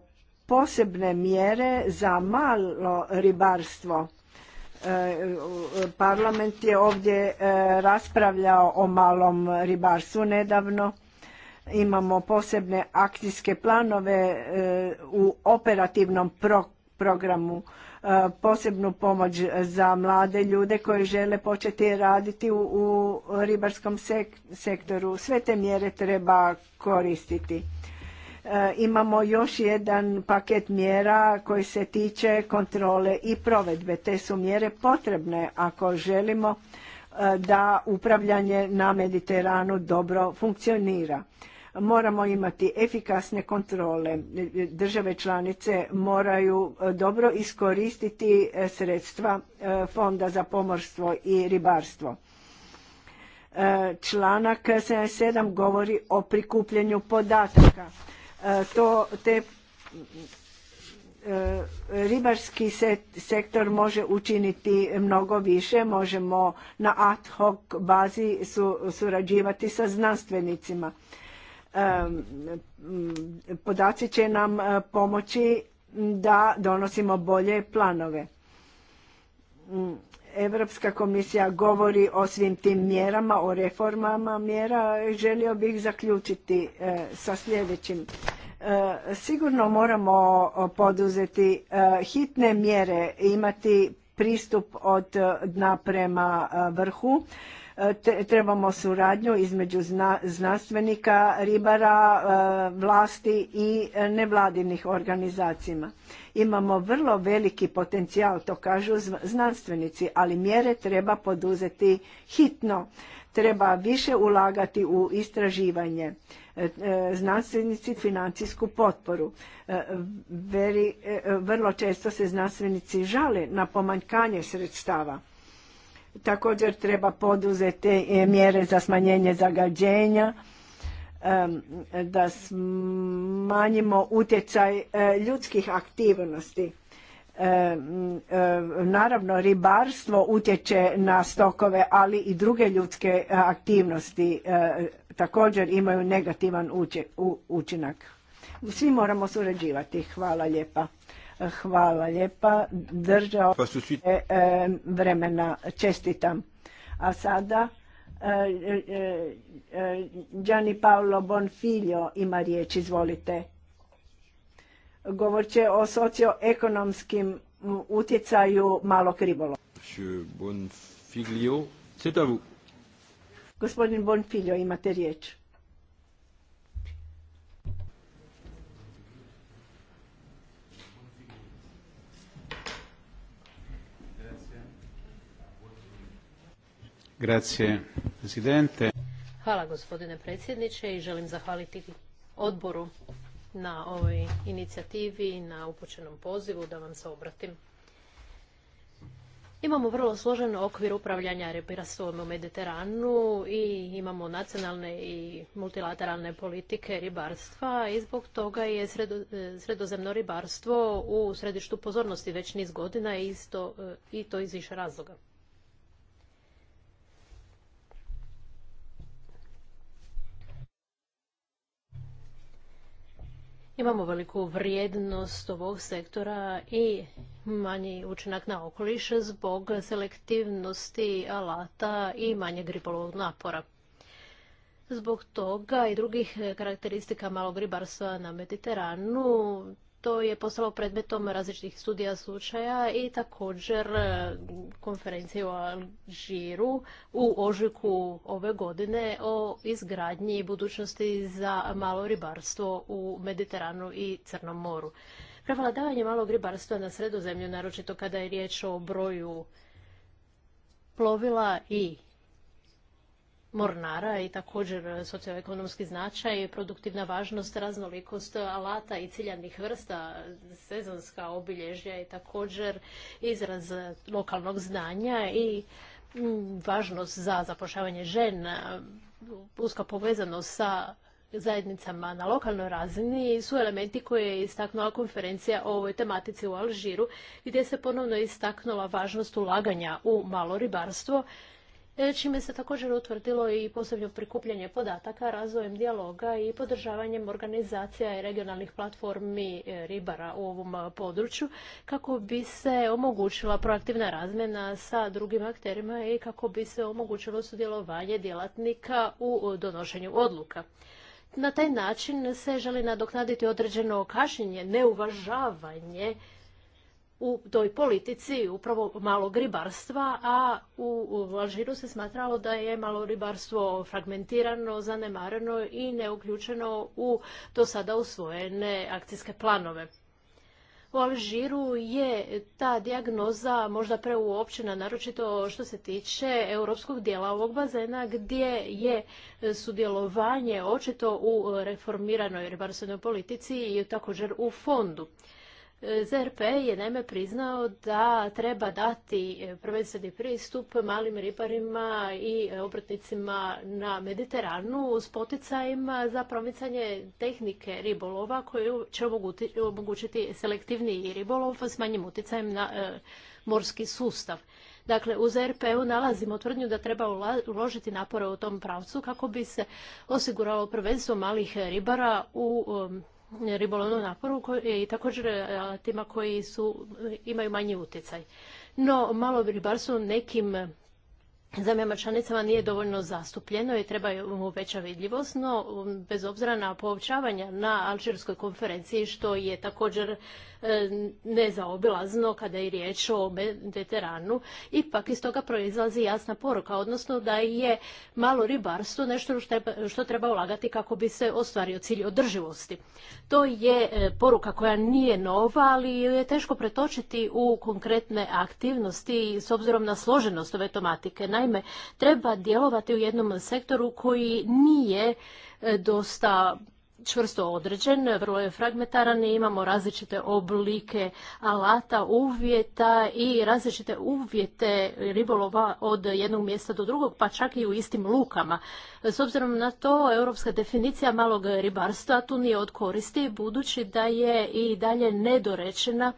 posebne mjere za malo ribarstvo. E, parlament je ovdje e, raspravljao o malom ribarstvu nedavno. Imamo posebne akcijske planove e, u operativnom programu posebnu pomoć za mlade ljude koji žele početi raditi u, ribarskom sektoru. Sve te mjere treba koristiti. E, imamo još jedan paket mjera koji se tiče kontrole i provedbe. Te su mjere potrebne ako želimo e, da upravljanje na Mediteranu dobro funkcionira. Moramo imati efikasne kontrole. Države članice moraju e, dobro iskoristiti sredstva Fonda za pomorstvo i ribarstvo članak 77 govori o prikupljanju podataka. E, to te e, ribarski sektor može učiniti mnogo više, možemo na ad hoc bazi surađivati sa znanstvenicima. E, podaci će nam pomoći da donosimo bolje planove. Mm. Europska komisija govori o svim tim mjerama, o reformama mjera. Želio bih zaključiti e, sa sljedećim. E, sigurno moramo poduzeti e, hitne mjere, imati pristup od dna prema vrhu Trebamo suradnju između znanstvenika, ribara, e, vlasti i nevladinih organizacija. Imamo vrlo veliki potencijal, to kažu znanstvenici, ali mjere treba poduzeti hitno. Treba više ulagati u istraživanje e, e, znanstvenici financijsku potporu. vrlo često se znanstvenici žale na pomanjkanje sredstava. Također treba poduzeti e, mjere za smanjenje zagađenja, da smanjimo utjecaj e, ljudskih aktivnosti. Naravno, ribarstvo utječe na stokove, ali i druge ljudske e, aktivnosti također imaju negativan učinak. Svi moramo surađivati. Hvala lijepa. Hvala lijepa, držao pa je e, vremena, čestitam. A sada e, e, Gianni Paolo Bonfiglio ima riječ, izvolite. Govor će o socioekonomskim utjecaju malo ribolova. Bonfilio, c'est Gospodin Bonfiglio, imate riječ. Hvala gospodine predsjedniče i želim zahvaliti odboru na ovoj inicijativi i na upućenom pozivu da vam se obratim. Imamo vrlo složen okvir upravljanja ribarstvom u Mediteranu i imamo nacionalne i multilateralne politike ribarstva i zbog toga je e, sredozemno ribarstvo u središtu pozornosti već niz godina isto, e, i to iz više razloga. Imamo veliku vrijednost ovog sektora i manji učinak na okoliš zbog selektivnosti alata i manjeg ribolovnog napora. Zbog toga i drugih karakteristika malog ribarstva na Mediteranu to je postalo predmetom različitih studija slučaja i također e, konferencije u Alžiru u ožujku ove godine o izgradnji budućnosti za malo ribarstvo u Mediteranu i Crnom moru. Prevladavanje malog ribarstva na sredozemlju, naročito kada je riječ o broju plovila i mornara i također socioekonomski značaj, produktivna važnost, raznolikost alata i ciljanih vrsta, sezonska obilježja i također izraz lokalnog znanja i mm, važnost za zapošljavanje žena, uska povezanost sa zajednicama na lokalnoj razini su elementi koje je istaknula konferencija o ovoj tematici u Alžiru, gdje se ponovno istaknula važnost ulaganja u malo ribarstvo E, čime se također utvrdilo i posebno prikupljanje podataka razvojem dijaloga i podržavanjem organizacija i regionalnih platformi e, ribara u ovom području kako bi se omogućila proaktivna razmjena sa drugim akterima i kako bi se omogućilo sudjelovanje djelatnika u donošenju odluka. Na taj način se želi nadoknaditi određeno kašnjenje, neuvažavanje u toj politici upravo malog ribarstva, a u Alžiru se smatralo da je malo ribarstvo fragmentirano, zanemareno i neuključeno u do sada usvojene akcijske planove. U Alžiru je ta dijagnoza možda preuopćena, naročito što se tiče europskog dijela ovog bazena, gdje je sudjelovanje očito u reformiranoj ribarstvenoj politici i također u fondu. ZRP je naime priznao da treba dati e, prvenstveni pristup malim ribarima i obrtnicima na Mediteranu s poticajima za promicanje tehnike ribolova koju će omogućiti selektivni ribolov s manjim utjecajem na e, morski sustav. Dakle, u ZRP-u nalazimo tvrdnju da treba uložiti napore u tom pravcu kako bi se osiguralo prvenstvo malih ribara u e, ribolovnu naporu i također e, tima koji su, imaju manji utjecaj. No, malo ribarstvo nekim e, zemljama članicama nije dovoljno zastupljeno i treba mu veća vidljivost, no bez obzira na poopćavanja na Alžirskoj konferenciji, što je također E, nezaobilazno kada je riječ o Mediteranu. Ipak iz toga proizlazi jasna poruka, odnosno da je malo ribarstvo nešto što treba ulagati kako bi se ostvario cilj održivosti. To je e, poruka koja nije nova, ali je teško pretočiti u konkretne aktivnosti s obzirom na složenost ove tematike. Naime, treba djelovati u jednom sektoru koji nije e, dosta čvrsto određen, vrlo je fragmentaran i imamo različite oblike alata, uvjeta i različite uvjete ribolova od jednog mjesta do drugog, pa čak i u istim lukama. S obzirom na to, europska definicija malog ribarstva tu nije od koristi, budući da je i dalje nedorečena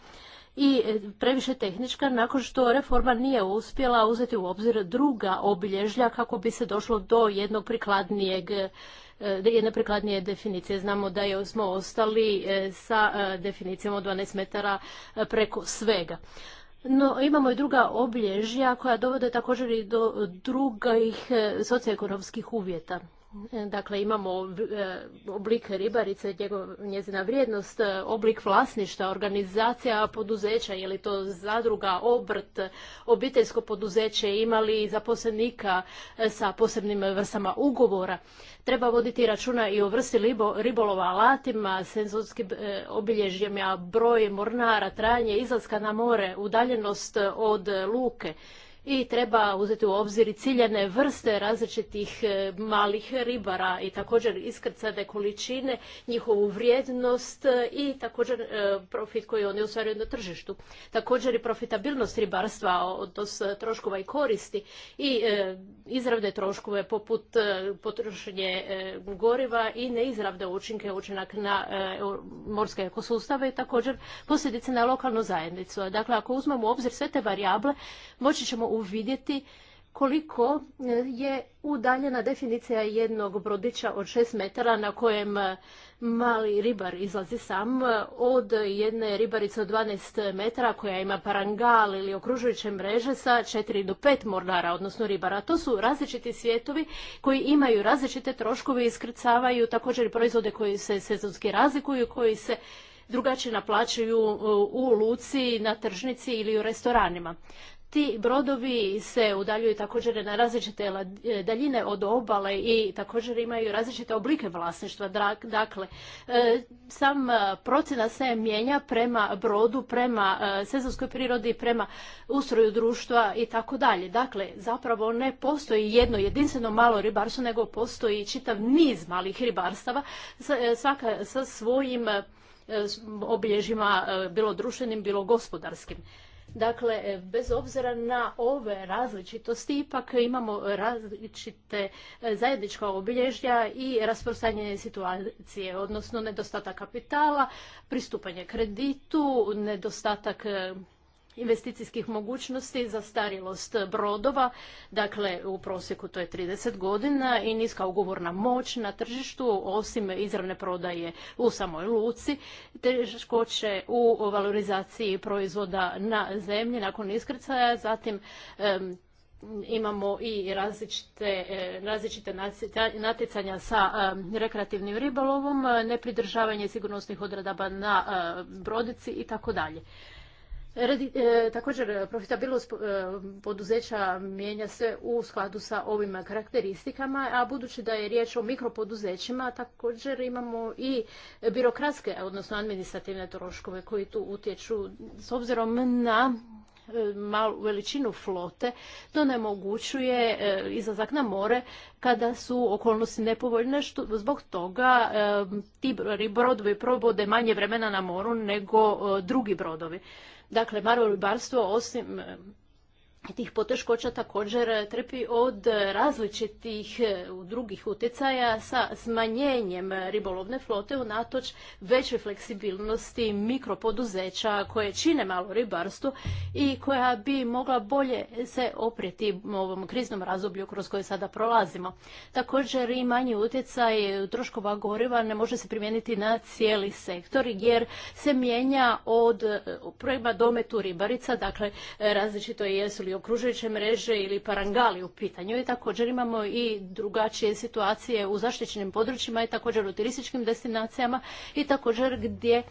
i e, previše tehnička nakon što reforma nije uspjela uzeti u obzir druga obilježlja kako bi se došlo do jednog prikladnijeg e, jedne prikladnije definicije. Znamo da je smo ostali e, sa definicijom od 12 metara preko svega. No, imamo i druga obilježja koja dovode također i do drugih socioekonomskih uvjeta. Dakle, imamo e, oblik ribarice, njezina vrijednost, e, oblik vlasništa, organizacija poduzeća, je li to zadruga, obrt, obiteljsko poduzeće, imali zaposlenika e, sa posebnim vrstama ugovora. Treba voditi računa i o vrsti ribolova alatima, senzorskim obilježjima, broj mornara, trajanje izlaska na more, udaljenost od luke i treba uzeti u obzir ciljene vrste različitih e, malih ribara i također iskrcane količine, njihovu vrijednost e, i također e, profit koji oni ostvaruju na tržištu. Također i profitabilnost ribarstva, odnos troškova i koristi i izravne troškove poput potrošenje goriva i neizravne učinke, učinak na morske ekosustave i također posljedice na lokalnu zajednicu. Dakle, ako uzmemo u obzir sve te varijable, moći ćemo uvidjeti koliko eh, je udaljena definicija jednog brodića od 6 metara na kojem eh, mali ribar izlazi sam eh, od jedne ribarice od 12 metara koja ima parangal ili okružujuće mreže sa 4 do 5 mornara, odnosno ribara. To su različiti svijetovi koji imaju različite troškove, iskrcavaju također proizvode koji se sezonski razlikuju, koji se drugačije naplaćuju u luci, na tržnici ili u restoranima ti brodovi se udaljuju također na različite e, daljine od obale i također imaju različite oblike vlasništva. Dakle, e, sam e, procena se mijenja prema brodu, prema sezonskoj prirodi, prema ustroju društva i tako dalje. Dakle, zapravo ne postoji jedno jedinstveno malo ribarstvo, nego postoji čitav niz malih ribarstava, svaka sa svojim obilježjima, bilo društvenim, bilo gospodarskim. Dakle, e, bez obzira na ove različitosti, ipak imamo različite e, zajednička obilježja i rasprostanje situacije, odnosno nedostatak kapitala, pristupanje kreditu, nedostatak e, investicijskih mogućnosti za starilost brodova, dakle u prosjeku to je 30 godina i niska ugovorna moć na tržištu, osim izravne prodaje u samoj luci, teškoće u valorizaciji proizvoda na zemlji nakon iskrcaja, zatim imamo i različite, e, različite natjecanja sa rekreativnim ribolovom, nepridržavanje sigurnosnih odredaba na brodici i tako dalje. Radi, e, također, profitabilnost e, poduzeća mijenja se u skladu sa ovim karakteristikama, a budući da je riječ o mikropoduzećima, također imamo i birokratske, odnosno administrativne troškove koji tu utječu s obzirom na e, malu veličinu flote, to ne mogućuje izlazak na more kada su okolnosti nepovoljne, zbog toga ti brodovi probode manje vremena na moru nego drugi brodovi. Dakle, malo ribarstvo osim tih poteškoća također trpi od različitih e, drugih utjecaja sa smanjenjem ribolovne flote unatoč većoj fleksibilnosti mikropoduzeća koje čine malo ribarstvo i koja bi mogla bolje se oprijeti ovom kriznom razdoblju kroz koje sada prolazimo. Također i manji utjecaj troškova goriva ne može se primijeniti na cijeli sektor jer se mijenja od e, prema dometu ribarica, dakle e, različito jesu li ili okružujuće mreže ili parangali u pitanju i također imamo i drugačije situacije u zaštićenim područjima i također u turističkim destinacijama i također gdje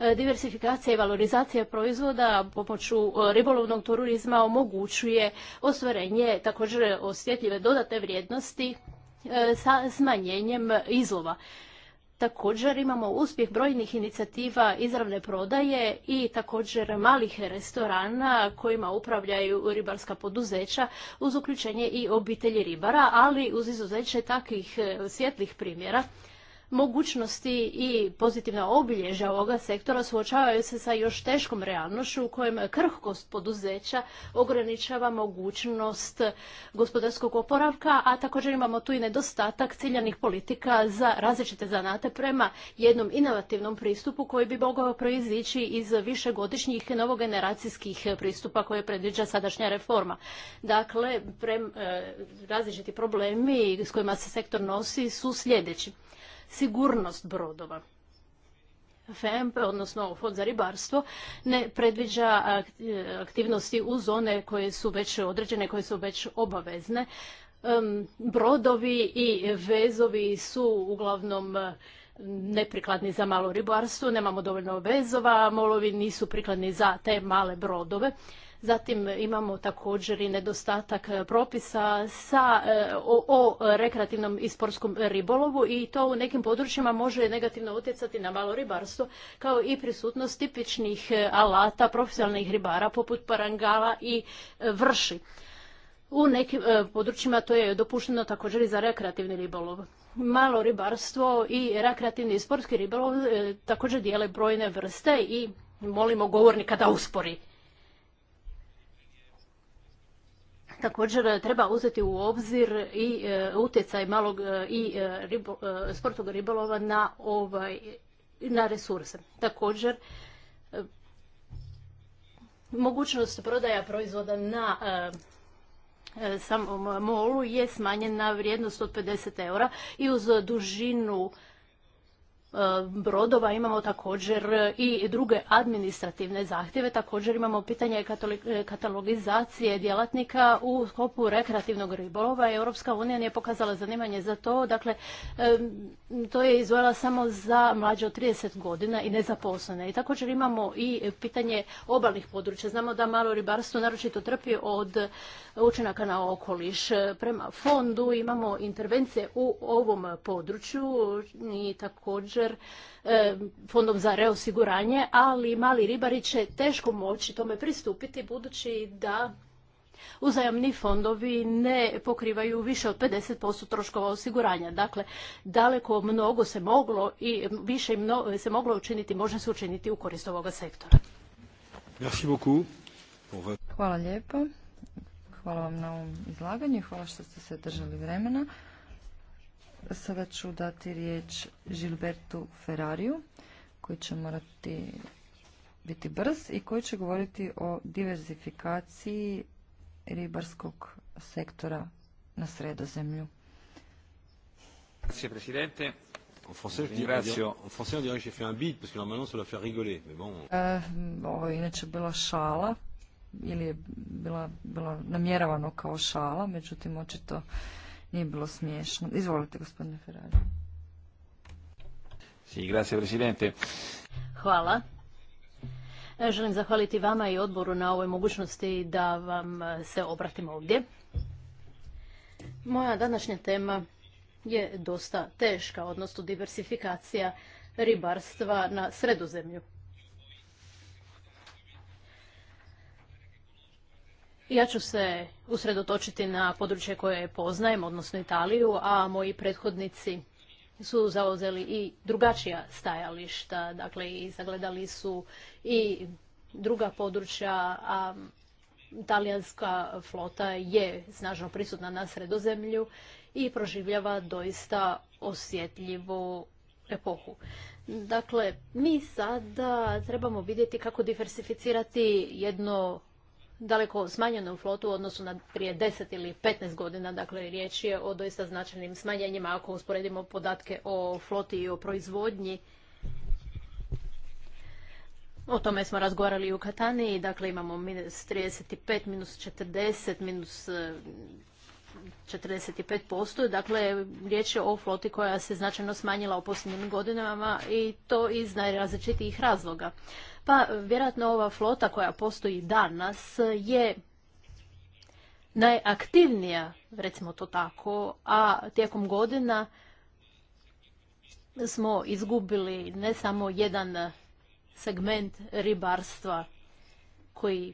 e, diversifikacija i valorizacija proizvoda pomoću e, ribolovnog turizma omogućuje ostvarenje također osjetljive dodatne vrijednosti e, sa smanjenjem izlova. Također imamo uspjeh brojnih inicijativa izravne prodaje i također malih restorana kojima upravljaju ribarska poduzeća uz uključenje i obitelji ribara, ali uz izuzeće takvih eh, svjetlih primjera mogućnosti i pozitivna obilježja ovoga sektora suočavaju se sa još teškom realnošću u kojem krhkost poduzeća ograničava mogućnost gospodarskog oporavka, a također imamo tu i nedostatak ciljanih politika za različite zanate prema jednom inovativnom pristupu koji bi mogao proizići iz višegodišnjih novogeneracijskih pristupa koje predviđa sadašnja reforma. Dakle, e, različiti problemi s kojima se sektor nosi su sljedeći sigurnost brodova. FEMP, odnosno Fond za ribarstvo, ne predviđa aktivnosti uz one koje su već određene, koje su već obavezne. Brodovi i vezovi su uglavnom eh, neprikladni za malo ribarstvo, nemamo dovoljno vezova, molovi nisu prikladni za te male brodove. Zatim imamo također i nedostatak propisa sa, e, o, o rekreativnom i sportskom ribolovu i to u nekim područjima može negativno utjecati na malo ribarstvo kao i prisutnost tipičnih e, alata profesionalnih ribara poput parangala i e, vrši. U nekim područjima to je dopušteno također i za rekreativni ribolov. Malo ribarstvo i rekreativni i sportski ribolov također dijele brojne vrste i molimo govornika da uspori. Također e, treba uzeti u obzir i e, utjecaj malog e, i sportog ribolova na, ovaj, na resurse. Također mogućnost prodaja proizvoda na samom molu je smanjena vrijednost od 50 eura i uz dužinu E, brodova imamo također i druge administrativne zahtjeve. Također imamo pitanje e, katalogizacije djelatnika u skopu rekreativnog ribolova. Europska unija nije pokazala zanimanje za to. Dakle, e, to je izvojila samo za mlađe od 30 godina i nezaposlene. I također imamo i pitanje obalnih područja. Znamo da malo ribarstvo naročito trpi od učinaka na okoliš. Prema fondu imamo intervencije u ovom području i također e, fondom za reosiguranje, ali mali ribari će teško moći tome pristupiti budući da uzajamni fondovi ne pokrivaju više od 50% troškova osiguranja. Dakle, daleko mnogo se moglo i više se moglo učiniti, može se učiniti u korist ovoga sektora. Hvala lijepo. Hvala vam na ovom izlaganju hvala što ste se držali vremena. Sada ću dati riječ Žilbertu Ferrariju koji će morati biti brz i koji će govoriti o diverzifikaciji ribarskog sektora na sredozemlju. Presidente. ovo je inače bila šala, ili je bila, bilo namjeravano kao šala, međutim očito nije bilo smiješno. Izvolite gospodine Ferrari. Sì, grazie presidente. Hvala. E, želim zahvaliti vama i odboru na ovoj mogućnosti da vam e, se obratim ovdje. Moja današnja tema je dosta teška, odnosno diversifikacija ribarstva na sredozemlju. Ja ću se usredotočiti na područje koje poznajem, odnosno Italiju, a moji prethodnici su zauzeli i drugačija stajališta, dakle i zagledali su i druga područja, a talijanska flota je snažno prisutna na sredozemlju i proživljava doista osjetljivu epohu. Dakle, mi sada trebamo vidjeti kako diversificirati jedno daleko smanjenom flotu u odnosu na prije 10 ili 15 godina. Dakle, riječ je o doista značajnim smanjenjima ako usporedimo podatke o floti i o proizvodnji. O tome smo razgovarali u Kataniji, dakle imamo minus 35, minus 40, minus 45%. Eh, dakle, riječ je o floti koja se značajno smanjila u posljednjim godinama i to iz najrazličitijih razloga. Pa vjerojatno ova flota koja postoji danas je najaktivnija, recimo to tako, a tijekom godina smo izgubili ne samo jedan segment ribarstva koji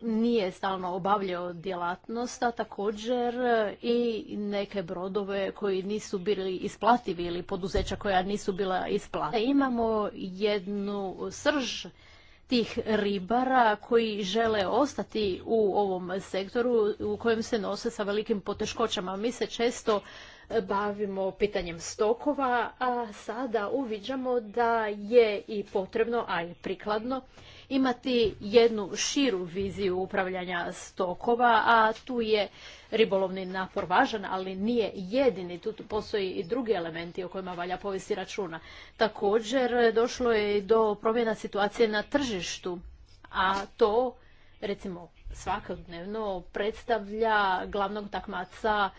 nije stalno obavljao djelatnost, a također i neke brodove koji nisu bili isplativi ili poduzeća koja nisu bila isplativa. Imamo jednu srž tih ribara koji žele ostati u ovom sektoru u kojem se nose sa velikim poteškoćama. Mi se često bavimo pitanjem stokova, a sada uviđamo da je i potrebno, a i prikladno imati jednu širu viziju upravljanja stokova, a tu je ribolovni napor važan, ali nije jedini. Tu postoji i drugi elementi o kojima valja povesti računa. Također došlo je i do promjena situacije na tržištu, a to recimo svakodnevno predstavlja glavnog takmaca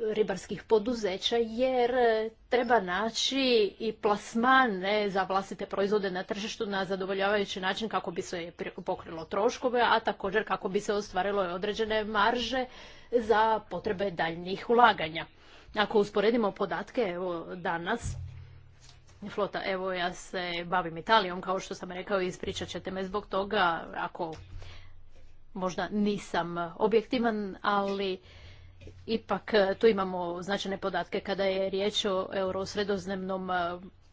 ribarskih poduzeća jer e, treba naći i plasmane za vlastite proizvode na tržištu na zadovoljavajući način kako bi se pokrilo troškove, a također kako bi se ostvarilo određene marže za potrebe daljnjih ulaganja. Ako usporedimo podatke evo, danas, flota, evo ja se bavim Italijom, kao što sam rekao, ispričat ćete me zbog toga, ako možda nisam objektivan, ali ipak e, tu imamo značajne podatke kada je riječ o eurosredozemnom e,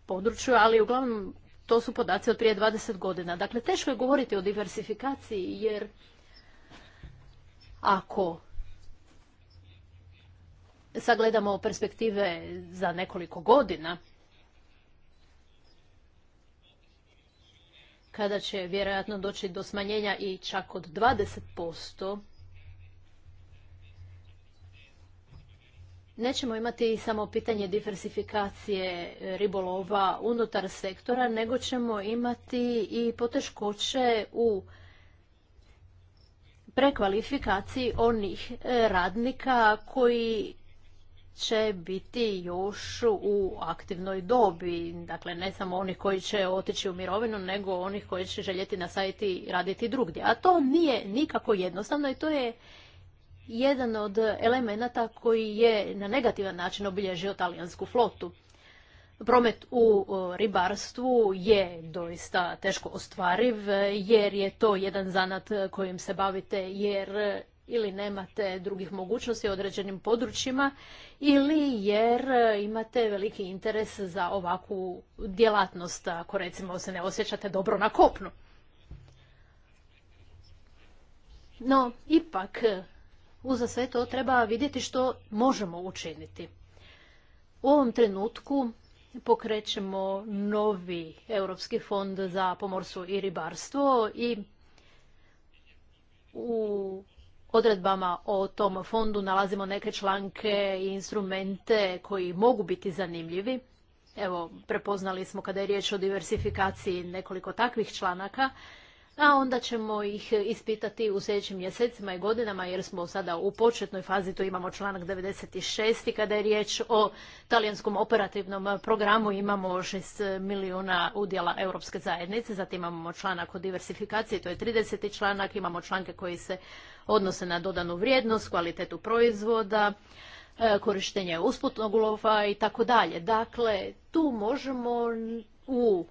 području, ali uglavnom to su podaci od prije 20 godina. Dakle, teško je govoriti o diversifikaciji jer ako sagledamo perspektive za nekoliko godina, kada će vjerojatno doći do smanjenja i čak od 20%, nećemo imati samo pitanje diversifikacije e, ribolova unutar sektora, nego ćemo imati i poteškoće u prekvalifikaciji onih e, radnika koji će biti još u aktivnoj dobi. Dakle, ne samo oni koji će otići u mirovinu, nego onih koji će željeti nastaviti raditi drugdje. A to nije nikako jednostavno i to je jedan od elemenata koji je na negativan način obilježio talijansku flotu. Promet u ribarstvu je doista teško ostvariv jer je to jedan zanat kojim se bavite jer ili nemate drugih mogućnosti u određenim područjima ili jer imate veliki interes za ovakvu djelatnost ako recimo se ne osjećate dobro na kopnu. No, ipak Uza sve to treba vidjeti što možemo učiniti. U ovom trenutku pokrećemo novi Europski fond za pomorstvo i ribarstvo i u odredbama o tom fondu nalazimo neke članke i instrumente koji mogu biti zanimljivi. Evo, prepoznali smo kada je riječ o diversifikaciji nekoliko takvih članaka a onda ćemo ih ispitati u sljedećim mjesecima i godinama jer smo sada u početnoj fazi, tu imamo članak 96. Kada je riječ o talijanskom operativnom programu imamo 6 milijuna udjela Europske zajednice, zatim imamo članak o diversifikaciji, to je 30. članak, imamo članke koji se odnose na dodanu vrijednost, kvalitetu proizvoda, e, korištenje usputnog ulova i tako dalje. Dakle, tu možemo u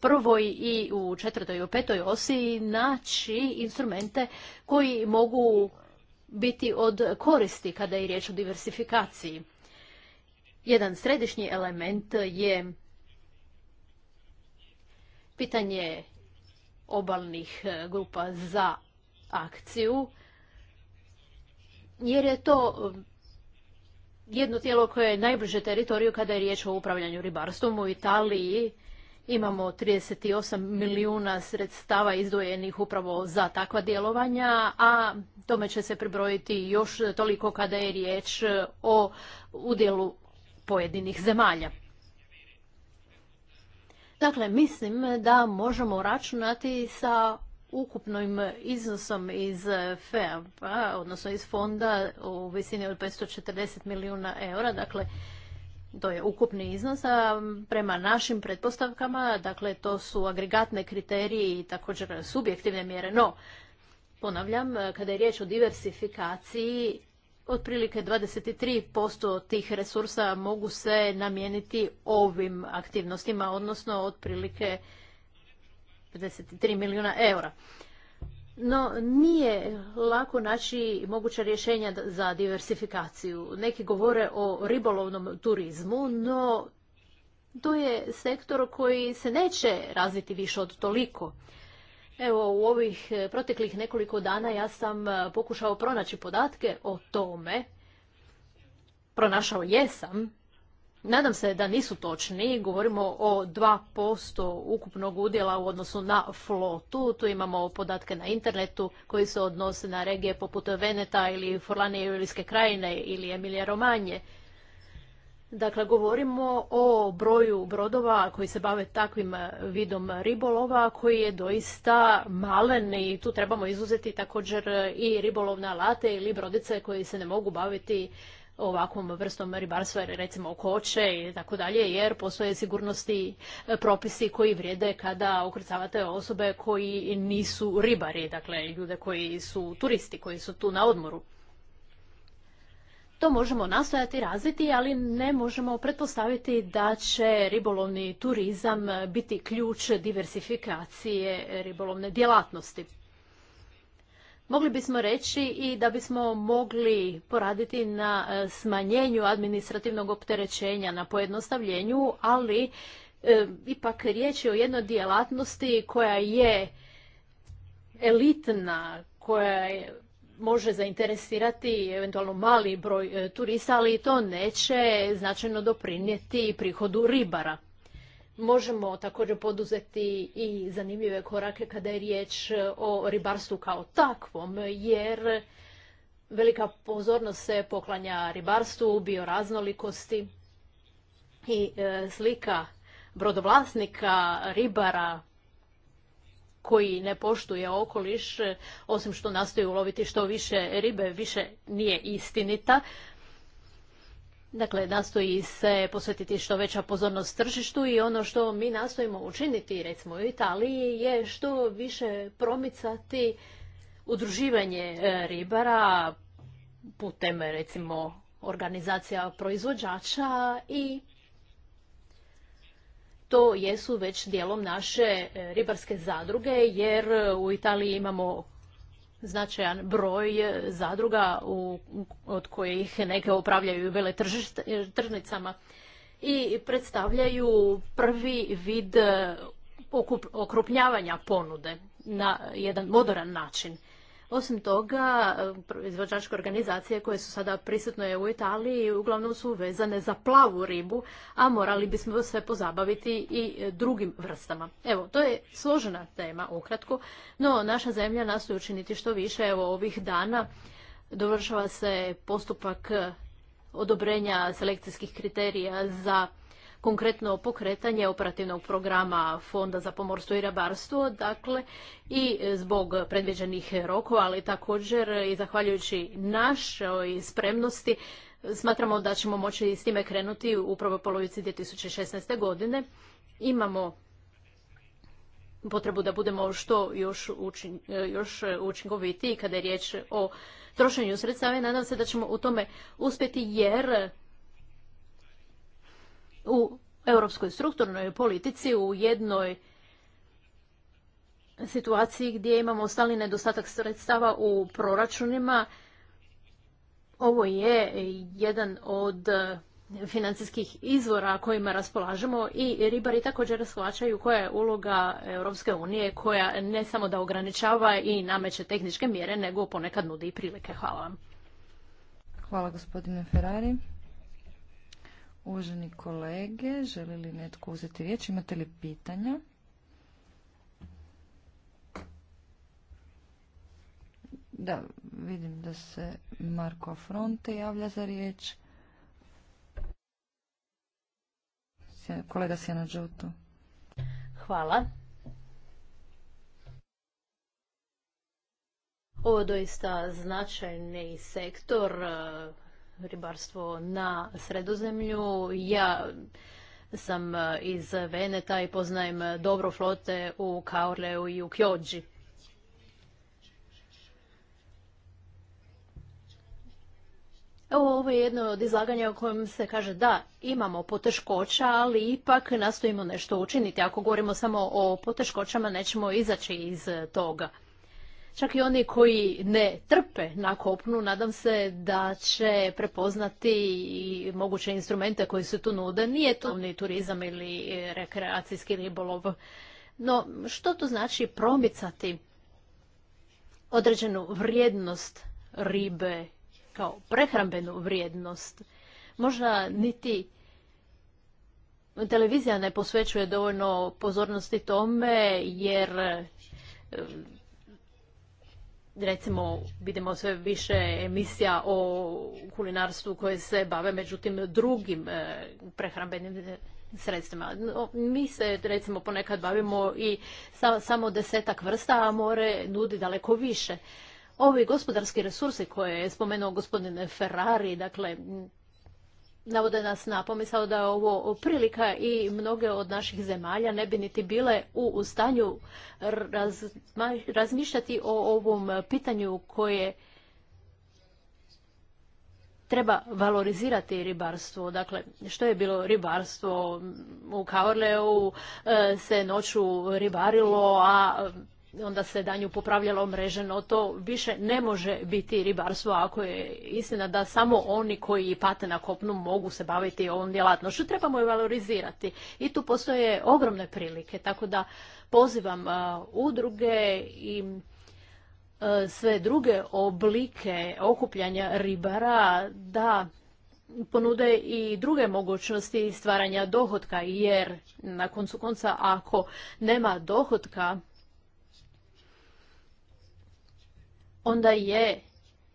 prvoj i u četvrtoj i u petoj osi naći instrumente koji mogu biti od koristi kada je riječ o diversifikaciji. Jedan središnji element je pitanje obalnih grupa za akciju, jer je to jedno tijelo koje je najbliže teritoriju kada je riječ o upravljanju ribarstvom u Italiji Imamo 38 milijuna sredstava izdvojenih upravo za takva djelovanja, a tome će se pribrojiti još toliko kada je riječ o udjelu pojedinih zemalja. Dakle, mislim da možemo računati sa ukupnim iznosom iz FEAP, p-a, odnosno iz fonda u visini od 540 milijuna eura, dakle to je ukupni iznos, a prema našim pretpostavkama, dakle to su agregatne kriteriji i također subjektivne mjere. No, ponavljam, kada je riječ o diversifikaciji, otprilike 23% tih resursa mogu se namijeniti ovim aktivnostima, odnosno otprilike 53 milijuna eura. No, nije lako naći moguća rješenja za diversifikaciju. Neki govore o ribolovnom turizmu, no to je sektor koji se neće razviti više od toliko. Evo, u ovih e, proteklih nekoliko dana ja sam e, pokušao pronaći podatke o tome. Pronašao jesam, Nadam se da nisu točni. Govorimo o 2% ukupnog udjela u odnosu na flotu. Tu imamo podatke na internetu koji se odnose na regije poput Veneta ili Forlane Julijske krajine ili Emilija Romanje. Dakle, govorimo o broju brodova koji se bave takvim vidom ribolova koji je doista malen i tu trebamo izuzeti također i ribolovne alate ili brodice koji se ne mogu baviti ovakvom vrstom ribarstva, recimo koče i tako dalje, jer postoje sigurnosti e, propisi koji vrijede kada ukrcavate osobe koji nisu ribari, dakle ljude koji su turisti, koji su tu na odmoru. To možemo nastojati razviti, ali ne možemo pretpostaviti da će ribolovni turizam biti ključ diversifikacije ribolovne djelatnosti. Mogli bismo reći i da bismo mogli poraditi na e, smanjenju administrativnog opterećenja, na pojednostavljenju, ali e, ipak riječ je o jednoj djelatnosti koja je elitna, koja može zainteresirati eventualno mali broj e, turista, ali to neće značajno doprinijeti prihodu ribara. Možemo također poduzeti i zanimljive korake kada je riječ e, o ribarstvu kao takvom, jer velika pozornost se poklanja ribarstvu, bioraznolikosti i e, slika brodovlasnika, ribara koji ne poštuje okoliš, e, osim što nastoji uloviti što više ribe, više nije istinita. Dakle, nastoji se posvetiti što veća pozornost tržištu i ono što mi nastojimo učiniti, recimo u Italiji, je što više promicati udruživanje e, ribara putem, recimo, organizacija proizvođača i to jesu već dijelom naše e, ribarske zadruge, jer u Italiji imamo značajan broj zadruga u, od kojih neke upravljaju vele tržnicama i predstavljaju prvi vid okrupnjavanja ponude na jedan moderan način. Osim toga, e, izvođačke organizacije koje su sada prisutne u Italiji uglavnom su vezane za plavu ribu, a morali bismo se pozabaviti i e, drugim vrstama. Evo, to je složena tema ukratko, no naša zemlja nastoji učiniti što više. Evo, ovih dana dovršava se postupak e, odobrenja selekcijskih kriterija za konkretno pokretanje operativnog programa Fonda za pomorstvo i rabarstvo, dakle i zbog predviđenih rokova, ali također i zahvaljujući našoj spremnosti smatramo da ćemo moći s time krenuti u prvoj polovici 2016. godine. Imamo potrebu da budemo što još, učin, još učinkovitiji kada je riječ o trošenju sredstava i nadam se da ćemo u tome uspjeti jer u europskoj strukturnoj politici u jednoj situaciji gdje imamo stalni nedostatak sredstava u proračunima. Ovo je jedan od financijskih izvora kojima raspolažemo i ribari također shvaćaju koja je uloga Europske unije koja ne samo da ograničava i nameće tehničke mjere nego ponekad nudi i prilike. Hvala vam. Hvala gospodine Ferrari. Uvaženi kolege, želi li netko uzeti riječ? Imate li pitanja? Da, vidim da se Marko Fronte javlja za riječ. Kolega Sjena Đutu. Hvala. Ovo doista značajni sektor ribarstvo na sredozemlju. Ja sam e, iz Veneta i poznajem e, dobro flote u Kaorleu i u Kjođi. Evo, ovo je jedno od izlaganja u kojem se kaže da imamo poteškoća, ali ipak nastojimo nešto učiniti. Ako govorimo samo o poteškoćama, nećemo izaći iz toga. Čak i oni koji ne trpe na kopnu, nadam se da će prepoznati moguće instrumente koji se tu nude. Nije to ni turizam ili rekreacijski ribolov. No, što to znači promicati određenu vrijednost ribe kao prehrambenu vrijednost? Možda niti televizija ne posvećuje dovoljno pozornosti tome jer recimo vidimo sve više emisija o kulinarstvu koje se bave međutim drugim e, prehrambenim sredstvima. mi se recimo ponekad bavimo i samo desetak vrsta, a more nudi daleko više. Ovi gospodarski resursi koje je spomenuo gospodin Ferrari, dakle navode nas na pomisao da je ovo prilika i mnoge od naših zemalja ne bi niti bile u stanju razmišljati o ovom pitanju koje treba valorizirati ribarstvo. Dakle, što je bilo ribarstvo? U Kaorleu e, se noću ribarilo, a onda se danju popravljalo mreženo, to više ne može biti ribarstvo ako je istina da samo oni koji pate na kopnu mogu se baviti ovom djelatnošću. Trebamo je valorizirati i tu postoje ogromne prilike, tako da pozivam udruge i sve druge oblike okupljanja ribara da ponude i druge mogućnosti stvaranja dohotka jer na koncu konca ako nema dohotka onda je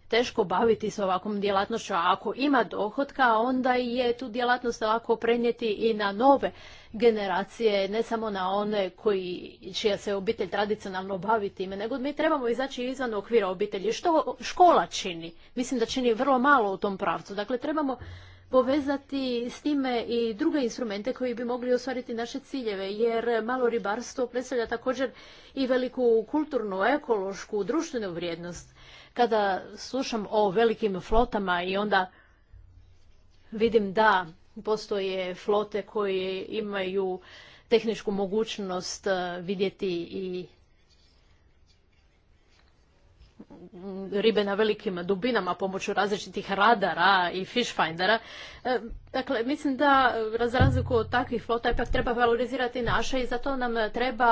teško baviti se ovakvom djelatnošću, a ako ima dohotka, onda je tu djelatnost lako prenijeti i na nove generacije, ne samo na one koji, čija se obitelj tradicionalno bavi time, nego mi trebamo izaći izvan okvira obitelji. Što škola čini? Mislim da čini vrlo malo u tom pravcu. Dakle, trebamo povezati s time i druge instrumente koji bi mogli ostvariti naše ciljeve, jer malo ribarstvo predstavlja također i veliku kulturnu, ekološku, društvenu vrijednost. Kada slušam o velikim flotama i onda vidim da postoje flote koje imaju tehničku mogućnost eh, vidjeti i ribe na velikim dubinama pomoću različitih radara i fishfindera. E, dakle, mislim da za razliku od takvih flota ipak treba valorizirati naše i zato nam treba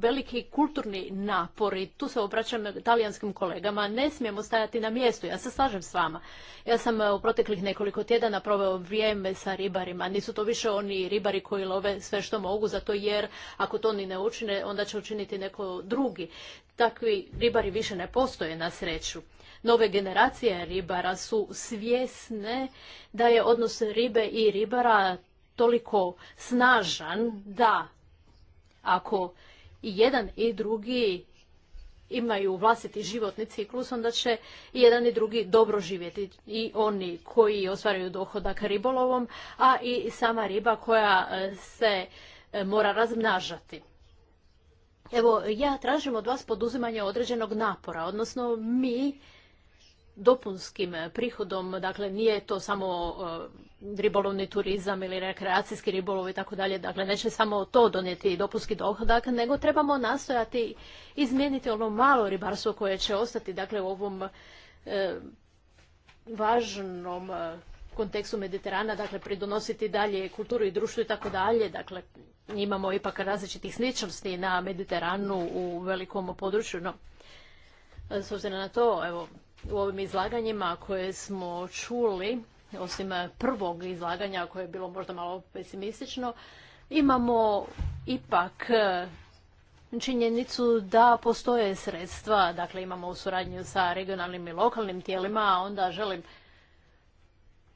veliki kulturni napori. Tu se obraćam italijanskim kolegama. Ne smijemo stajati na mjestu. Ja se slažem s vama. Ja sam e, u proteklih nekoliko tjedana proveo vrijeme sa ribarima. Nisu to više oni ribari koji love sve što mogu, zato jer ako to ni ne učine, onda će učiniti neko drugi. Takvi ribari više ne postoje na sreću. Nove generacije ribara su svjesne da je odnos ribe i ribara toliko snažan da ako i jedan i drugi imaju vlastiti životni ciklus, onda će i jedan i drugi dobro živjeti. I oni koji ostvaraju dohodak ribolovom, a i sama riba koja e, se e, mora razmnažati. Evo, ja tražim od vas poduzimanje određenog napora, odnosno mi dopunskim prihodom, dakle nije to samo e, ribolovni turizam ili rekreacijski ribolov i tako dalje. Dakle, neće samo to donijeti dopuski dohodak, nego trebamo nastojati izmijeniti ono malo ribarstvo koje će ostati dakle, u ovom e, važnom e, kontekstu Mediterana, dakle, pridonositi dalje kulturu i društvu i tako dalje. Dakle, imamo ipak različitih sličnosti na Mediteranu u velikom području, no e, s obzirom na to, evo, u ovim izlaganjima koje smo čuli, osim eh, prvog izlaganja koje je bilo možda malo pesimistično, imamo ipak eh, činjenicu da postoje sredstva, dakle imamo u suradnju sa regionalnim i lokalnim tijelima, a onda želim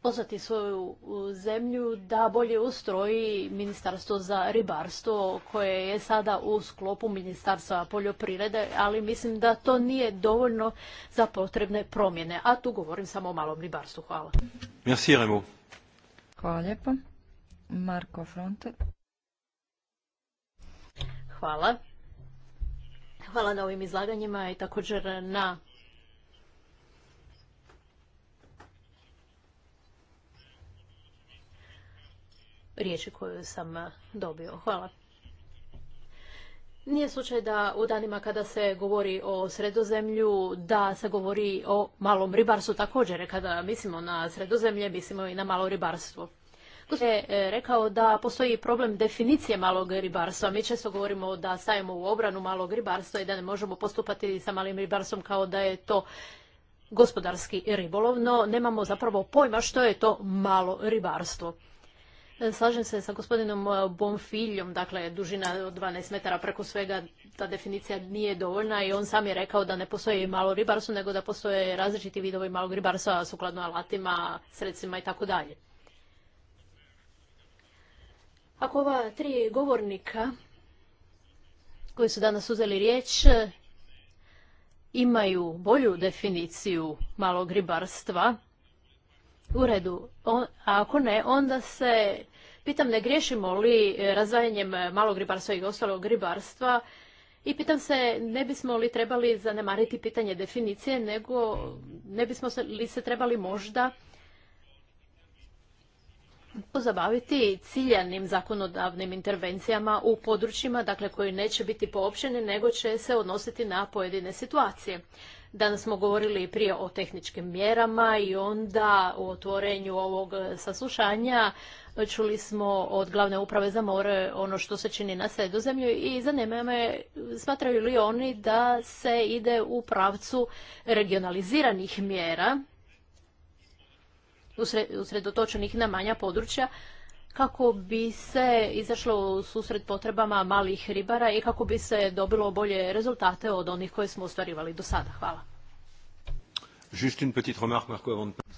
pozvati svoju zemlju da bolje ustroji Ministarstvo za ribarstvo koje je sada u sklopu Ministarstva poljoprivrede, ali mislim da to nije dovoljno za potrebne promjene, a tu govorim samo o malom ribarstvu. Hvala. Merci, Marko Hvala. Hvala na ovim izlaganjima i također na riječi koju sam eh, dobio. Hvala. Nije slučaj da u danima kada se govori o sredozemlju, da se govori o malom ribarstvu također. Kada mislimo na sredozemlje, mislimo i na malo ribarstvo. Gospodin je eh, rekao da postoji problem definicije malog ribarstva. Mi često govorimo da stajemo u obranu malog ribarstva i da ne možemo postupati sa malim ribarstvom kao da je to gospodarski ribolov, no nemamo zapravo pojma što je to malo ribarstvo. E, slažem se sa gospodinom e, Bonfiljom, dakle dužina od 12 metara preko svega ta definicija nije dovoljna i on sam je rekao da ne postoji malo ribarstvo, nego da postoje različiti vidovi malog ribarstva sukladno alatima, sredstvima i tako dalje. Ako ova tri govornika koji su danas uzeli riječ e, imaju bolju definiciju malog ribarstva, u redu. ako ne, onda se pitam ne griješimo li razvajanjem malog ribarstva i ostalog ribarstva i pitam se ne bismo li trebali zanemariti pitanje definicije, nego ne bismo li se trebali možda pozabaviti ciljanim zakonodavnim intervencijama u područjima dakle, koji neće biti poopćeni, nego će se odnositi na pojedine situacije. Danas smo govorili prije o tehničkim mjerama i onda u otvorenju ovog saslušanja čuli smo od glavne uprave za more ono što se čini na sredozemlju i zanima me smatraju li oni da se ide u pravcu regionaliziranih mjera usredotočenih na manja područja kako bi se izašlo u susret potrebama malih ribara i kako bi se dobilo bolje rezultate od onih koje smo ostvarivali do sada. Hvala.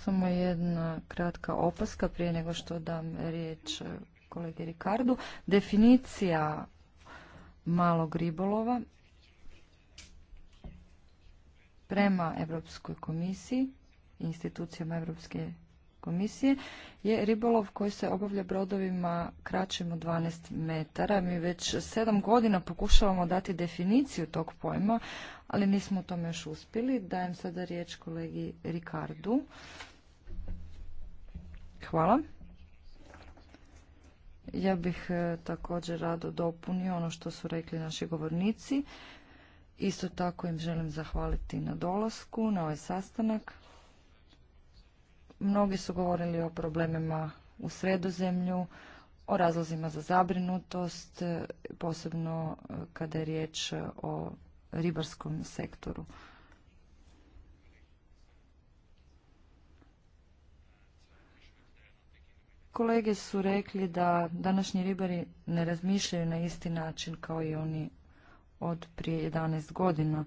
Samo jedna kratka opaska prije nego što dam riječ kolegi Rikardu. Definicija malog ribolova prema Europskoj komisiji, institucijama Europske misije, je ribolov koji se obavlja brodovima kraćim od 12 metara. Mi već sedam godina pokušavamo dati definiciju tog pojma, ali nismo u tome još uspjeli. Dajem sada riječ kolegi Rikardu. Hvala. Ja bih e, također rado dopunio ono što su rekli naši govornici. Isto tako im želim zahvaliti na dolasku, na ovaj sastanak. Mnogi su govorili o problemima u sredozemlju, o razlozima za zabrinutost, posebno e, kada je riječ e, o ribarskom sektoru. Kolege su rekli da današnji ribari ne razmišljaju na isti način kao i oni od prije 11 godina.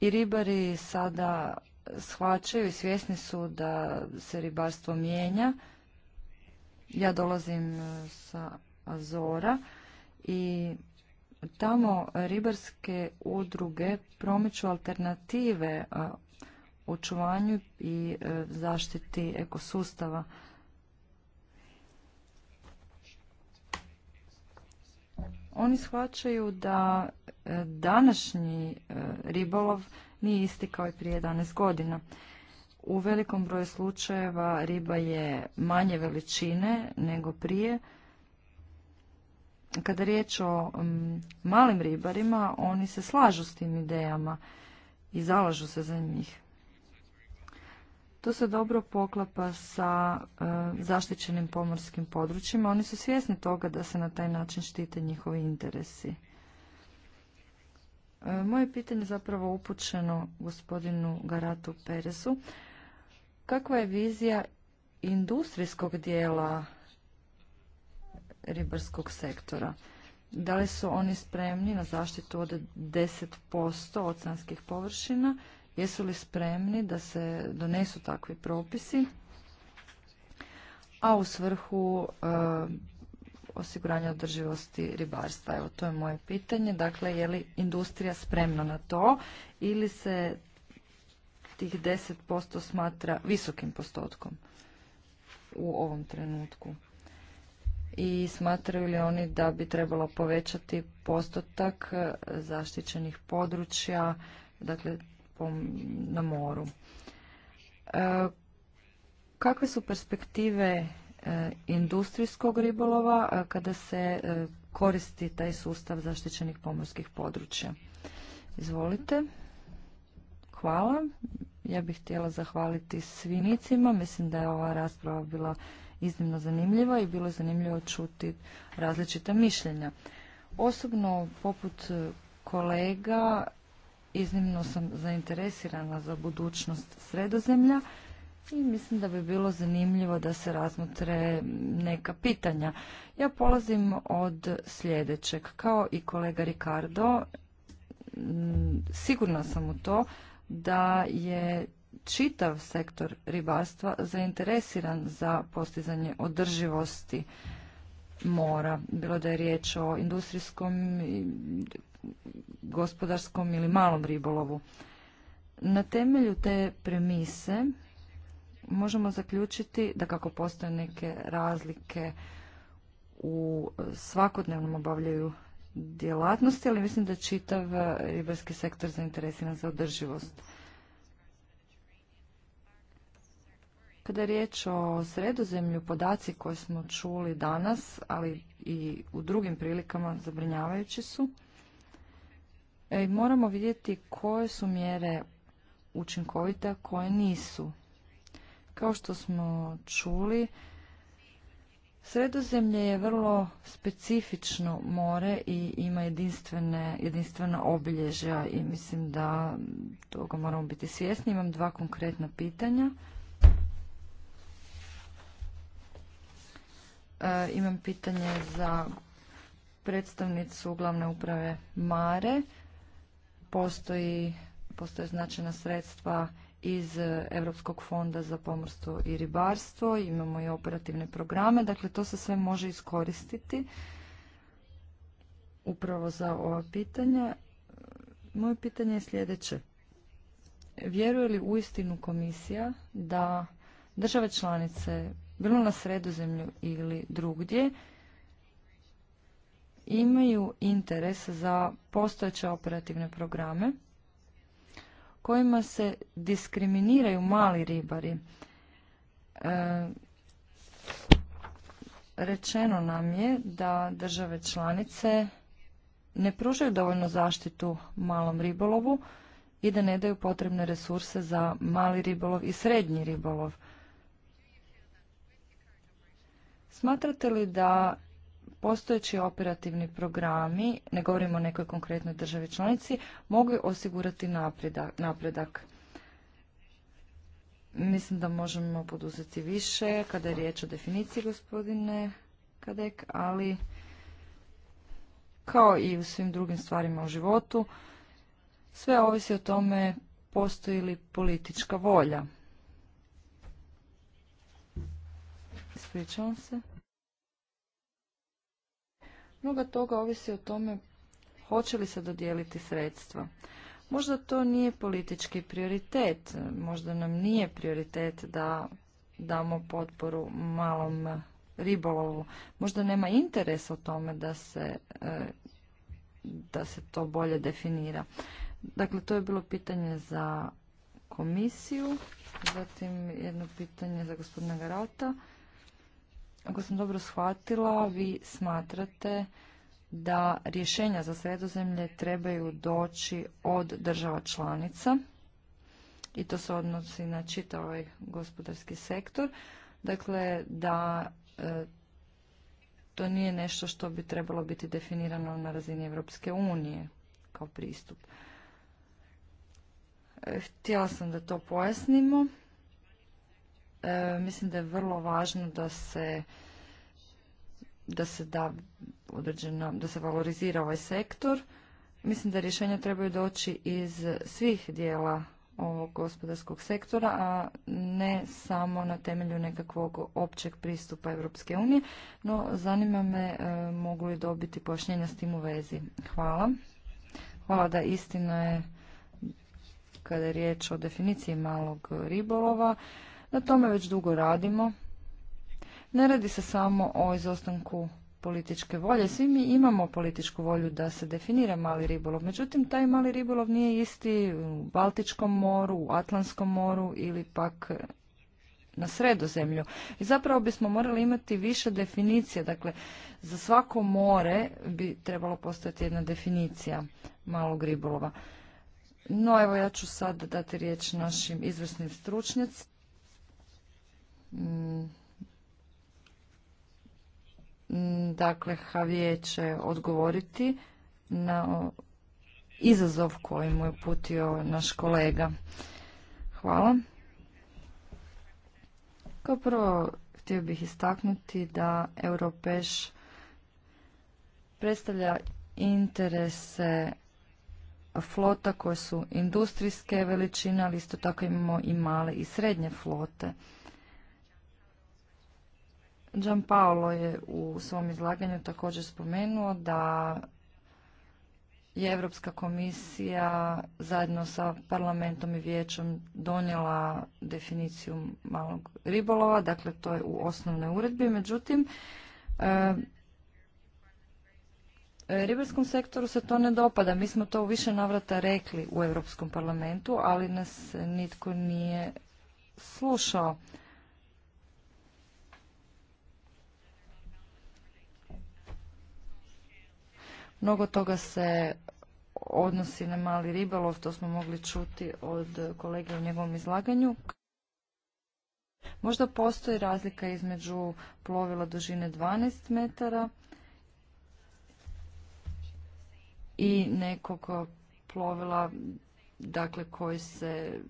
I ribari sada shvaćaju i svjesni su da se ribarstvo mijenja. Ja dolazim e, sa Azora i tamo ribarske udruge promiču alternative e, očuvanju i e, zaštiti ekosustava. Oni shvaćaju da današnji ribolov nije isti kao i prije 11 godina. U velikom broju slučajeva riba je manje veličine nego prije. Kada je riječ o malim ribarima, oni se slažu s tim idejama i zalažu se za njih. To se dobro poklapa sa e, zaštićenim pomorskim područjima. Oni su svjesni toga da se na taj način štite njihovi interesi. E, moje pitanje je zapravo upućeno gospodinu Garatu Peresu. Kakva je vizija industrijskog dijela ribarskog sektora? Da li su oni spremni na zaštitu od 10% oceanskih površina? Jesu li spremni da se donesu takvi propisi? A u svrhu e, osiguranja održivosti ribarstva. Evo, to je moje pitanje. Dakle, je li industrija spremna na to ili se tih 10% smatra visokim postotkom u ovom trenutku? I smatraju li oni da bi trebalo povećati postotak zaštićenih područja, dakle, na moru? E, kakve su perspektive E, industrijskog ribolova e, kada se e, koristi taj sustav zaštićenih pomorskih područja. Izvolite. Hvala. Ja bih htjela zahvaliti svinicima. Mislim da je ova rasprava bila iznimno zanimljiva i bilo je zanimljivo čuti različita mišljenja. Osobno, poput kolega, iznimno sam zainteresirana za budućnost sredozemlja i mislim da bi bilo zanimljivo da se razmotre neka pitanja. Ja polazim od sljedećeg. Kao i kolega Ricardo, mm, sigurna sam u to da je čitav sektor ribarstva zainteresiran za postizanje održivosti mora, bilo da je riječ o industrijskom, gospodarskom ili malom ribolovu. Na temelju te premise možemo zaključiti da kako postoje neke razlike u e, svakodnevnom obavljaju djelatnosti, ali mislim da čitav e, ribarski sektor zainteresiran za održivost. Kada je riječ o sredozemlju, podaci koje smo čuli danas, ali i u drugim prilikama zabrinjavajući su, e, moramo vidjeti koje su mjere učinkovite, koje nisu. Kao što smo čuli, Sredozemlje je vrlo specifično more i ima jedinstvene, jedinstvena obilježja i mislim da toga moramo biti svjesni. Imam dva konkretna pitanja. E, imam pitanje za predstavnicu glavne uprave Mare. Postoji, postoje značajna sredstva iz e, Europskog fonda za pomorstvo i ribarstvo, imamo i operativne programe, dakle to se sve može iskoristiti upravo za ova pitanja. Moje pitanje je sljedeće. Vjeruje li uistinu komisija da države članice, bilo na sredozemlju ili drugdje, imaju interes za postojeće operativne programe kojima se diskriminiraju mali ribari. E, rečeno nam je da države članice ne pružaju dovoljno zaštitu malom ribolovu i da ne daju potrebne resurse za mali ribolov i srednji ribolov. Smatrate li da postojeći operativni programi, ne govorimo o nekoj konkretnoj državi članici, mogu osigurati napredak. Mislim da možemo poduzeti više kada je riječ o definiciji gospodine Kadek, ali kao i u svim drugim stvarima u životu, sve ovisi o tome postoji li politička volja. Ispričavam se. Mnoga toga ovisi o tome hoće li se dodijeliti sredstva. Možda to nije politički prioritet, možda nam nije prioritet da damo potporu malom ribolovu. Možda nema interesa o tome da se, e, da se to bolje definira. Dakle, to je bilo pitanje za komisiju, zatim jedno pitanje za gospodina Garota. Ako sam dobro shvatila, vi smatrate da rješenja za sredozemlje trebaju doći od država članica i to se odnosi na čitav ovaj gospodarski sektor. Dakle, da e, to nije nešto što bi trebalo biti definirano na razini Europske unije kao pristup. E, htjela sam da to pojasnimo e, mislim da je vrlo važno da se da se da određena, da se valorizira ovaj sektor. Mislim da rješenja trebaju doći iz svih dijela ovog gospodarskog sektora, a ne samo na temelju nekakvog općeg pristupa Europske unije, no zanima me e, mogu li dobiti pojašnjenja s tim u vezi. Hvala. Hvala da istina je kada je riječ o definiciji malog ribolova. Na tome već dugo radimo. Ne radi se samo o izostanku političke volje. Svi mi imamo političku volju da se definira mali ribolov. Međutim, taj mali ribolov nije isti u Baltičkom moru, u Atlantskom moru ili pak na sredozemlju. I zapravo bismo morali imati više definicije. Dakle, za svako more bi trebalo postojati jedna definicija malog ribolova. No, evo ja ću sad dati riječ našim izvrsnim stručnjacima. Mm, dakle, Havije će odgovoriti na izazov koji mu je putio naš kolega. Hvala. Kao prvo, htio bih istaknuti da Europeš predstavlja interese flota koje su industrijske veličine, ali isto tako imamo i male i srednje flote. Gian Paolo je u svom izlaganju također spomenuo da je Europska komisija zajedno sa parlamentom i vijećom donijela definiciju malog ribolova, dakle to je u osnovnoj uredbi, međutim e, ribarskom sektoru se to ne dopada. Mi smo to u više navrata rekli u Europskom parlamentu, ali nas nitko nije slušao. Mnogo toga se odnosi na mali ribolov, to smo mogli čuti od kolege u njegovom izlaganju. Možda postoji razlika između plovila dužine 12 metara i nekog plovila dakle koji se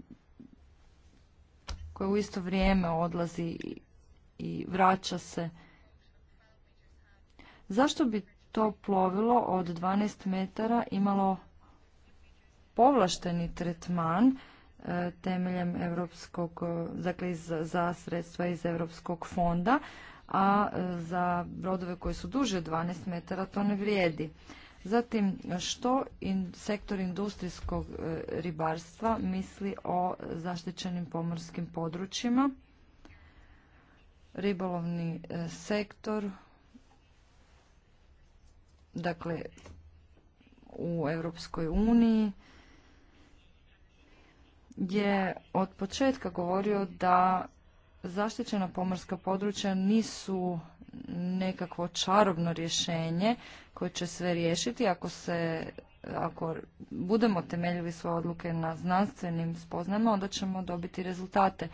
koje u isto vrijeme odlazi i vraća se. Zašto bi to plovilo od 12 metara imalo povlašteni tretman e, temeljem europskog, e, dakle za sredstva iz europskog fonda, a e, za brodove koji su duže 12 metara to ne vrijedi. Zatim, što sektor industrijskog ribarstva misli o zaštićenim pomorskim područjima? Ribolovni sektor dakle u Europskoj uniji je od početka govorio da zaštićena pomorska područja nisu nekakvo čarobno rješenje koje će sve riješiti ako se ako budemo temeljili svoje odluke na znanstvenim spoznajama onda ćemo dobiti rezultate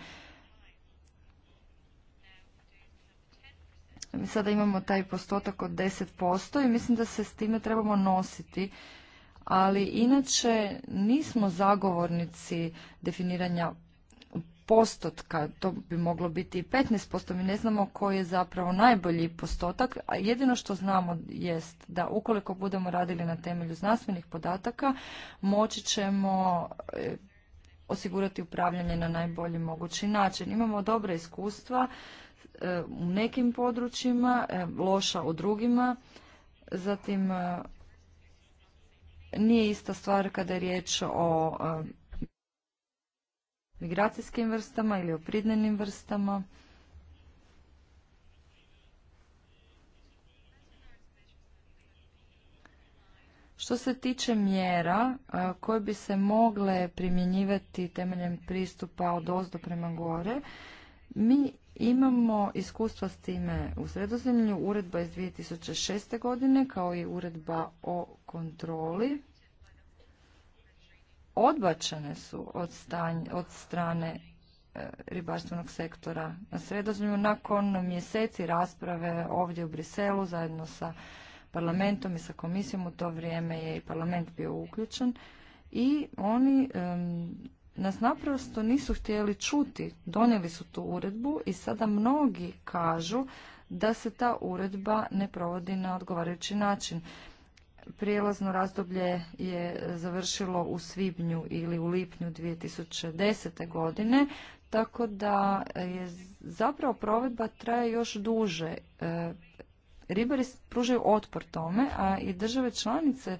sada imamo taj postotak od 10% i mislim da se s time trebamo nositi. Ali inače nismo zagovornici definiranja postotka, to bi moglo biti i 15%, mi ne znamo koji je zapravo najbolji postotak, a jedino što znamo jest da ukoliko budemo radili na temelju znanstvenih podataka, moći ćemo e, osigurati upravljanje na najbolji mogući način. Imamo dobre iskustva E, u nekim područjima, e, loša u drugima. Zatim e, nije ista stvar kada je riječ o migracijskim vrstama ili o pridnenim vrstama. Što se tiče mjera koje bi se mogle primjenjivati temeljem pristupa od ozdo prema gore, mi Imamo iskustva s time u sredozemlju, uredba iz 2006. godine kao i uredba o kontroli. Odbačene su od, od strane e, ribarstvenog sektora na sredozemlju nakon mjeseci rasprave ovdje u Briselu zajedno sa parlamentom i sa komisijom. U to vrijeme je i parlament bio uključen i oni nas naprosto nisu htjeli čuti. Donijeli su tu uredbu i sada mnogi kažu da se ta uredba ne provodi na odgovarajući način. Prijelazno razdoblje je završilo u svibnju ili u lipnju 2010. godine, tako da je zapravo provedba traje još duže. E, ribari pružaju otpor tome, a i države članice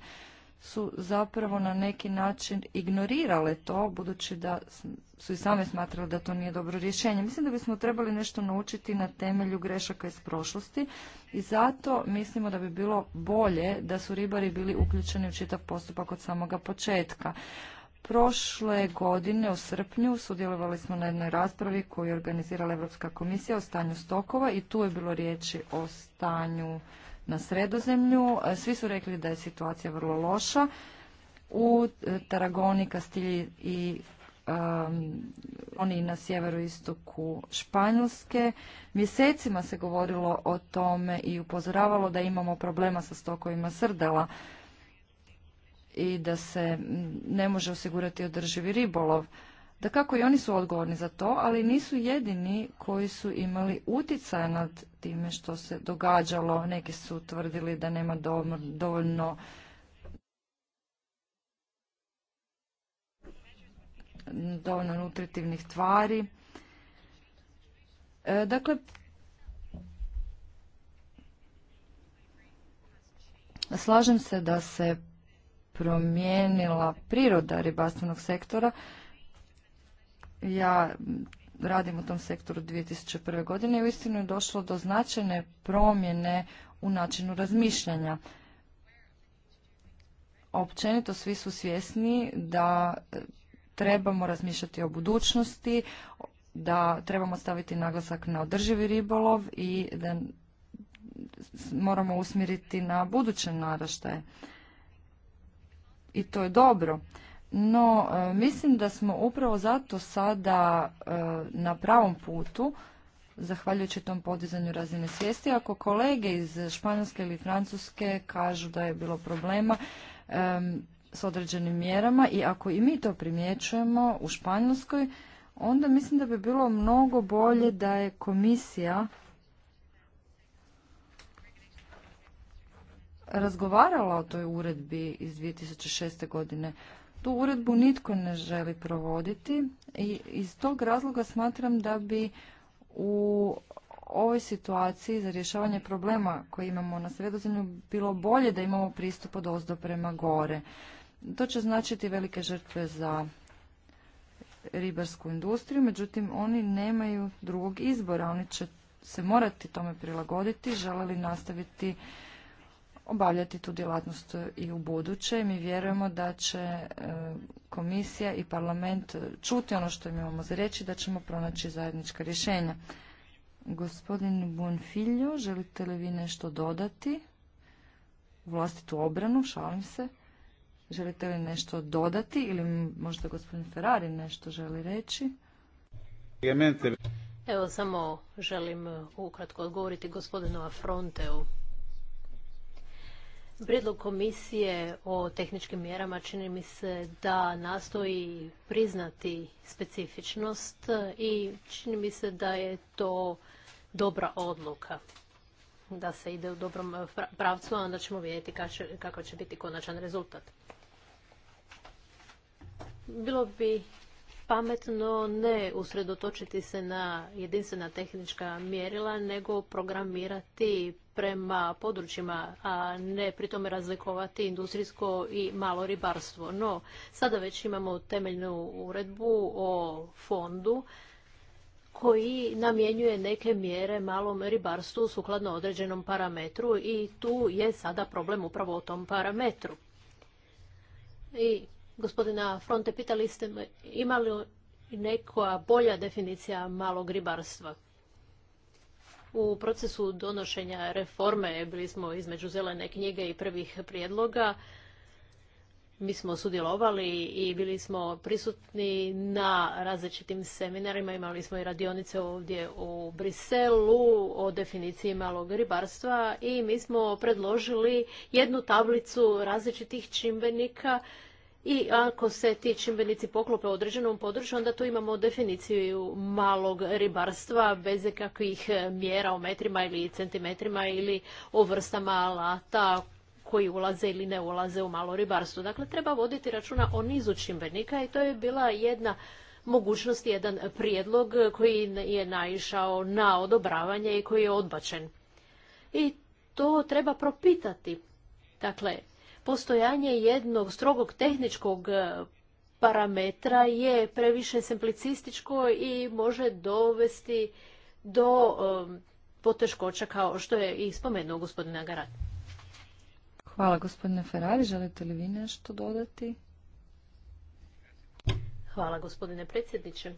su zapravo na neki način ignorirale to, budući da su i same smatrale da to nije dobro rješenje. Mislim da bismo trebali nešto naučiti na temelju grešaka iz prošlosti i zato mislimo da bi bilo bolje da su ribari bili uključeni u čitav postupak od samoga početka. Prošle godine u srpnju sudjelovali smo na jednoj raspravi koju je organizirala Europska komisija o stanju stokova i tu je bilo riječi o stanju na sredozemlju. Svi su rekli da je situacija vrlo loša. U e, Taragoni, Kastilji i oni na sjeveru Španjolske. Mjesecima se govorilo o tome i upozoravalo da imamo problema sa stokovima srdela i da se ne može osigurati održivi ribolov. Da kako i oni su odgovorni za to, ali nisu jedini koji su imali utjecaj nad time što se događalo. Neki su tvrdili da nema dovoljno dovoljno nutritivnih tvari. E, dakle, slažem se da se promijenila priroda ribarstvenog sektora, ja radim u tom sektoru 2001. godine i uistinu je došlo do značajne promjene u načinu razmišljanja. Općenito svi su svjesni da e, trebamo razmišljati o budućnosti, da trebamo staviti naglasak na održivi ribolov i da moramo usmjeriti na buduće naraštaje. I to je dobro. No, e, mislim da smo upravo zato sada e, na pravom putu, zahvaljujući tom podizanju razine svijesti. Ako kolege iz Španjolske ili Francuske kažu da je bilo problema s određenim mjerama i ako i mi to primjećujemo u Španjolskoj, onda mislim da bi bilo mnogo bolje da je komisija razgovarala o toj uredbi iz 2006. godine. Tu uredbu nitko ne želi provoditi i iz tog razloga smatram da bi u ovoj situaciji za rješavanje problema koje imamo na sredozemlju bilo bolje da imamo pristup od ozdo prema gore. To će značiti velike žrtve za ribarsku industriju, međutim oni nemaju drugog izbora, oni će se morati tome prilagoditi, žele li nastaviti obavljati tu djelatnost e, i u buduće. Mi vjerujemo da će e, komisija i parlament e, čuti ono što im imamo za reći, da ćemo pronaći zajednička rješenja. Gospodin Bonfiljo, želite li vi nešto dodati? U vlastitu obranu, šalim se. Želite li nešto dodati ili možda gospodin Ferrari nešto želi reći? Evo samo želim ukratko odgovoriti gospodinu Afronteu. Prijedlog komisije o tehničkim mjerama čini mi se da nastoji priznati specifičnost i čini mi se da je to dobra odluka da se ide u dobrom eh, pravcu, a onda ćemo vidjeti kakav će biti konačan rezultat. Bilo bi pametno ne usredotočiti se na jedinstvena tehnička mjerila, nego programirati prema područjima, a ne pri tome razlikovati industrijsko i malo ribarstvo. No, sada već imamo temeljnu uredbu o fondu koji namjenjuje neke mjere malom ribarstvu sukladno određenom parametru i tu je sada problem upravo o tom parametru. I Gospodina Fronte, pitali ste me ima li neka bolja definicija malog ribarstva? U procesu donošenja reforme bili smo između zelene knjige i prvih prijedloga. Mi smo sudjelovali i bili smo prisutni na različitim seminarima. Imali smo i radionice ovdje u Briselu o definiciji malog ribarstva i mi smo predložili jednu tablicu različitih čimbenika i ako se ti čimbenici poklope u određenom području, onda tu imamo definiciju malog ribarstva bez kakvih mjera o metrima ili centimetrima ili o vrstama alata koji ulaze ili ne ulaze u malo ribarstvo. Dakle, treba voditi računa o nizu čimbenika i to je bila jedna mogućnost, jedan prijedlog koji je naišao na odobravanje i koji je odbačen. I to treba propitati. Dakle, postojanje jednog strogog tehničkog e, parametra je previše simplicističko i može dovesti do e, poteškoća kao što je i spomenuo gospodin Agarat. Hvala gospodine Ferrari. Želite li vi nešto dodati? Hvala gospodine predsjedniče.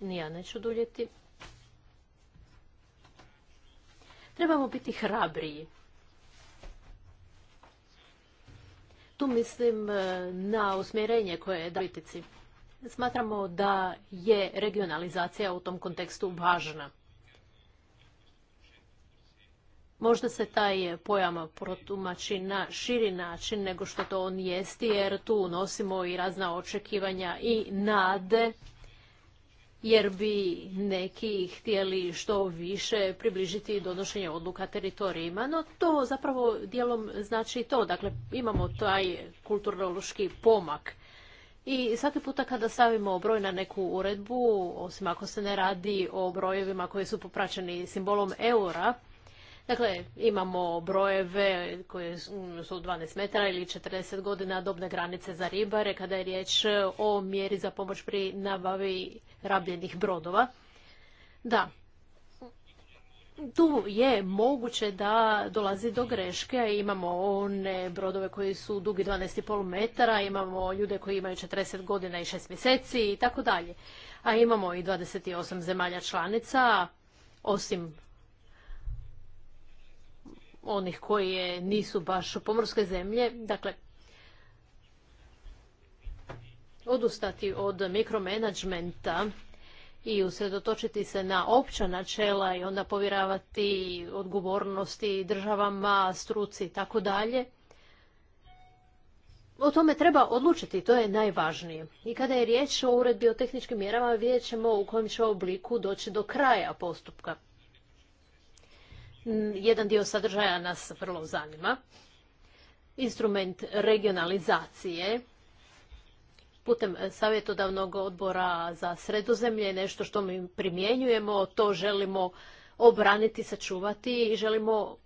Ja neću duljeti. Trebamo biti hrabriji. mislim e, na usmjerenje koje je politici. Smatramo da je regionalizacija u tom kontekstu važna. Možda se taj pojam protumači na širi način nego što to on jesti, jer tu nosimo i razna očekivanja i nade jer bi neki htjeli što više približiti donošenje odluka teritorijima, no to zapravo dijelom znači to. Dakle, imamo taj kulturološki pomak. I svaki puta kada stavimo broj na neku uredbu, osim ako se ne radi o brojevima koji su popraćeni simbolom eura, Dakle, imamo brojeve koje su 12 metara ili 40 godina dobne granice za ribare kada je riječ o mjeri za pomoć pri nabavi rabljenih brodova. Da, tu je moguće da dolazi do greške. Imamo one brodove koji su dugi 12,5 metara, imamo ljude koji imaju 40 godina i 6 mjeseci i tako dalje. A imamo i 28 zemalja članica, osim onih koje nisu baš pomorske zemlje. Dakle, odustati od mikromanagementa i usredotočiti se na opća načela i onda povjeravati odgovornosti državama, struci i tako dalje. O tome treba odlučiti, to je najvažnije. I kada je riječ o uredbi o tehničkim mjerama, vidjet ćemo u kojem će obliku doći do kraja postupka jedan dio sadržaja nas vrlo zanima. Instrument regionalizacije putem savjetodavnog odbora za sredozemlje je nešto što mi primjenjujemo, to želimo obraniti, sačuvati i želimo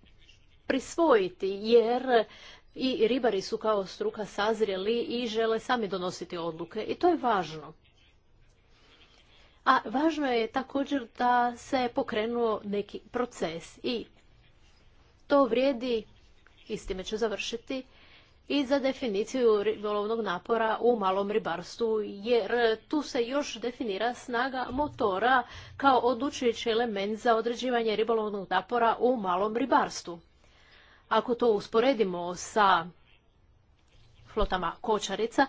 prisvojiti jer i ribari su kao struka sazrjeli i žele sami donositi odluke i to je važno a važno je također da se pokrenuo neki proces i to vrijedi, i s time ću završiti, i za definiciju ribolovnog napora u malom ribarstvu, jer tu se još definira snaga motora kao odlučujući element za određivanje ribolovnog napora u malom ribarstvu. Ako to usporedimo sa flotama kočarica,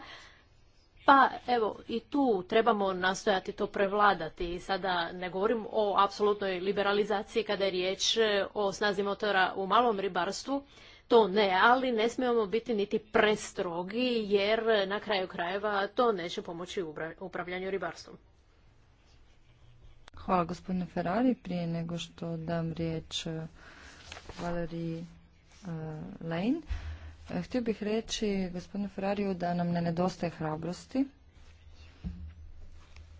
pa evo i tu trebamo nastojati to prevladati. Sada ne govorim o apsolutnoj liberalizaciji kada je riječ e, o snazi motora u malom ribarstvu. To ne, ali ne smijemo biti niti prestrogi jer na kraju krajeva to neće pomoći u upravljanju ribarstvom. Hvala gospodine Ferrari. Prije nego što dam riječ e, Valeriji e, Lane. Htio bih reći gospodinu Ferrariju da nam ne nedostaje hrabrosti.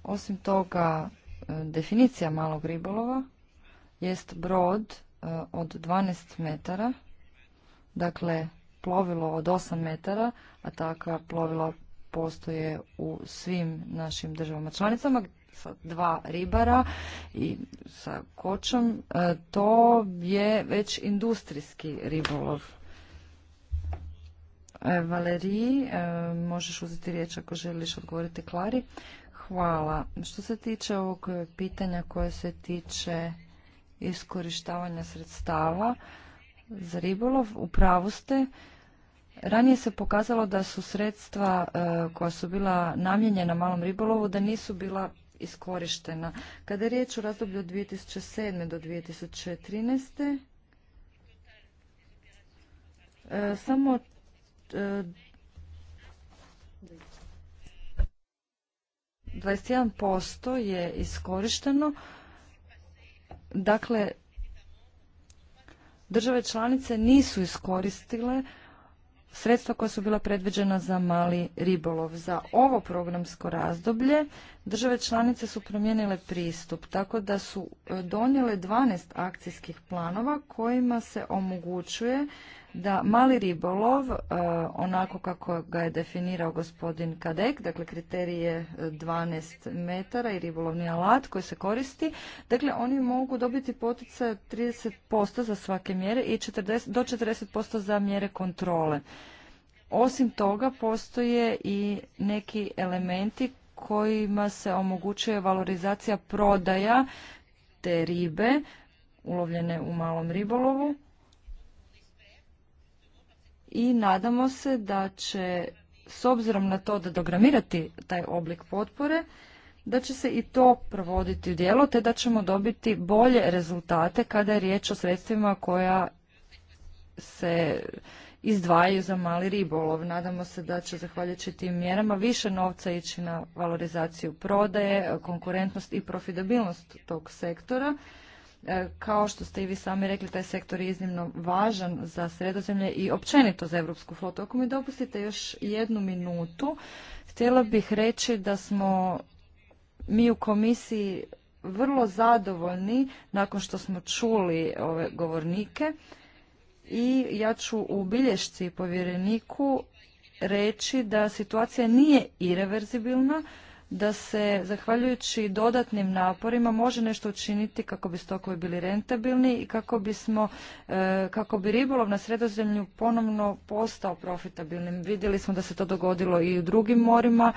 Osim toga, e, definicija malog ribolova jest brod e, od 12 metara, dakle plovilo od 8 metara, a takva plovila postoje u svim našim državama članicama sa dva ribara i sa kočom, e, to je već industrijski ribolov. E, Valeriji, e, možeš uzeti riječ ako želiš odgovoriti Klari. Hvala. Što se tiče ovog pitanja koje se tiče iskorištavanja sredstava za ribolov, u pravu ste. Ranije se pokazalo da su sredstva e, koja su bila namijenjena malom ribolovu da nisu bila iskorištena. Kada je riječ o razdoblju od 2007. do 2013. Samo 21% je iskorišteno. Dakle, države članice nisu iskoristile sredstva koja su bila predviđena za mali ribolov. Za ovo programsko razdoblje države članice su promijenile pristup, tako da su e, donijele 12 akcijskih planova kojima se omogućuje da mali ribolov, e, onako kako ga je definirao gospodin Kadek, dakle kriterij je 12 e, metara i ribolovni alat koji se koristi, dakle oni mogu dobiti trideset 30% za svake mjere i 40, do 40% za mjere kontrole. Osim toga postoje i neki elementi kojima se omogućuje valorizacija prodaja te ribe ulovljene u malom ribolovu i nadamo se da će s obzirom na to da dogramirati taj oblik potpore, da će se i to provoditi u djelo, te da ćemo dobiti bolje rezultate kada je riječ o sredstvima koja se izdvajaju za mali ribolov. Nadamo se da će zahvaljujući tim mjerama više novca ići na valorizaciju prodaje, konkurentnost i profitabilnost tog sektora E, kao što ste i vi sami rekli, taj sektor je iznimno važan za sredozemlje i općenito za europsku flotu. Ako mi dopustite još jednu minutu, htjela bih reći da smo mi u komisiji vrlo zadovoljni nakon što smo čuli ove govornike i ja ću u bilješci povjereniku reći da situacija nije ireverzibilna, da se zahvaljujući dodatnim naporima može nešto učiniti kako bi stokovi bili rentabilni i kako bismo e, kako bi ribolov na sredozemlju ponovno postao profitabilnim. Vidjeli smo da se to dogodilo i u drugim morima.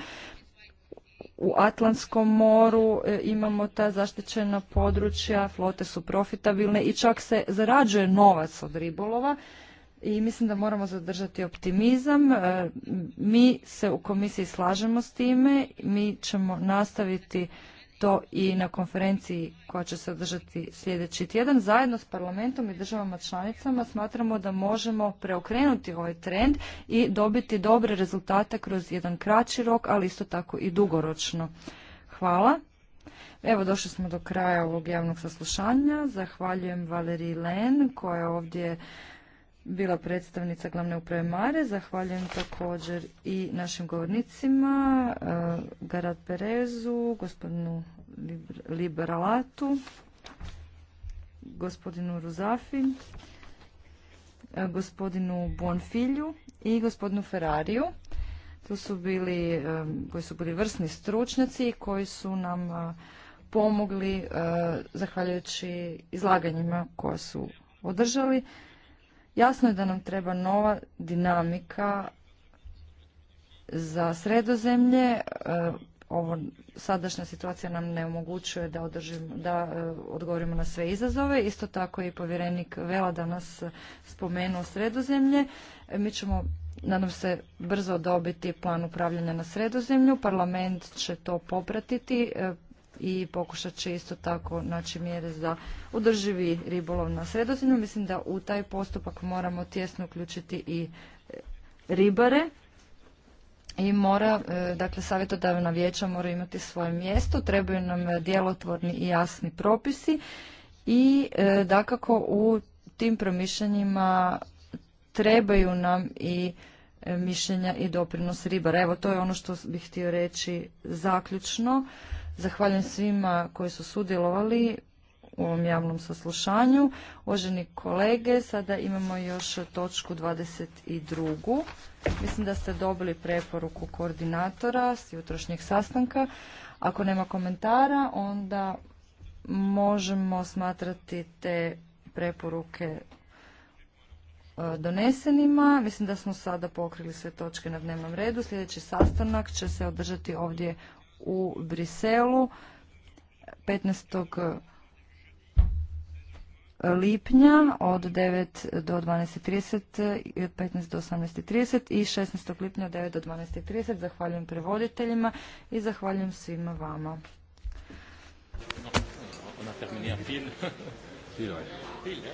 U Atlantskom moru e, imamo ta zaštićena područja, flote su profitabilne i čak se zarađuje novac od ribolova i mislim da moramo zadržati optimizam. E, mi se u komisiji slažemo s time, mi ćemo nastaviti to i na konferenciji koja će se održati sljedeći tjedan. Zajedno s parlamentom i državama članicama smatramo da možemo preokrenuti ovaj trend i dobiti dobre rezultate kroz jedan kraći rok, ali isto tako i dugoročno. Hvala. Evo došli smo do kraja ovog javnog saslušanja. Zahvaljujem Valeriji Len koja je ovdje bila predstavnica glavne uprave Mare. Zahvaljujem također i našim govornicima, eh, Garat Perezu, gospodinu Liberalatu, gospodinu Ruzafi, eh, gospodinu Bonfilju i gospodinu Ferrariju. to su bili, eh, koji su bili vrsni stručnjaci koji su nam pomogli zahvaljujući izlaganjima koja su održali. Jasno je da nam treba nova dinamika za sredozemlje. E, ovo sadašnja situacija nam ne omogućuje da, održimo, da e, odgovorimo na sve izazove. Isto tako je i povjerenik Vela danas spomenuo sredozemlje. E, mi ćemo nadam se brzo dobiti plan upravljanja na sredozemlju. Parlament će to popratiti i pokušat će isto tako naći mjere za održivi ribolov na sredozinu. Mislim da u taj postupak moramo tjesno uključiti i e, ribare i mora, e, dakle, savjetodavna vijeća mora imati svoje mjesto, trebaju nam djelotvorni i jasni propisi i e, dakako u tim promišljanjima trebaju nam i mišljenja i doprinos ribara. Evo, to je ono što bih htio reći zaključno. Zahvaljujem svima koji su sudjelovali u ovom javnom saslušanju. Uvaženi kolege, sada imamo još točku 22. Mislim da ste dobili preporuku koordinatora s jutrošnjeg sastanka. Ako nema komentara, onda možemo smatrati te preporuke e, donesenima. Mislim da smo sada pokrili sve točke na dnevnom redu. Sljedeći sastanak će se održati ovdje u Briselu 15. lipnja od 9 do 12.30 i od 15 do 18.30 i 16. lipnja od 9 do 12.30. Zahvaljujem prevoditeljima i zahvaljujem svima vama. On a terminé pile. Pile,